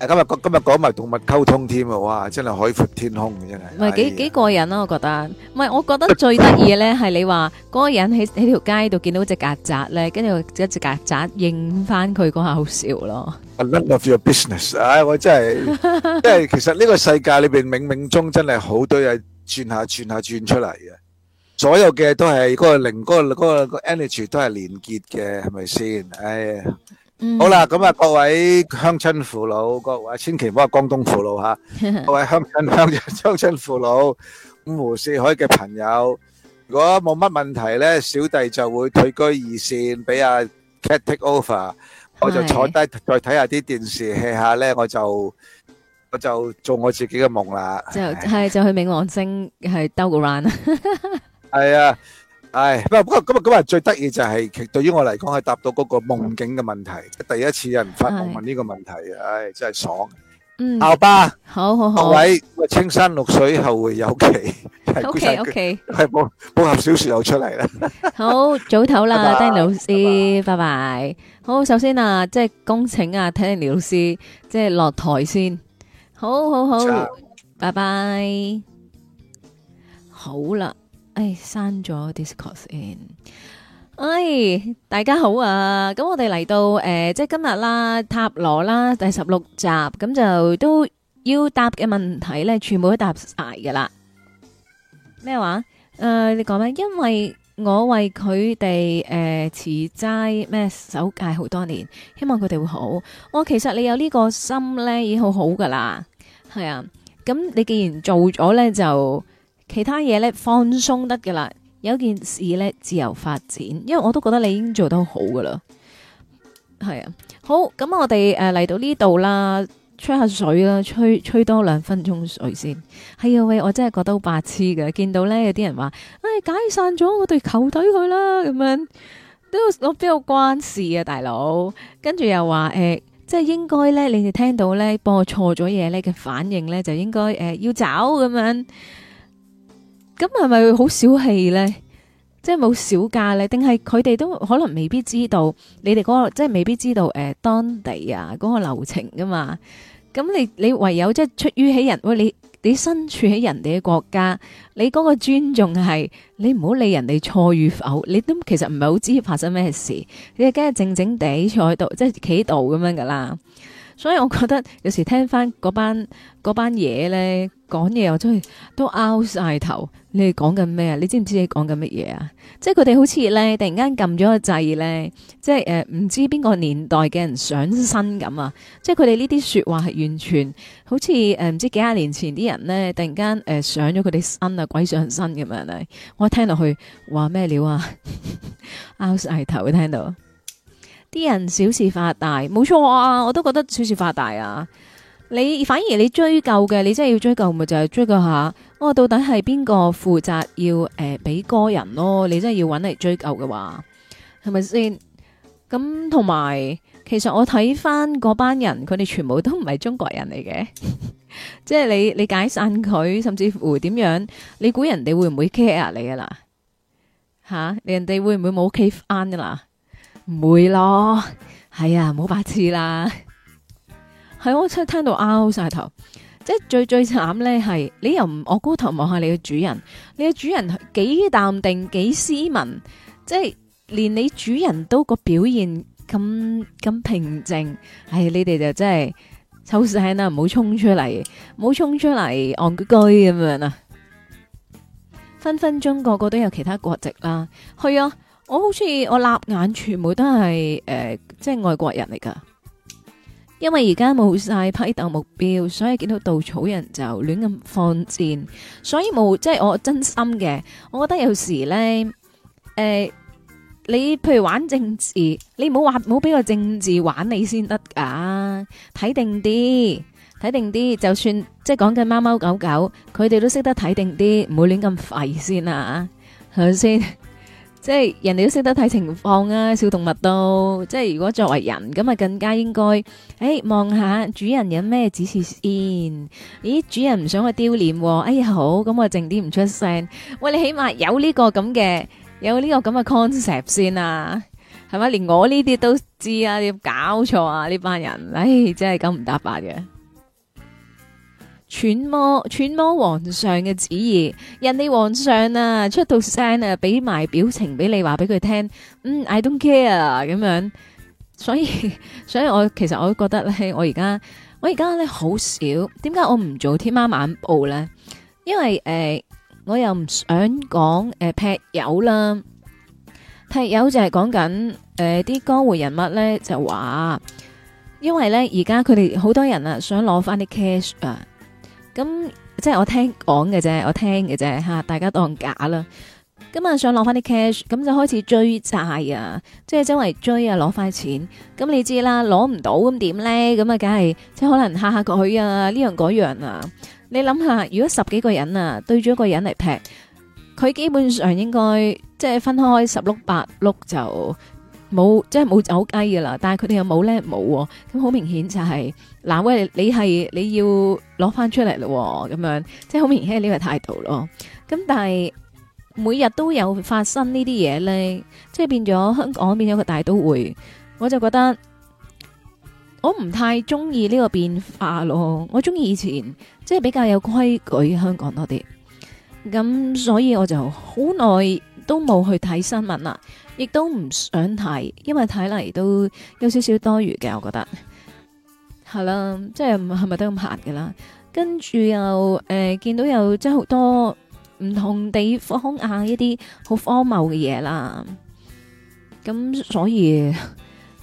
誒，今日今日講埋動物溝通添啊！哇，真係海闊天空嘅真係，唔、哎、係幾幾過癮咯？我覺得，唔係我覺得最得意咧，係你話嗰個人喺喺條街度見到隻曱甴咧，跟住一隻曱甴認翻佢，嗰下好笑咯。None of your business！唉、哎，我真係，即 係其實呢個世界裏邊冥冥中真係好多嘢轉下轉下轉出嚟嘅，所有嘅都係嗰個靈嗰、嗰個、嗰個 energy 都係連結嘅，係咪先？唉、哎。嗯、好啦，咁啊，各位鄉親父老，各位千祈唔好係江東父老吓， 各位鄉親鄉親父老，五湖四海嘅朋友，如果冇乜問題咧，小弟就會退居二線，俾阿 Cat take over，我就坐低再睇下啲電視劇下咧，我就我就做我自己嘅夢啦，就係就去冥王星係兜個 round，係啊。唉，不過今日今日最得意就係，其實對於我嚟講係答到嗰個夢境嘅問題，第一次有人發夢問呢個問題啊，唉真係爽。嗯，牛爸，好好好。各位，咁啊青山綠水後會有期，係古生劇，係補補習小說又出嚟啦。好早唞啦，Danny 老師，拜拜。好，首先啊，即係恭請啊，Danny 老師即係落台先。好好好，拜拜。好啦。誒、哎，刪咗 Discus in。唉、哎，大家好啊，咁我哋嚟到誒、呃，即係今日啦，塔羅啦，第十六集，咁就都要答嘅問題咧，全部都答晒噶啦。咩話、啊？誒、呃，你講咩？因為我為佢哋誒持齋咩守戒好多年，希望佢哋會好。我、哦、其實你有呢個心咧，已經好好噶啦。係啊，咁你既然做咗咧，就。其他嘢咧放鬆得嘅啦，有一件事咧自由發展，因為我都覺得你已經做得好噶啦。係啊，好，咁我哋誒，嚟到呢度啦，吹一下水啦，吹吹多兩分鐘水先。哎啊，喂，我真係覺得好白痴嘅，見到咧有啲人話，唉、哎，解散咗我隊球隊佢啦，咁樣都我邊度關事啊，大佬。跟住又話誒、呃，即係應該咧，你哋聽到咧，幫我錯咗嘢咧嘅反應咧就應該誒、呃、要走咁樣。咁係咪好小氣咧？即係冇小價咧？定係佢哋都可能未必知道你哋嗰、那個，即係未必知道誒、呃、當地啊嗰、那個流程噶嘛？咁你你唯有即係出於起人，你你身處喺人哋嘅國家，你嗰個尊重係你唔好理人哋錯與否，你都其實唔係好知發生咩事，你梗係靜靜地坐喺度，即係企喺度咁樣噶啦。所以我覺得有時聽翻嗰班嗰班嘢，咧，講嘢我真係都拗晒頭。你哋講緊咩啊？你知唔知你講緊乜嘢啊？即係佢哋好似咧，突然間撳咗個掣咧，即係呃、唔知邊個年代嘅人上身咁啊！即係佢哋呢啲說話係完全好似呃、唔知幾廿年前啲人咧，突然間、呃、上咗佢哋身啊，鬼上身咁樣咧。我聽落去話咩料啊 out 頭曬聽聽到，啲人小事發大，冇錯啊！我都覺得小事發大啊！你反而你追究嘅，你真係要追究，咪就係、是、追究下。我到底係邊個負責要誒俾、呃、個人咯？你真係要搵嚟追究嘅話，係咪先？咁同埋，其實我睇翻嗰班人，佢哋全部都唔係中國人嚟嘅， 即係你你解散佢，甚至乎點樣？你估人哋會唔會 care 你嘅啊？嗱吓，人哋會唔會冇屋企 keep 翻噶啦？唔會咯，係、哎、啊，冇白痴啦，係、 哎、我真聽到 out 晒頭。即係最最慘咧，係你又唔我高頭望下你嘅主人，你嘅主人幾淡定，幾斯文，即係連你主人都個表現咁咁平靜，唉、哎，你哋就真係臭晒啦，唔好衝出嚟，唔好衝出嚟，戇居居咁樣啊，分分鐘個個都有其他國籍啦，係啊，我好似我立眼全部都係誒、呃，即係外國人嚟噶。因為而家冇晒批鬥目標，所以見到稻草人就亂咁放箭，所以冇即係我真心嘅。我覺得有時咧，誒、呃，你譬如玩政治，你唔好話冇俾個政治玩你先得㗎，睇定啲，睇定啲，就算即係講緊貓貓狗狗，佢哋都識得睇定啲，唔好亂咁吠先啊，係咪先？即係人哋都識得睇情況啊，小動物都即係如果作為人咁啊，就更加應該誒望下主人有咩指示先。咦，主人唔想我丟臉喎，哎呀好，咁我靜啲唔出聲。喂，你起碼有呢個咁嘅有呢個咁嘅 concept 先啊，係咪？連我呢啲都知啊，有搞錯啊呢班人，唉、欸、真係九唔搭八嘅。揣摩揣摩皇上嘅旨意，人哋皇上啊出到聲啊，俾埋表情俾你話俾佢聽。嗯，I don't care 啊，咁樣。所以，所以我其實我都覺得咧，我而家我而家咧好少。點解我唔做天喵晚報咧？因為誒、呃，我又唔想講誒、呃、劈友啦。劈友就係講緊誒啲江湖人物咧，就話因為咧而家佢哋好多人啊，想攞翻啲 cash 啊。呃咁即係我聽講嘅啫，我聽嘅啫吓，大家當假啦。咁啊想攞翻啲 cash，咁就開始追債啊！即係周圍追啊，攞翻錢。咁你知啦，攞唔到咁點咧？咁啊，梗係即係可能下下佢啊呢樣嗰樣啊。樣樣你諗下，如果十幾個人啊對住一個人嚟劈，佢基本上應該即係分開十碌八碌就。冇，即係冇走雞噶啦，但係佢哋又冇咧，冇咁好明顯就係嗱，喂，你係你要攞翻出嚟咯喎，咁樣即係好明顯呢個態度咯。咁但係每日都有發生呢啲嘢，咧即係變咗香港變咗個大都會，我就覺得我唔太中意呢個變化咯。我中意以前即係比較有規矩香港多啲，咁所以我就好耐都冇去睇新聞啦。亦都唔想睇，因為睇嚟都有少少多餘嘅，我覺得係啦，即係係咪都咁閒嘅啦？跟住又誒、呃、見到有即係好多唔同地方呀、啊，一啲好荒謬嘅嘢啦。咁所以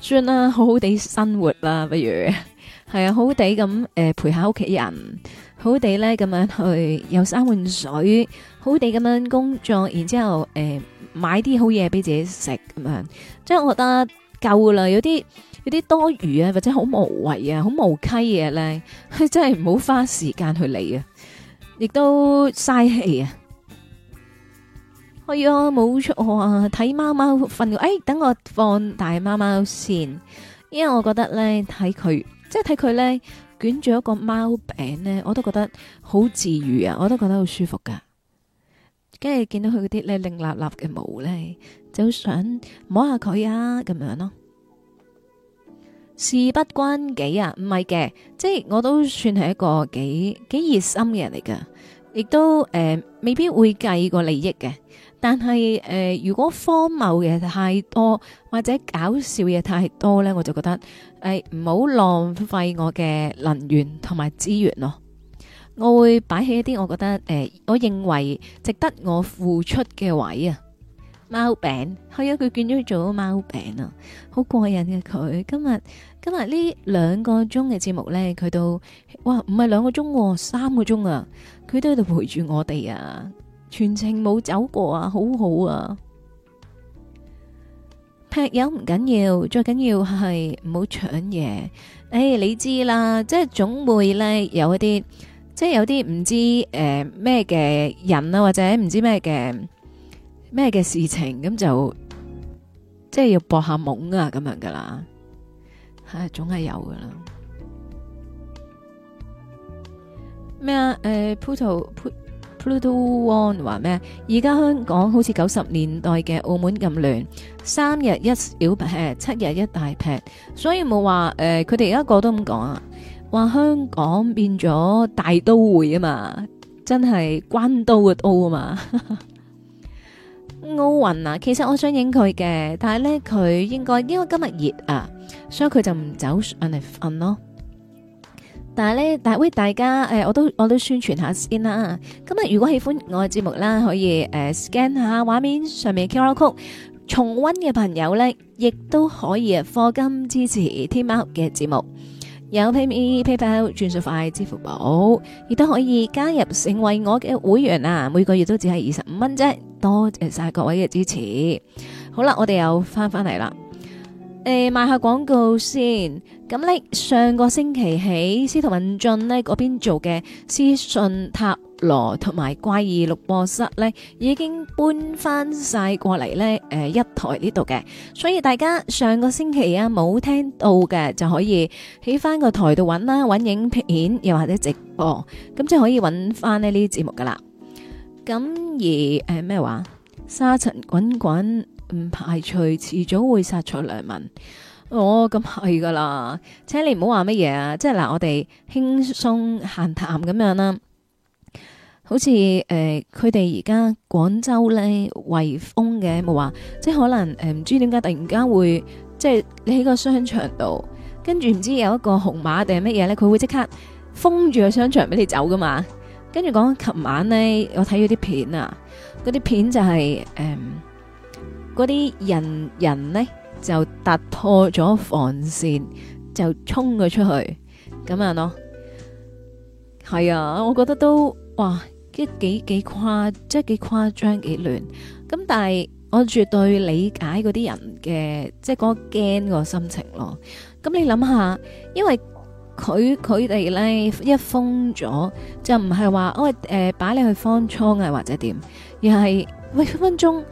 算啦，好好地生活啦，不如係啊，好好地咁誒、呃、陪下屋企人，好好地咧咁樣去遊山玩水，好好地咁樣工作，然之後誒。呃買啲好嘢俾自己食咁樣，即係我覺得夠噶啦，有啲有啲多餘啊，或者好無謂啊，好無稽嘢、啊、咧，真係唔好花時間去理啊，亦都嘥氣啊。係、 哎、啊，冇錯啊，睇貓貓瞓覺，哎，等我放大貓貓先，因為我覺得咧睇佢，即係睇佢咧捲住一個貓餅咧，我都覺得好治癒啊，我都覺得好舒服噶。跟住見到佢啲咧令立立嘅毛咧，就想摸下佢啊，咁樣咯。事不關己啊，唔係嘅，即係我都算係一個幾幾熱心嘅人嚟㗎，亦都誒、呃、未必會計個利益嘅。但係誒、呃，如果荒謬嘢太多或者搞笑嘢太多咧，我就覺得誒唔好浪費我嘅能源同埋資源咯。我會擺喺一啲我覺得誒，我認為值得我付出嘅位啊。貓餅，係啊，佢見咗佢做咗貓餅啊，好過癮嘅。佢今日今日呢兩個鐘嘅節目咧，佢都哇，唔係兩個鐘，三個鐘啊，佢都喺度陪住我哋啊，全程冇走過啊，好好啊。劈友唔緊要，最緊要係唔好搶嘢。誒，你知啦，即係總會咧有一啲。即係有啲唔知誒咩嘅人啊，或者唔知咩嘅咩嘅事情，咁就即係要搏下懵啊，咁樣噶啦，係、哎、總係有噶啦。咩啊？誒，Pluto One 話咩？而家香港好似九十年代嘅澳門咁亂，三日一小劈，七日一大劈，所以冇話誒，佢哋而家個都咁講啊。話香港變咗大都會啊嘛，真係關刀嘅刀啊嘛！奧運啊，其實我想影佢嘅，但係咧佢應該因為今日熱啊，所以佢就唔走上嚟瞓咯。但係咧，但係大家誒、呃，我都我都宣傳一下先啦。今日如果喜歡我嘅節目啦，可以誒、呃、scan 一下畫面上面嘅 QR Code。重温嘅朋友咧，亦都可以啊，課金支持天喵嘅節目。有 PayMe、PayPal、轉數快、支付寶，亦都可以加入成為我嘅會員啊！每個月都只係二十五蚊啫，多謝晒各位嘅支持。好啦，我哋又返返嚟啦。誒、呃，賣下廣告先。咁呢，上個星期喺，司徒文進呢嗰邊做嘅屍訊塔羅同埋怪異錄播室呢已經搬翻晒過嚟呢誒、呃，一台呢度嘅。所以大家上個星期啊冇聽到嘅，就可以喺翻個台度揾啦，揾影片又或者直播，咁即係可以揾翻呢啲節目噶啦。咁而誒咩、呃、話？沙塵滾滾。唔排除遲早會殺錯良民，哦咁係噶啦，請你唔好話乜嘢啊！即係嗱，我哋輕鬆閒談咁樣啦，好似誒，佢哋而家廣州咧圍封嘅，冇話即係可能誒，唔、呃、知點解突然間會即係、就是、你喺個商場度，跟住唔知道有一個紅碼定係乜嘢咧，佢會即刻封住個商場俾你走噶嘛？跟住講，琴晚咧我睇咗啲片啊，嗰啲片就係、是、誒。呃嗰啲人人呢，就突破咗防線，就衝咗出去，咁樣咯，係啊，我覺得都哇，即係幾幾誇，即係幾誇張，幾亂。咁但係我絕對理解嗰啲人嘅，即係嗰個驚個心情咯。咁你諗下，因為佢佢哋咧一封咗，就唔係話我誒擺你去方艙啊，或者點，而係喂分分鐘。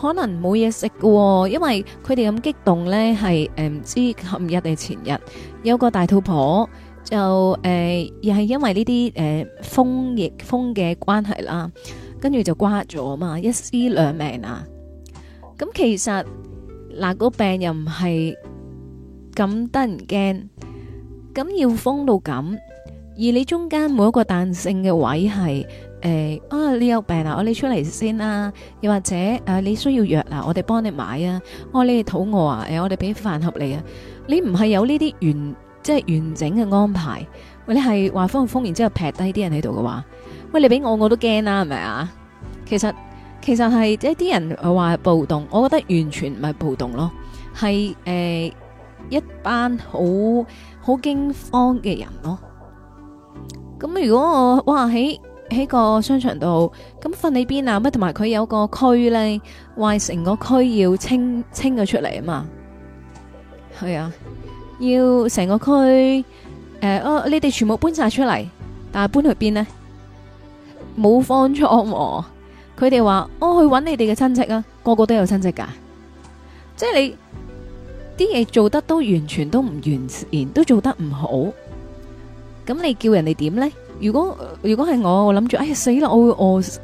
可能冇嘢食嘅，因為佢哋咁激動咧，係誒唔知琴日定前日，有個大肚婆就誒，又係因為呢啲誒風疫風嘅關係啦，跟住就瓜咗啊嘛，一屍兩命啊！咁其實嗱個病又唔係咁得人驚，咁要封到咁，而你中間每一個彈性嘅位係。誒、哎，啊、哦，你有病啊！我哋出嚟先啦、啊，又或者誒、啊，你需要藥啊，我哋幫你買啊。我、哦、你肚餓啊，誒、哎，我哋俾飯盒你啊。你唔係有呢啲完即係完整嘅安排，或者係話封唔封完之後劈低啲人喺度嘅話，喂，你俾我我都驚啦、啊，係咪啊？其實其實係一啲人話暴動，我覺得完全唔係暴動咯，係誒、哎、一班好好驚慌嘅人咯。咁如果我哇喺～喺個商場度，咁瞓喺邊啊？乜同埋佢有，有個區咧，話成個區要清清咗出嚟啊嘛，係啊，要成個區誒、呃，哦，你哋全部搬晒出嚟，但係搬去邊呢？冇放錯，佢哋話我去搵你哋嘅親戚啊，個個都有親戚噶，即係你啲嘢做得都完全都唔完善，完都做得唔好，咁你叫人哋點呢？如果如果係我，我諗住哎呀死啦，我會餓死，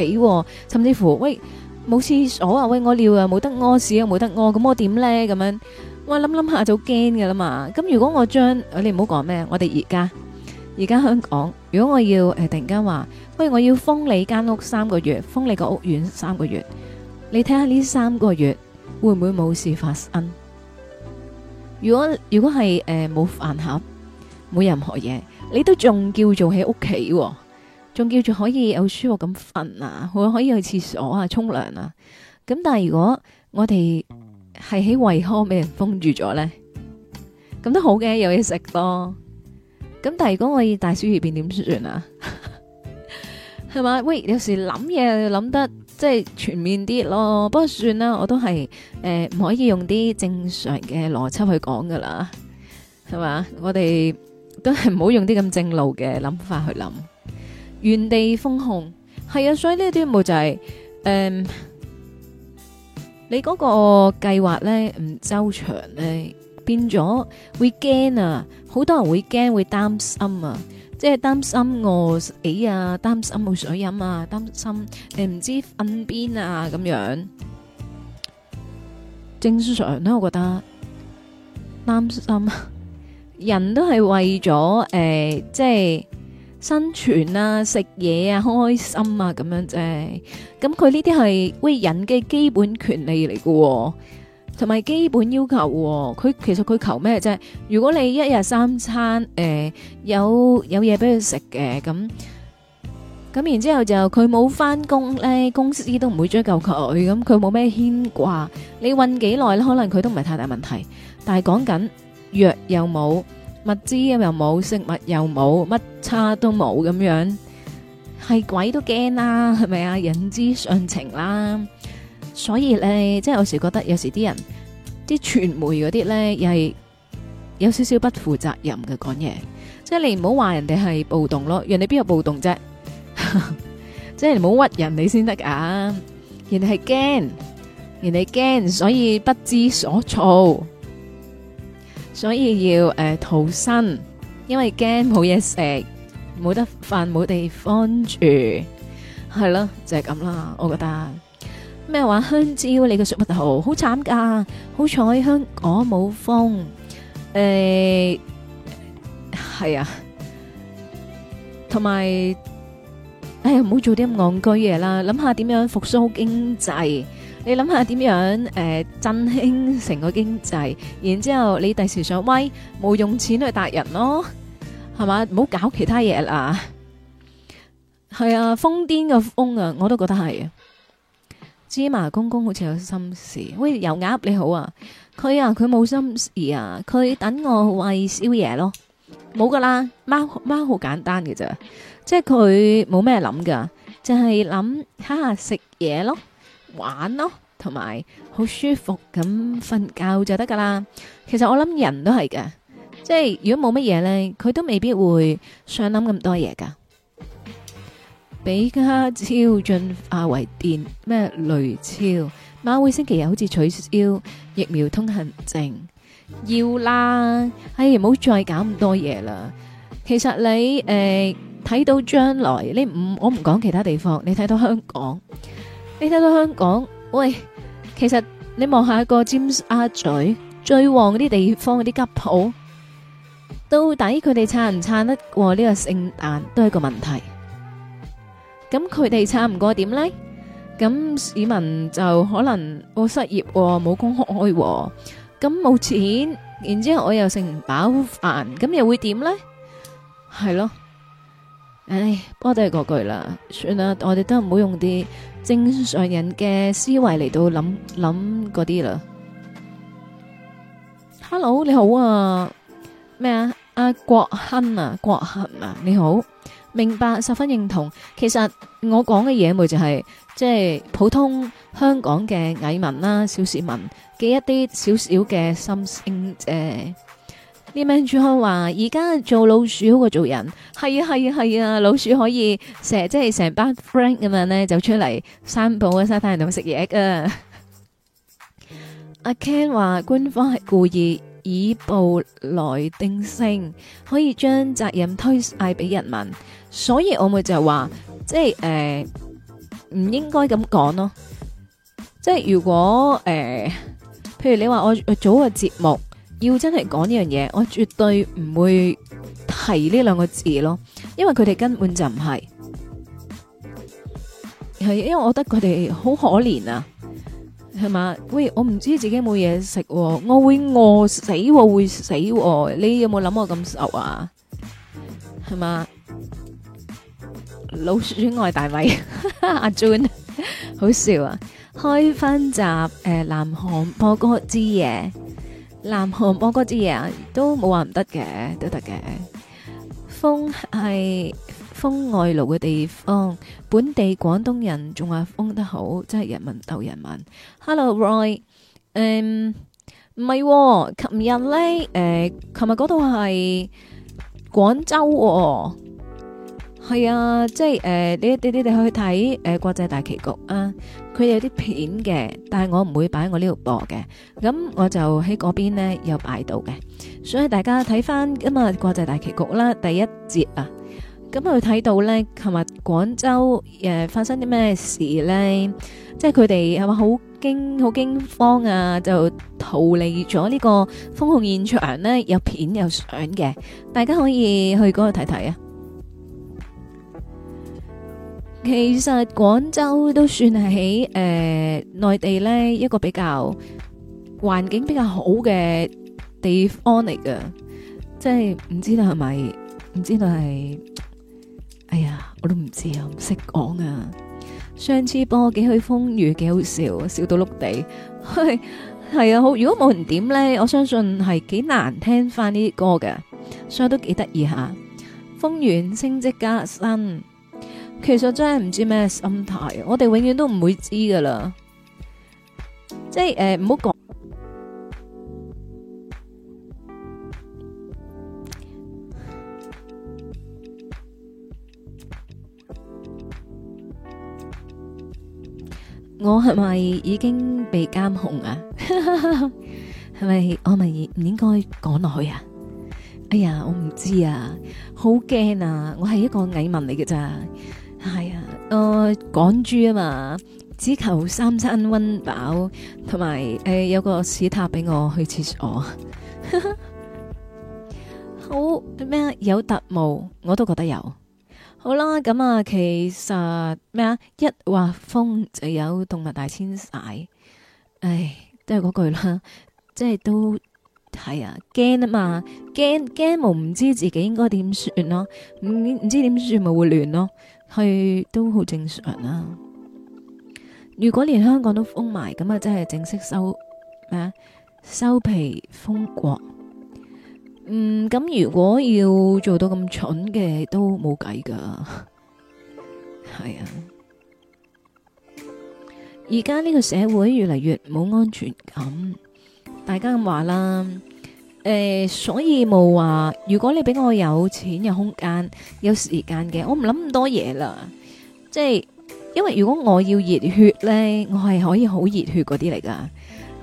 甚至乎喂，冇廁所啊，喂我尿啊，冇得屙屎啊，冇得屙，咁我點咧咁樣？我諗諗下就驚噶啦嘛。咁如果我將你唔好講咩，我哋而家而家香港，如果我要誒、呃、突然間話，喂、呃、我要封你間屋三個月，封你個屋苑三個月，你睇下呢三個月會唔會冇事發生？如果如果係誒冇飯盒，冇任何嘢。你都仲叫做喺屋企，仲叫做可以有舒服咁瞓啊，我可以去廁所啊，沖涼啊。咁但係如果我哋係喺胃康俾人封住咗咧，咁都好嘅，有嘢食咯。咁但係如果我以大小便點算啊？係嘛？ 喂，有時諗嘢就諗得即係全面啲咯。不過算啦，我都係誒唔可以用啲正常嘅邏輯去講噶啦。係嘛？我哋。都係唔好用啲咁正路嘅諗法去諗，原地封控係啊，所以呢一啲冇就係誒，你嗰個計劃咧唔周詳咧，變咗會驚啊，好多人會驚會擔心啊，即係擔心我死啊，擔心冇水飲啊，擔心誒唔知瞓邊啊咁樣，正常咧，我覺得擔心。人都係為咗誒、呃，即係生存啊，食嘢啊，開心啊，咁樣啫。咁佢呢啲係喂人嘅基本權利嚟嘅、喎，同埋基本要求、喎。佢其實佢求咩啫？如果你一日三餐誒、呃、有有嘢俾佢食嘅，咁咁然之後就佢冇返工咧，公司都唔會追究佢。咁佢冇咩牽掛，你混幾耐咧，可能佢都唔係太大問題。但係講緊。藥又冇，物資又冇，食物又冇，乜差都冇咁樣，係鬼都驚啦，係咪啊？人之常情啦，所以咧，即係有時覺得有時啲人，啲傳媒嗰啲咧又係有少少不負責任嘅講嘢，即係你唔好話人哋係暴動咯，人哋邊有暴動啫，即係你唔好屈人哋先得噶，人哋係驚，人哋驚，所以不知所措。所以要誒逃生，因為驚冇嘢食，冇得飯，冇地方住，係咯，就係咁啦。我覺得咩話香蕉，你個食物頭好慘噶，好彩香港冇風，誒係啊，同埋哎呀，唔好做啲咁戇居嘢啦，諗下點樣復甦經濟。你諗下點樣誒、呃、振興成個經濟，然之後你第時想威，冇用錢去達人咯，係嘛？唔好搞其他嘢啦。係啊，瘋癲嘅瘋啊，我都覺得係啊。芝麻公公好似有心事。喂，油鴨你好啊，佢啊佢冇心事啊，佢等我餵宵夜咯。冇噶啦，貓貓好簡單嘅啫，即係佢冇咩諗噶，就係諗哈食嘢咯。玩咯，同埋好舒服咁瞓覺就得噶啦。其實我諗人都係嘅，即係如果冇乜嘢咧，佢都未必會想諗咁多嘢噶。比卡超進化為電咩雷超，馬會星期日好似取消疫苗通行證，要啦，唉，唔好再搞咁多嘢啦。其實你誒睇到將來你唔，我唔講其他地方，你睇到香港。你睇到香港，喂，其實你望下個尖沙咀最旺嗰啲地方嗰啲吉鋪，到底佢哋撐唔撐得過呢個聖誕都係一個問題。咁佢哋撐唔過點呢？咁市民就可能我失業，冇工開，咁冇錢，然之後我又食唔飽飯，咁又會點呢？係咯。唉，不過都係嗰句啦，算啦，我哋都唔好用啲正常人嘅思維嚟到諗諗嗰啲啦。Hello，你好啊，咩啊？阿國亨啊，國亨啊，你好，明白，十分認同。其實我講嘅嘢咪就係，是，即，就，係，是，普通香港嘅蟻民啦，啊，小市民嘅一啲小小嘅心聲，誒。呢名主播話：而家做老鼠好過做人，係啊係啊係啊！老鼠可以成即係成班 friend 咁樣咧，就出嚟散步啊，曬太陽同食嘢啊！阿 Ken 話：官方係故意以暴來定性，可以將責任推晒俾人民，所以我咪就係話，即係誒唔應該咁講咯。即係如果誒、呃，譬如你話我我做個節目。要真係講呢樣嘢，我絕對唔會提呢兩個字咯，因為佢哋根本就唔係，係因為我覺得佢哋好可憐啊，係嘛？喂，我唔知自己冇嘢食，我會餓死，會死，你有冇諗我咁受啊？係嘛？老鼠愛大米，阿 Jun 好笑啊！開翻集誒，《南韓播歌之夜》。南韓播嗰啲嘢啊，都冇話唔得嘅，都得嘅。封係封外露嘅地方，本地廣東人仲話封得好，即係人民鬥人民。Hello，Roy，誒，唔係，琴日咧誒，琴日嗰度係廣州喎。係啊，即係誒、呃，你你你哋去睇誒、呃《國際大棋局》啊，佢有啲片嘅，但係我唔會擺喺我呢度播嘅。咁我就喺嗰邊咧有擺到嘅，所以大家睇翻今日《國際大棋局》啦，第一節啊，咁佢睇到咧，琴日廣州誒發生啲咩事咧，即係佢哋係咪好驚好驚慌啊？就逃離咗呢個封控現場咧，有片有相嘅，大家可以去嗰度睇睇啊。其實廣州都算係喺誒內地咧一個比較環境比較好嘅地方嚟噶，即係唔知道係咪，唔知道係，哎呀，我都唔知啊，唔識講啊。上次播幾許風雨幾好笑，笑到碌地，係 啊，好如果冇人點咧，我相信係幾難聽翻呢啲歌嘅，所以都幾得意下。風原、陞職加薪。其實真係唔知咩心態，我哋永遠都唔會知噶啦。即係誒，唔好講。我係咪已經被監控啊？係咪我咪唔應該講落去啊？哎呀，我唔知啊，好驚啊！我係一個蟻民嚟嘅咋。係啊，誒、哦，趕豬啊嘛，只求三餐溫飽，同埋誒有個屎塔俾我去廁所。 好咩？有特務我都覺得有。好啦，咁啊，其實咩啊，一話風就有動物大遷徙。唉，都係嗰句啦，即係都係啊，驚啊嘛，驚驚無唔知自己應該點算咯，唔、嗯、唔知點算咪會亂咯。係都好正常啦。如果連香港都封埋，咁啊真係正式收咩啊？收皮封國。嗯，咁如果要做到咁蠢嘅，都冇計噶。係啊，而家呢個社會越嚟越冇安全感，大家咁話啦。誒，所以冇話，如果你俾我有錢、有空間、有時間嘅，我唔諗咁多嘢啦。即係，因為如果我要熱血咧，我係可以好熱血嗰啲嚟噶。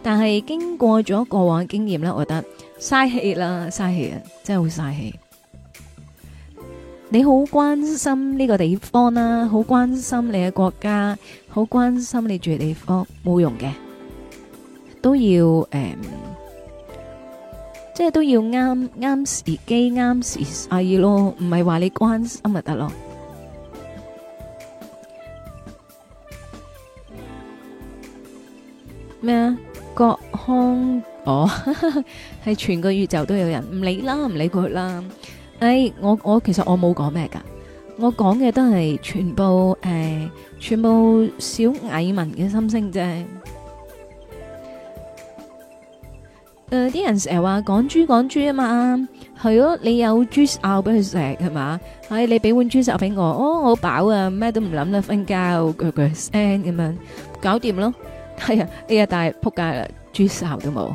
但係經過咗過往經驗啦，我覺得嘥氣啦，嘥氣啊，真係好嘥氣。你好關心呢個地方啦，好關心你嘅國家，好關心你住嘅地方，冇用嘅，都要誒。即係都要啱啱時機啱時勢咯，唔係話你關心咪得咯。咩啊？國康哦，係 全個宇宙都有人唔理啦，唔理佢啦。哎，我我其實我冇講咩噶，我講嘅都係全部誒、欸，全部小蟻民嘅心聲啫。誒、呃，啲人成日話講豬講豬啊嘛，係咯，你有豬手俾佢食係嘛？哎，你俾碗豬手俾我，哦，我好飽啊，咩都唔諗啦，瞓覺，句句聲咁樣，搞掂咯，係、哎、啊，呢日大仆街啦，豬手都冇。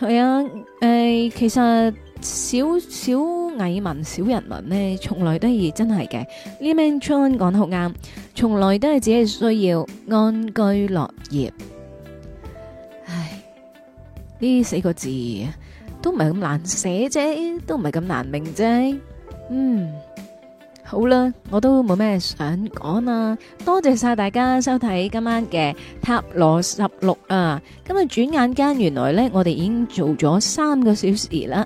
係、哎、啊，誒、呃，其實。少少蟻民，少人民呢，從來都係真係嘅。呢名村講得好啱，從來都係只係需要安居樂業。唉，呢四個字都唔係咁難寫啫，都唔係咁難明啫。嗯，好啦，我都冇咩想講啦。多謝晒大家收睇今晚嘅《塔羅十六》啊！今日轉眼間，原來呢，我哋已經做咗三個小時啦。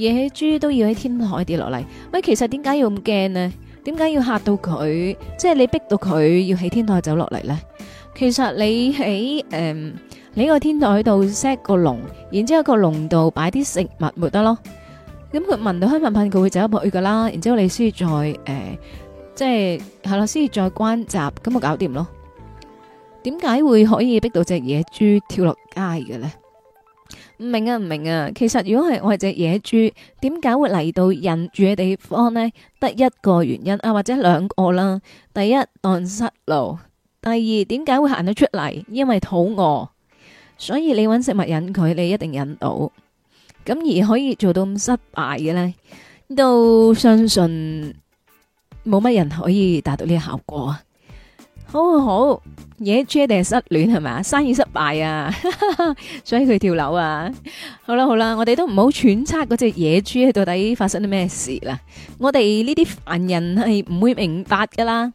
野豬都要喺天台跌落嚟，咪其實點解要咁驚呢？點解要吓到佢？即係你逼到佢要喺天台走落嚟咧？其實你喺誒、呃，你個天台度 set 個籠，然之後個籠度擺啲食物，咪得咯。咁佢聞到香噴噴，佢會走入去噶啦。然之後你先再誒、呃，即係係啦，先至再關閘，咁咪搞掂咯。點解會可以逼到隻野豬跳落街嘅咧？唔明啊，唔明啊。其實如果係我係隻野豬，點解會嚟到人住嘅地方呢？得一個原因啊，或者兩個啦。第一，當失路；第二，點解會行得出嚟？因為肚餓，所以你揾食物引佢，你一定引到。咁而可以做到咁失敗嘅呢？都相信冇乜人可以達到呢個效果啊！哦，好，野豬一定係失戀，係咪生意失敗啊， 所以佢跳樓啊。好啦好啦，我哋都唔好揣測嗰隻野豬到底發生啲咩事啦。我哋呢啲凡人係唔會明白噶啦。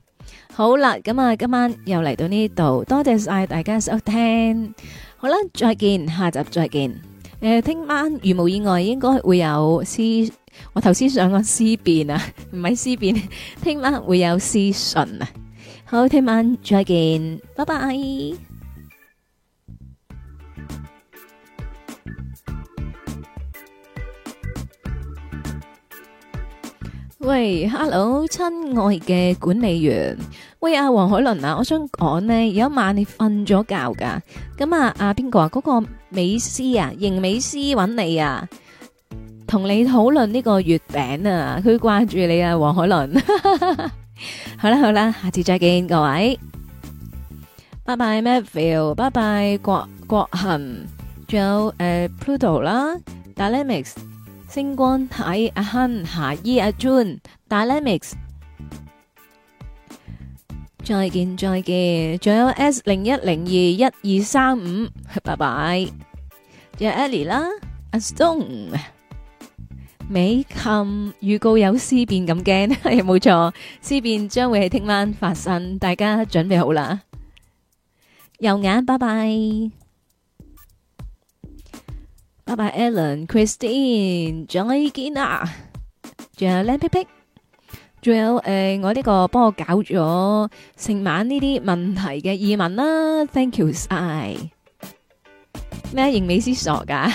好啦，咁啊，今晚又嚟到呢度，多謝晒大家收聽。好啦，再見，下集再見。誒、呃，聽晚如無意外應該會有私，我頭先上個私辯啊，唔係私辯，聽晚會有私信啊。好，聽晚再見，拜拜。喂，Hello，親愛嘅管理員，喂，阿黃海倫啊，我想講呢，有一晚你瞓咗覺噶，咁啊，阿邊個啊，嗰個美斯啊，瑩美斯揾你啊，同你討論呢個月餅啊，佢掛住你啊，黃海倫。好啦好啦，下次再見各位，拜拜 Matthew，拜拜郭郭恒，仲有誒 Pluto 啦，Dynamics，星光睇阿亨霞姨阿 June，Dynamics，再見再見，仲有 S 零一零二一二三五，拜拜，仲有 Ellie 啦，阿 Stone。美琴預告有屍變咁驚，係冇錯，屍變將會係聽晚發生，大家準備好啦。右眼，拜拜，拜拜，Ellen，Christine，再見啊！仲有靚皮皮，仲有誒，我呢個幫我搞咗成晚呢啲問題嘅疑問啦，thank you，晒咩英美思傻噶？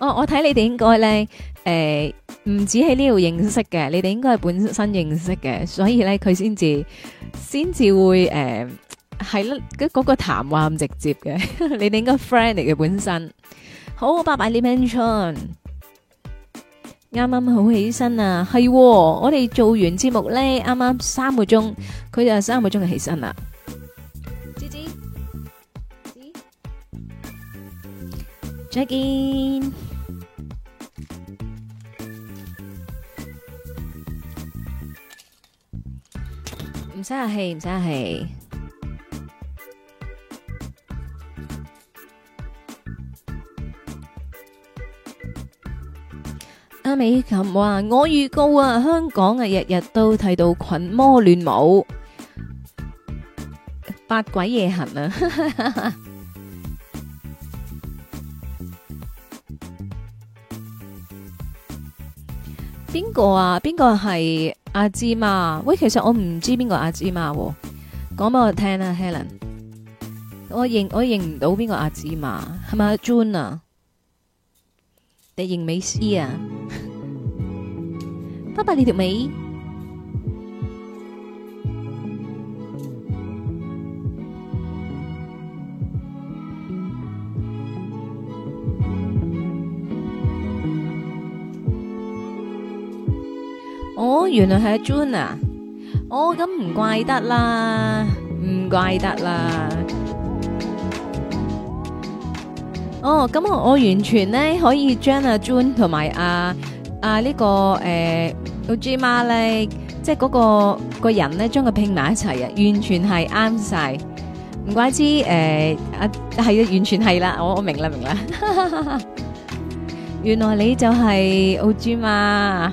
我我睇你哋應該咧。誒，唔止喺呢度認識嘅，你哋應該係本身認識嘅，所以咧佢先至先至會誒，係啦，跟嗰個談話咁直接嘅，你哋應該 friend 嚟嘅本身。好，拜拜，李明春。啱啱好起身啊，係我哋做完節目咧，啱啱三個鐘，佢就三個鐘就起身啦。子子，再見。唔使客氣，唔使客氣。阿美琴話：我預告啊，香港啊，日日都睇到群魔亂舞，百鬼夜行啊！邊個啊？邊個係阿芝麻？喂，其實我唔知邊個阿芝麻講俾我聽啊 Helen 我認我認唔到邊個阿芝媽，係咪 Jun 啊？你認美詩啊？ 拜拜你條尾。哦，原來係阿 Joan 啊！哦，咁唔怪得啦，唔怪得啦。哦，咁我完全咧可以將阿 Joan 同埋阿阿呢個誒奧朱瑪咧，即係嗰、嗰個、嗰個人咧，將佢拼埋一齊啊！完全係啱晒，唔怪之誒，阿、呃、係啊是，完全係啦，我我明啦明啦， 原來你就係奧朱瑪。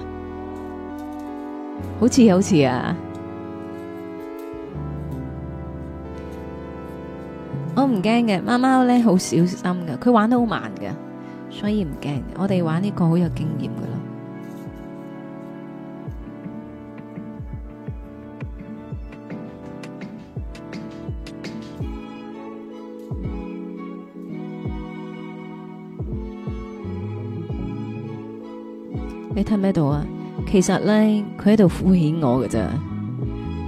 好似好似啊！我唔驚嘅，貓貓咧好小心嘅，佢玩得好慢嘅，所以唔驚。我哋玩呢個好有經驗噶啦。你聽唔聽到啊？其實呢，佢喺度敷衍我嘅啫，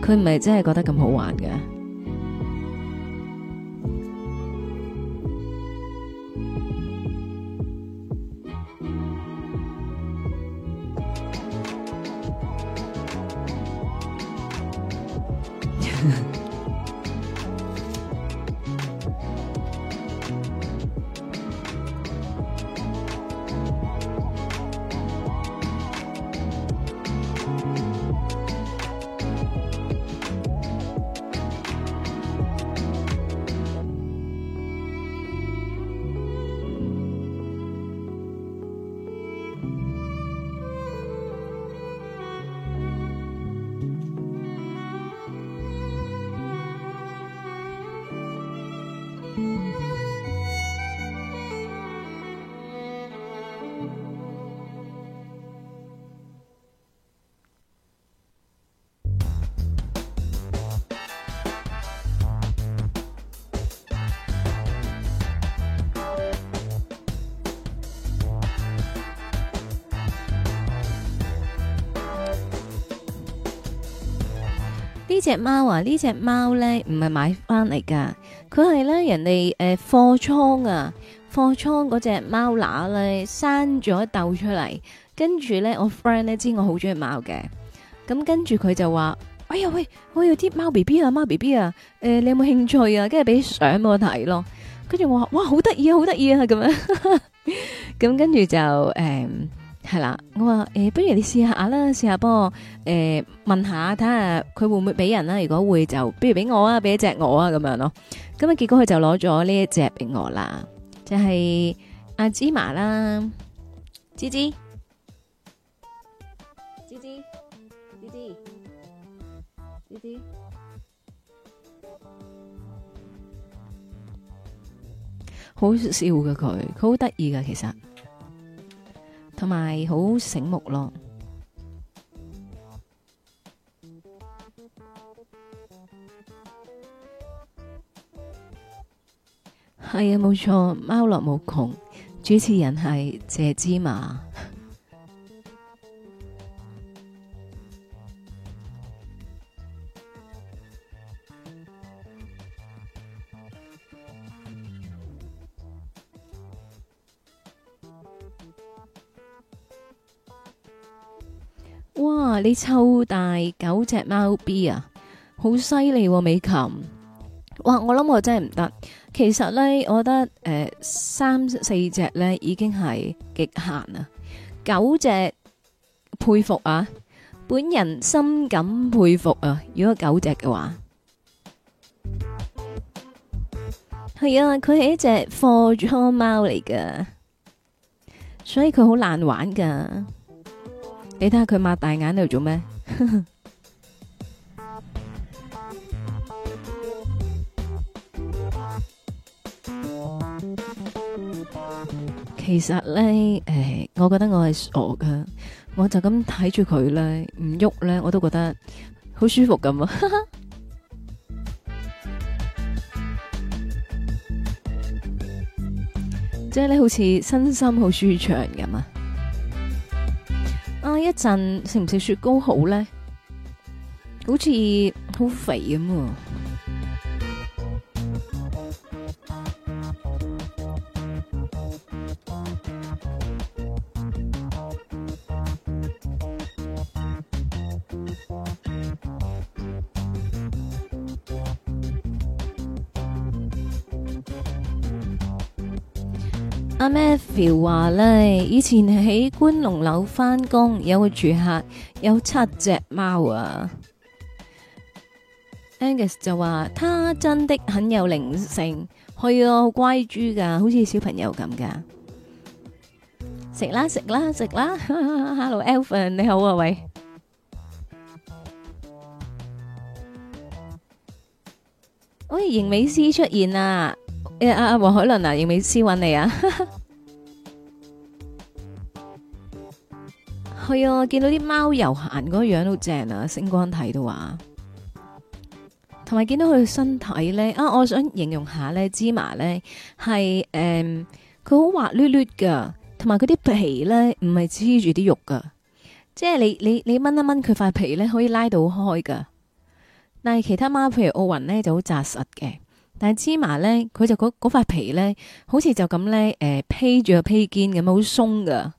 佢唔係真係覺得咁好玩嘅。呢隻貓啊，呢隻貓咧，唔係買翻嚟噶，佢係咧，人哋誒、呃、貨倉啊，貨倉嗰隻貓乸咧生咗竇出嚟、嗯，跟住咧我 friend 咧知我好中意貓嘅，咁跟住佢就話：哎呀喂，我要啲貓 B B 啊，貓 B B 啊，誒、呃、你有冇興趣啊？跟住俾相我睇咯，跟住我話：哇，好得意啊，好得意啊，咁樣，咁、 嗯、跟住就誒。嗯係啦，我話誒、欸，不如你試下啦，試下幫我誒、呃、問下，睇下佢會唔會俾人啦？如果會就，不如俾我給一啊，俾隻我啊咁樣咯。咁、嗯、啊，結果佢就攞咗呢一隻俾我啦，就係、是、阿芝麻啦，芝芝，芝芝，芝芝，芝芝，好笑噶佢，佢好得意噶其實。同埋好醒目咯，係啊冇錯，貓樂無窮，主持人係謝芝麻。哇！你湊大九隻貓 B 啊，好犀利喎美琴。哇！我諗我真係唔得。其實呢，我覺得誒、呃、三四隻呢已經係極限啦。九隻佩服啊，本人深感佩服啊。如果九隻嘅話，係 啊，佢係一隻貨車貓嚟噶，所以佢好難玩噶。你睇下佢擘大眼喺度做咩？ 其實咧，誒、哎，我覺得我係傻噶，我就咁睇住佢咧，唔喐咧，我都覺得好舒服咁啊，即係咧，好似身心好舒暢咁啊！啊！一陣食唔食雪糕好咧？好似好肥咁喎。阿咩 feel 話咧，以前喺觀龍樓翻工，有個住客有七隻貓啊。Angus 就話，他真的很有靈性，可以乖豬噶，好似小朋友咁噶。食啦食啦食啦 ，Hello Alvin，你好啊喂！」「喂，迎美詩出現啦。誒、yeah，阿阿黃海倫啊，英美黐揾你啊，係 啊樂，看見到啲貓悠閒嗰樣都正啊，星光睇到啊，同埋見到佢身體咧，啊，我想形容下咧，芝麻咧係誒，佢好、嗯、滑捋捋噶，同埋佢啲皮咧唔係黐住啲肉噶，即係你你你掹一掹佢塊皮咧可以拉到開噶，但係其他貓譬如奧雲咧就好扎實嘅。但係芝麻咧，佢就嗰嗰塊皮咧，好似就咁咧，誒、呃、披住個披肩咁，好鬆噶，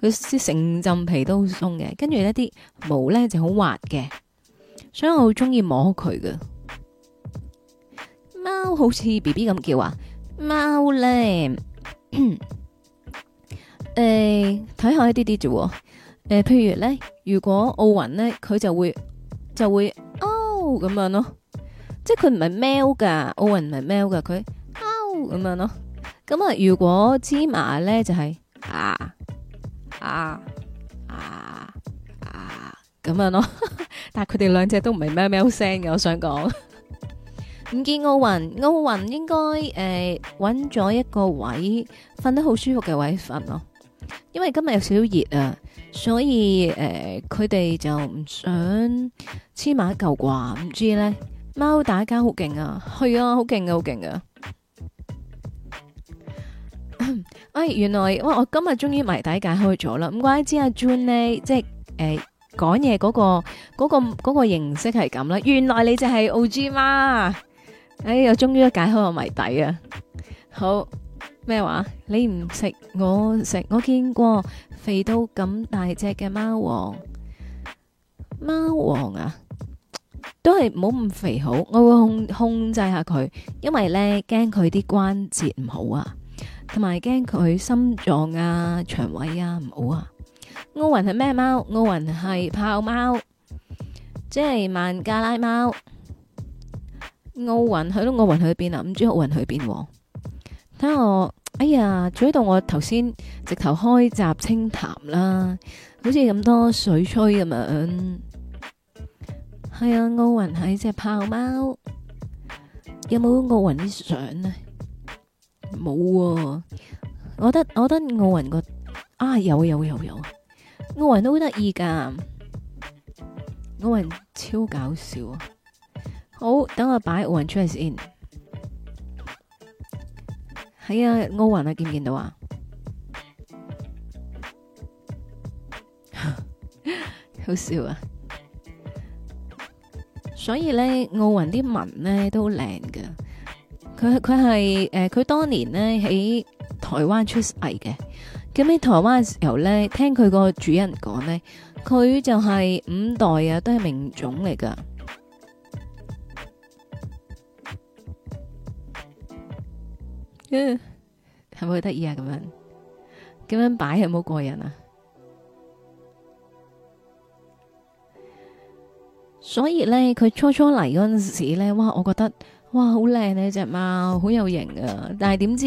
佢成浸皮都好鬆嘅，跟住一啲毛咧就好滑嘅，所以我很喜歡的好中意摸佢嘅。貓好似 B B 咁叫啊，貓咧，誒、睇下一啲啲咋，誒、呃、譬如咧，如果奧運咧，佢就會就會哦咁樣咯。即係佢唔係喵噶，奧運唔係喵噶，佢喵咁樣咯。咁啊，如果芝麻咧就係，啊啊啊啊咁樣咯。 但係佢哋兩隻都唔係喵喵聲嘅，我想講唔見奧運，奧運應該誒揾咗一個位瞓得好舒服嘅位瞓咯，因為今日有少少熱啊，所以誒佢哋就唔想黐埋一嚿啩，唔知咧。貓打交好勁啊，係啊，好勁啊，好勁啊。哎，原來哇，我今日終於謎底解開咗啦。唔怪之，阿 June，即係誒講嘢嗰個，嗰個嗰個形式係咁啦。原來你就係 O.G. 媽，哎，又終於都解開個謎底啊。好咩話？你唔食，我食。我見過肥到咁大隻嘅貓王，貓王啊！都係唔好咁肥好，我會控控制下佢，因為咧驚佢啲關節唔好啊，同埋驚佢心臟啊、腸胃啊唔好啊。奧運係咩貓？奧運係豹貓，即係孟加拉貓。奧運去度，奧運去邊啊？唔知奧運去邊？睇下我，哎呀，追到我頭先，直頭開閘清潭啦，好似咁多水吹咁樣。係啊，奧運係隻豹貓，有冇奧運啲相啊？冇，我覺得我覺得奧運個啊，有有有有，奧運都好得意噶奧運超搞笑啊！好，等我擺奧運出嚟先。係啊，奧運啊，見唔見到啊？ 好笑啊！所以咧，奧運啲文咧都好靚嘅。佢佢係誒，佢當、呃、年咧喺台灣出世嘅。咁喺台灣嘅時候咧，聽佢個主人講咧，佢就係五代啊 是是啊，都係名種嚟噶。嗯，係咪好得意啊？咁樣，咁樣擺係冇過癮呀？所以咧，佢初初嚟嗰陣時咧，哇，我覺得哇，好靚呢隻貓，好有型啊！但係點知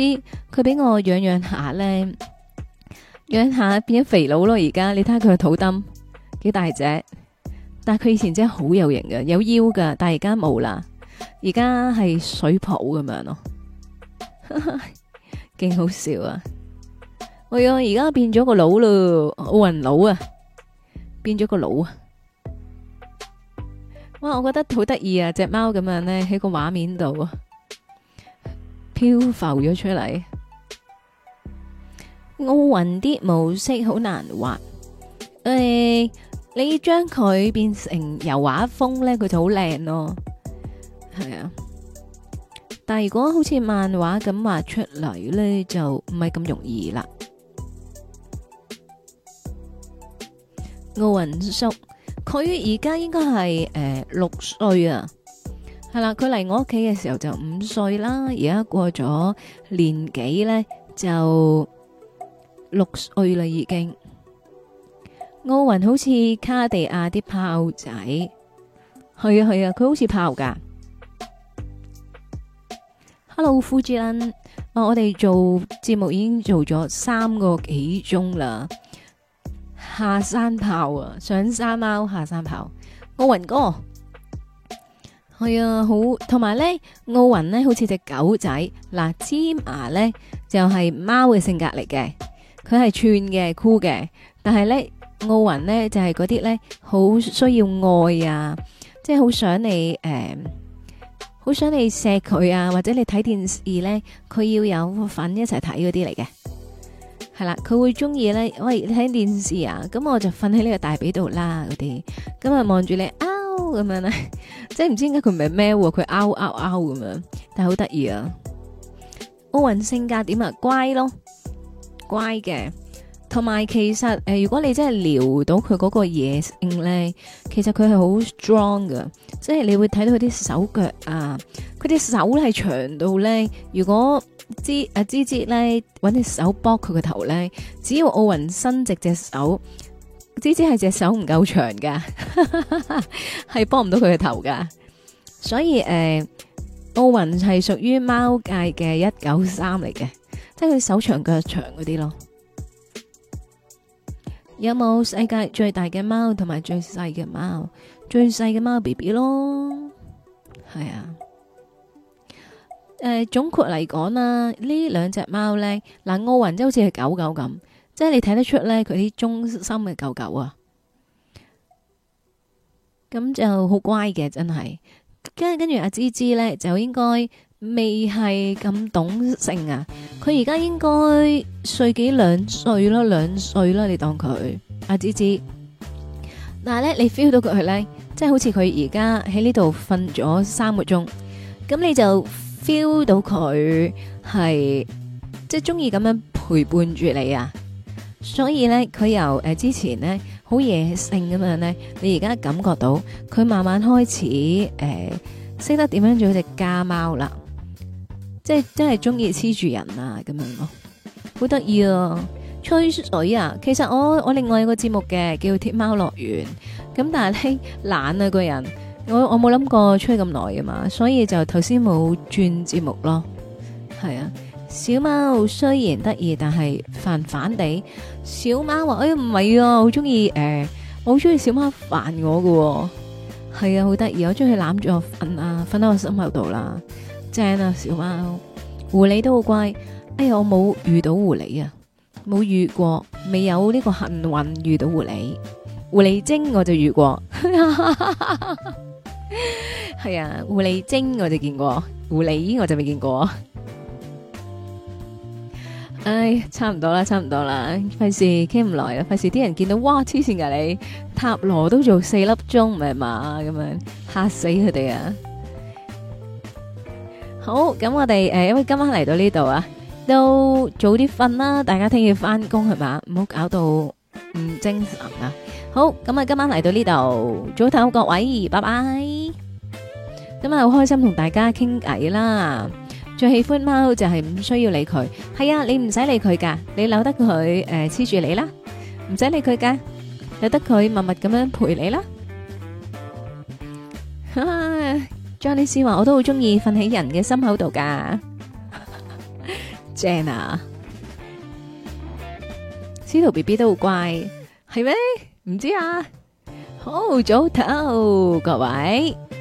佢俾我養養下咧，養下變咗肥佬咯。而家你睇下佢個肚燈幾大隻，但係佢以前真係好有型嘅，啊，有腰噶，但係而家冇啦，而家係水泡咁樣咯，啊，勁 好笑啊！喂喲，而家變咗個佬咯，奧運佬啊，變咗個佬。啊！哇，我覺得好得意啊！隻貓咁樣呢，喺個畫面度漂浮咗出嚟。奧運啲模式好難畫，誒、欸，你將佢變成油畫風呢，佢就好靚咯。係啊，但係如果好似漫畫咁畫出嚟呢，就唔係咁容易啦。奧運叔。佢而家應該係誒、呃、六歲啊，係啦，佢嚟我屋企嘅時候就五歲啦，而家過咗年幾咧就六歲啦已經。奧運好似卡地亞啲豹仔，係啊係啊，佢、啊、好似豹噶。Hello，富志恩，啊，我哋做節目已經做咗三個幾鐘啦。下山豹啊，上山貓下山豹，奧運哥係、嗯、啊，呢奧呢好同埋咧，奧運咧好似隻狗仔嗱，尖牙咧就係貓嘅性格嚟嘅，佢係串嘅、酷嘅，但係咧奧運咧就係嗰啲咧好需要愛啊，即係好想你誒，好、呃、想你錫佢啊，或者你睇電視咧，佢要有份一齊睇嗰啲嚟嘅。係啦，佢會中意咧。喂，睇電視啊，咁我就瞓喺呢個大髀度啦。嗰啲咁啊，望住你，嗷、哦、咁樣咧，即係唔知點解佢唔係咩喎，佢嗷嗷嗷咁樣，但係好得意啊。奧運性格點啊？乖咯，乖嘅。同埋其實誒、呃，如果你真係撩到佢嗰個野性咧，其實佢係好 strong 噶，即係你會睇到佢啲手腳啊，佢啲手咧係長到咧，如果。芝阿、啊、芝芝咧揾隻手剝佢個頭咧，只要奧運伸直隻手，芝芝係隻手唔夠長噶，係剝唔到佢個頭噶。所以誒，奧運係屬於貓界嘅一九三嚟嘅，即係佢手長腳長嗰啲咯。有冇世界最大嘅貓同埋最細嘅貓？最細嘅貓 B B 咯，係啊。誒，總括嚟講啦，呢兩隻貓咧，嗱，奧運即係好似係狗狗咁，即係你睇得出咧佢啲忠心嘅狗狗啊，咁就好乖嘅，真係跟跟住阿芝芝咧就應該未係咁懂性啊。佢而家應該歲幾兩歲咯，兩歲啦。你當佢阿芝芝嗱咧，你 feel 到佢咧，即係好似佢而家喺呢度瞓咗三個鐘，咁你就。feel 到佢係即係中意咁樣陪伴住你啊，所以咧佢由誒、呃、之前咧好野性咁樣咧，你而家感覺到佢慢慢開始誒識、呃、得點樣做隻家貓啦，即係真係中意黐住人啊咁樣咯，好得意啊！吹水啊，其實我我另外有一個節目嘅叫鐵貓樂園，咁但係咧懶啊個人。我我冇諗過吹咁耐啊嘛，所以就頭先冇轉節目咯。係啊，小貓雖然得意，但係煩煩哋。小貓話：哎，唔係啊，好中意誒，我好中意小貓煩我噶、哦。係啊，好得意，我中意攬住我瞓啊，瞓喺我心口度啦，正啊！小貓，狐狸都好乖。哎呀，我冇遇到狐狸啊，冇遇過，未有呢個幸運遇到狐狸。狐狸精我就遇過。 係 啊，狐狸精我就見過，狐狸我就未見過。 唉，差唔多啦，差唔多啦，費事傾唔來啦，費事啲人見到哇，黐線噶你，塔羅都做四粒鐘，唔係嘛咁樣，嚇死佢哋啊！好，咁我哋誒、呃，因為今晚嚟到呢度啊，都早啲瞓啦，大家聽日翻工係嘛？唔好搞到唔精神啊！好，咁啊，今晚嚟到呢度，早唞，各位，拜拜。今日好開心同大家傾偈啦。最喜歡貓就係唔需要理佢，係啊，你唔使理佢噶，你由得佢誒黐住你啦，唔使理佢噶，由得佢默默咁樣陪你啦。張律師話我都好中意瞓喺人嘅心口度噶，正啊。司徒 B B 都好乖，係咩？唔知啊，好早唞，各位。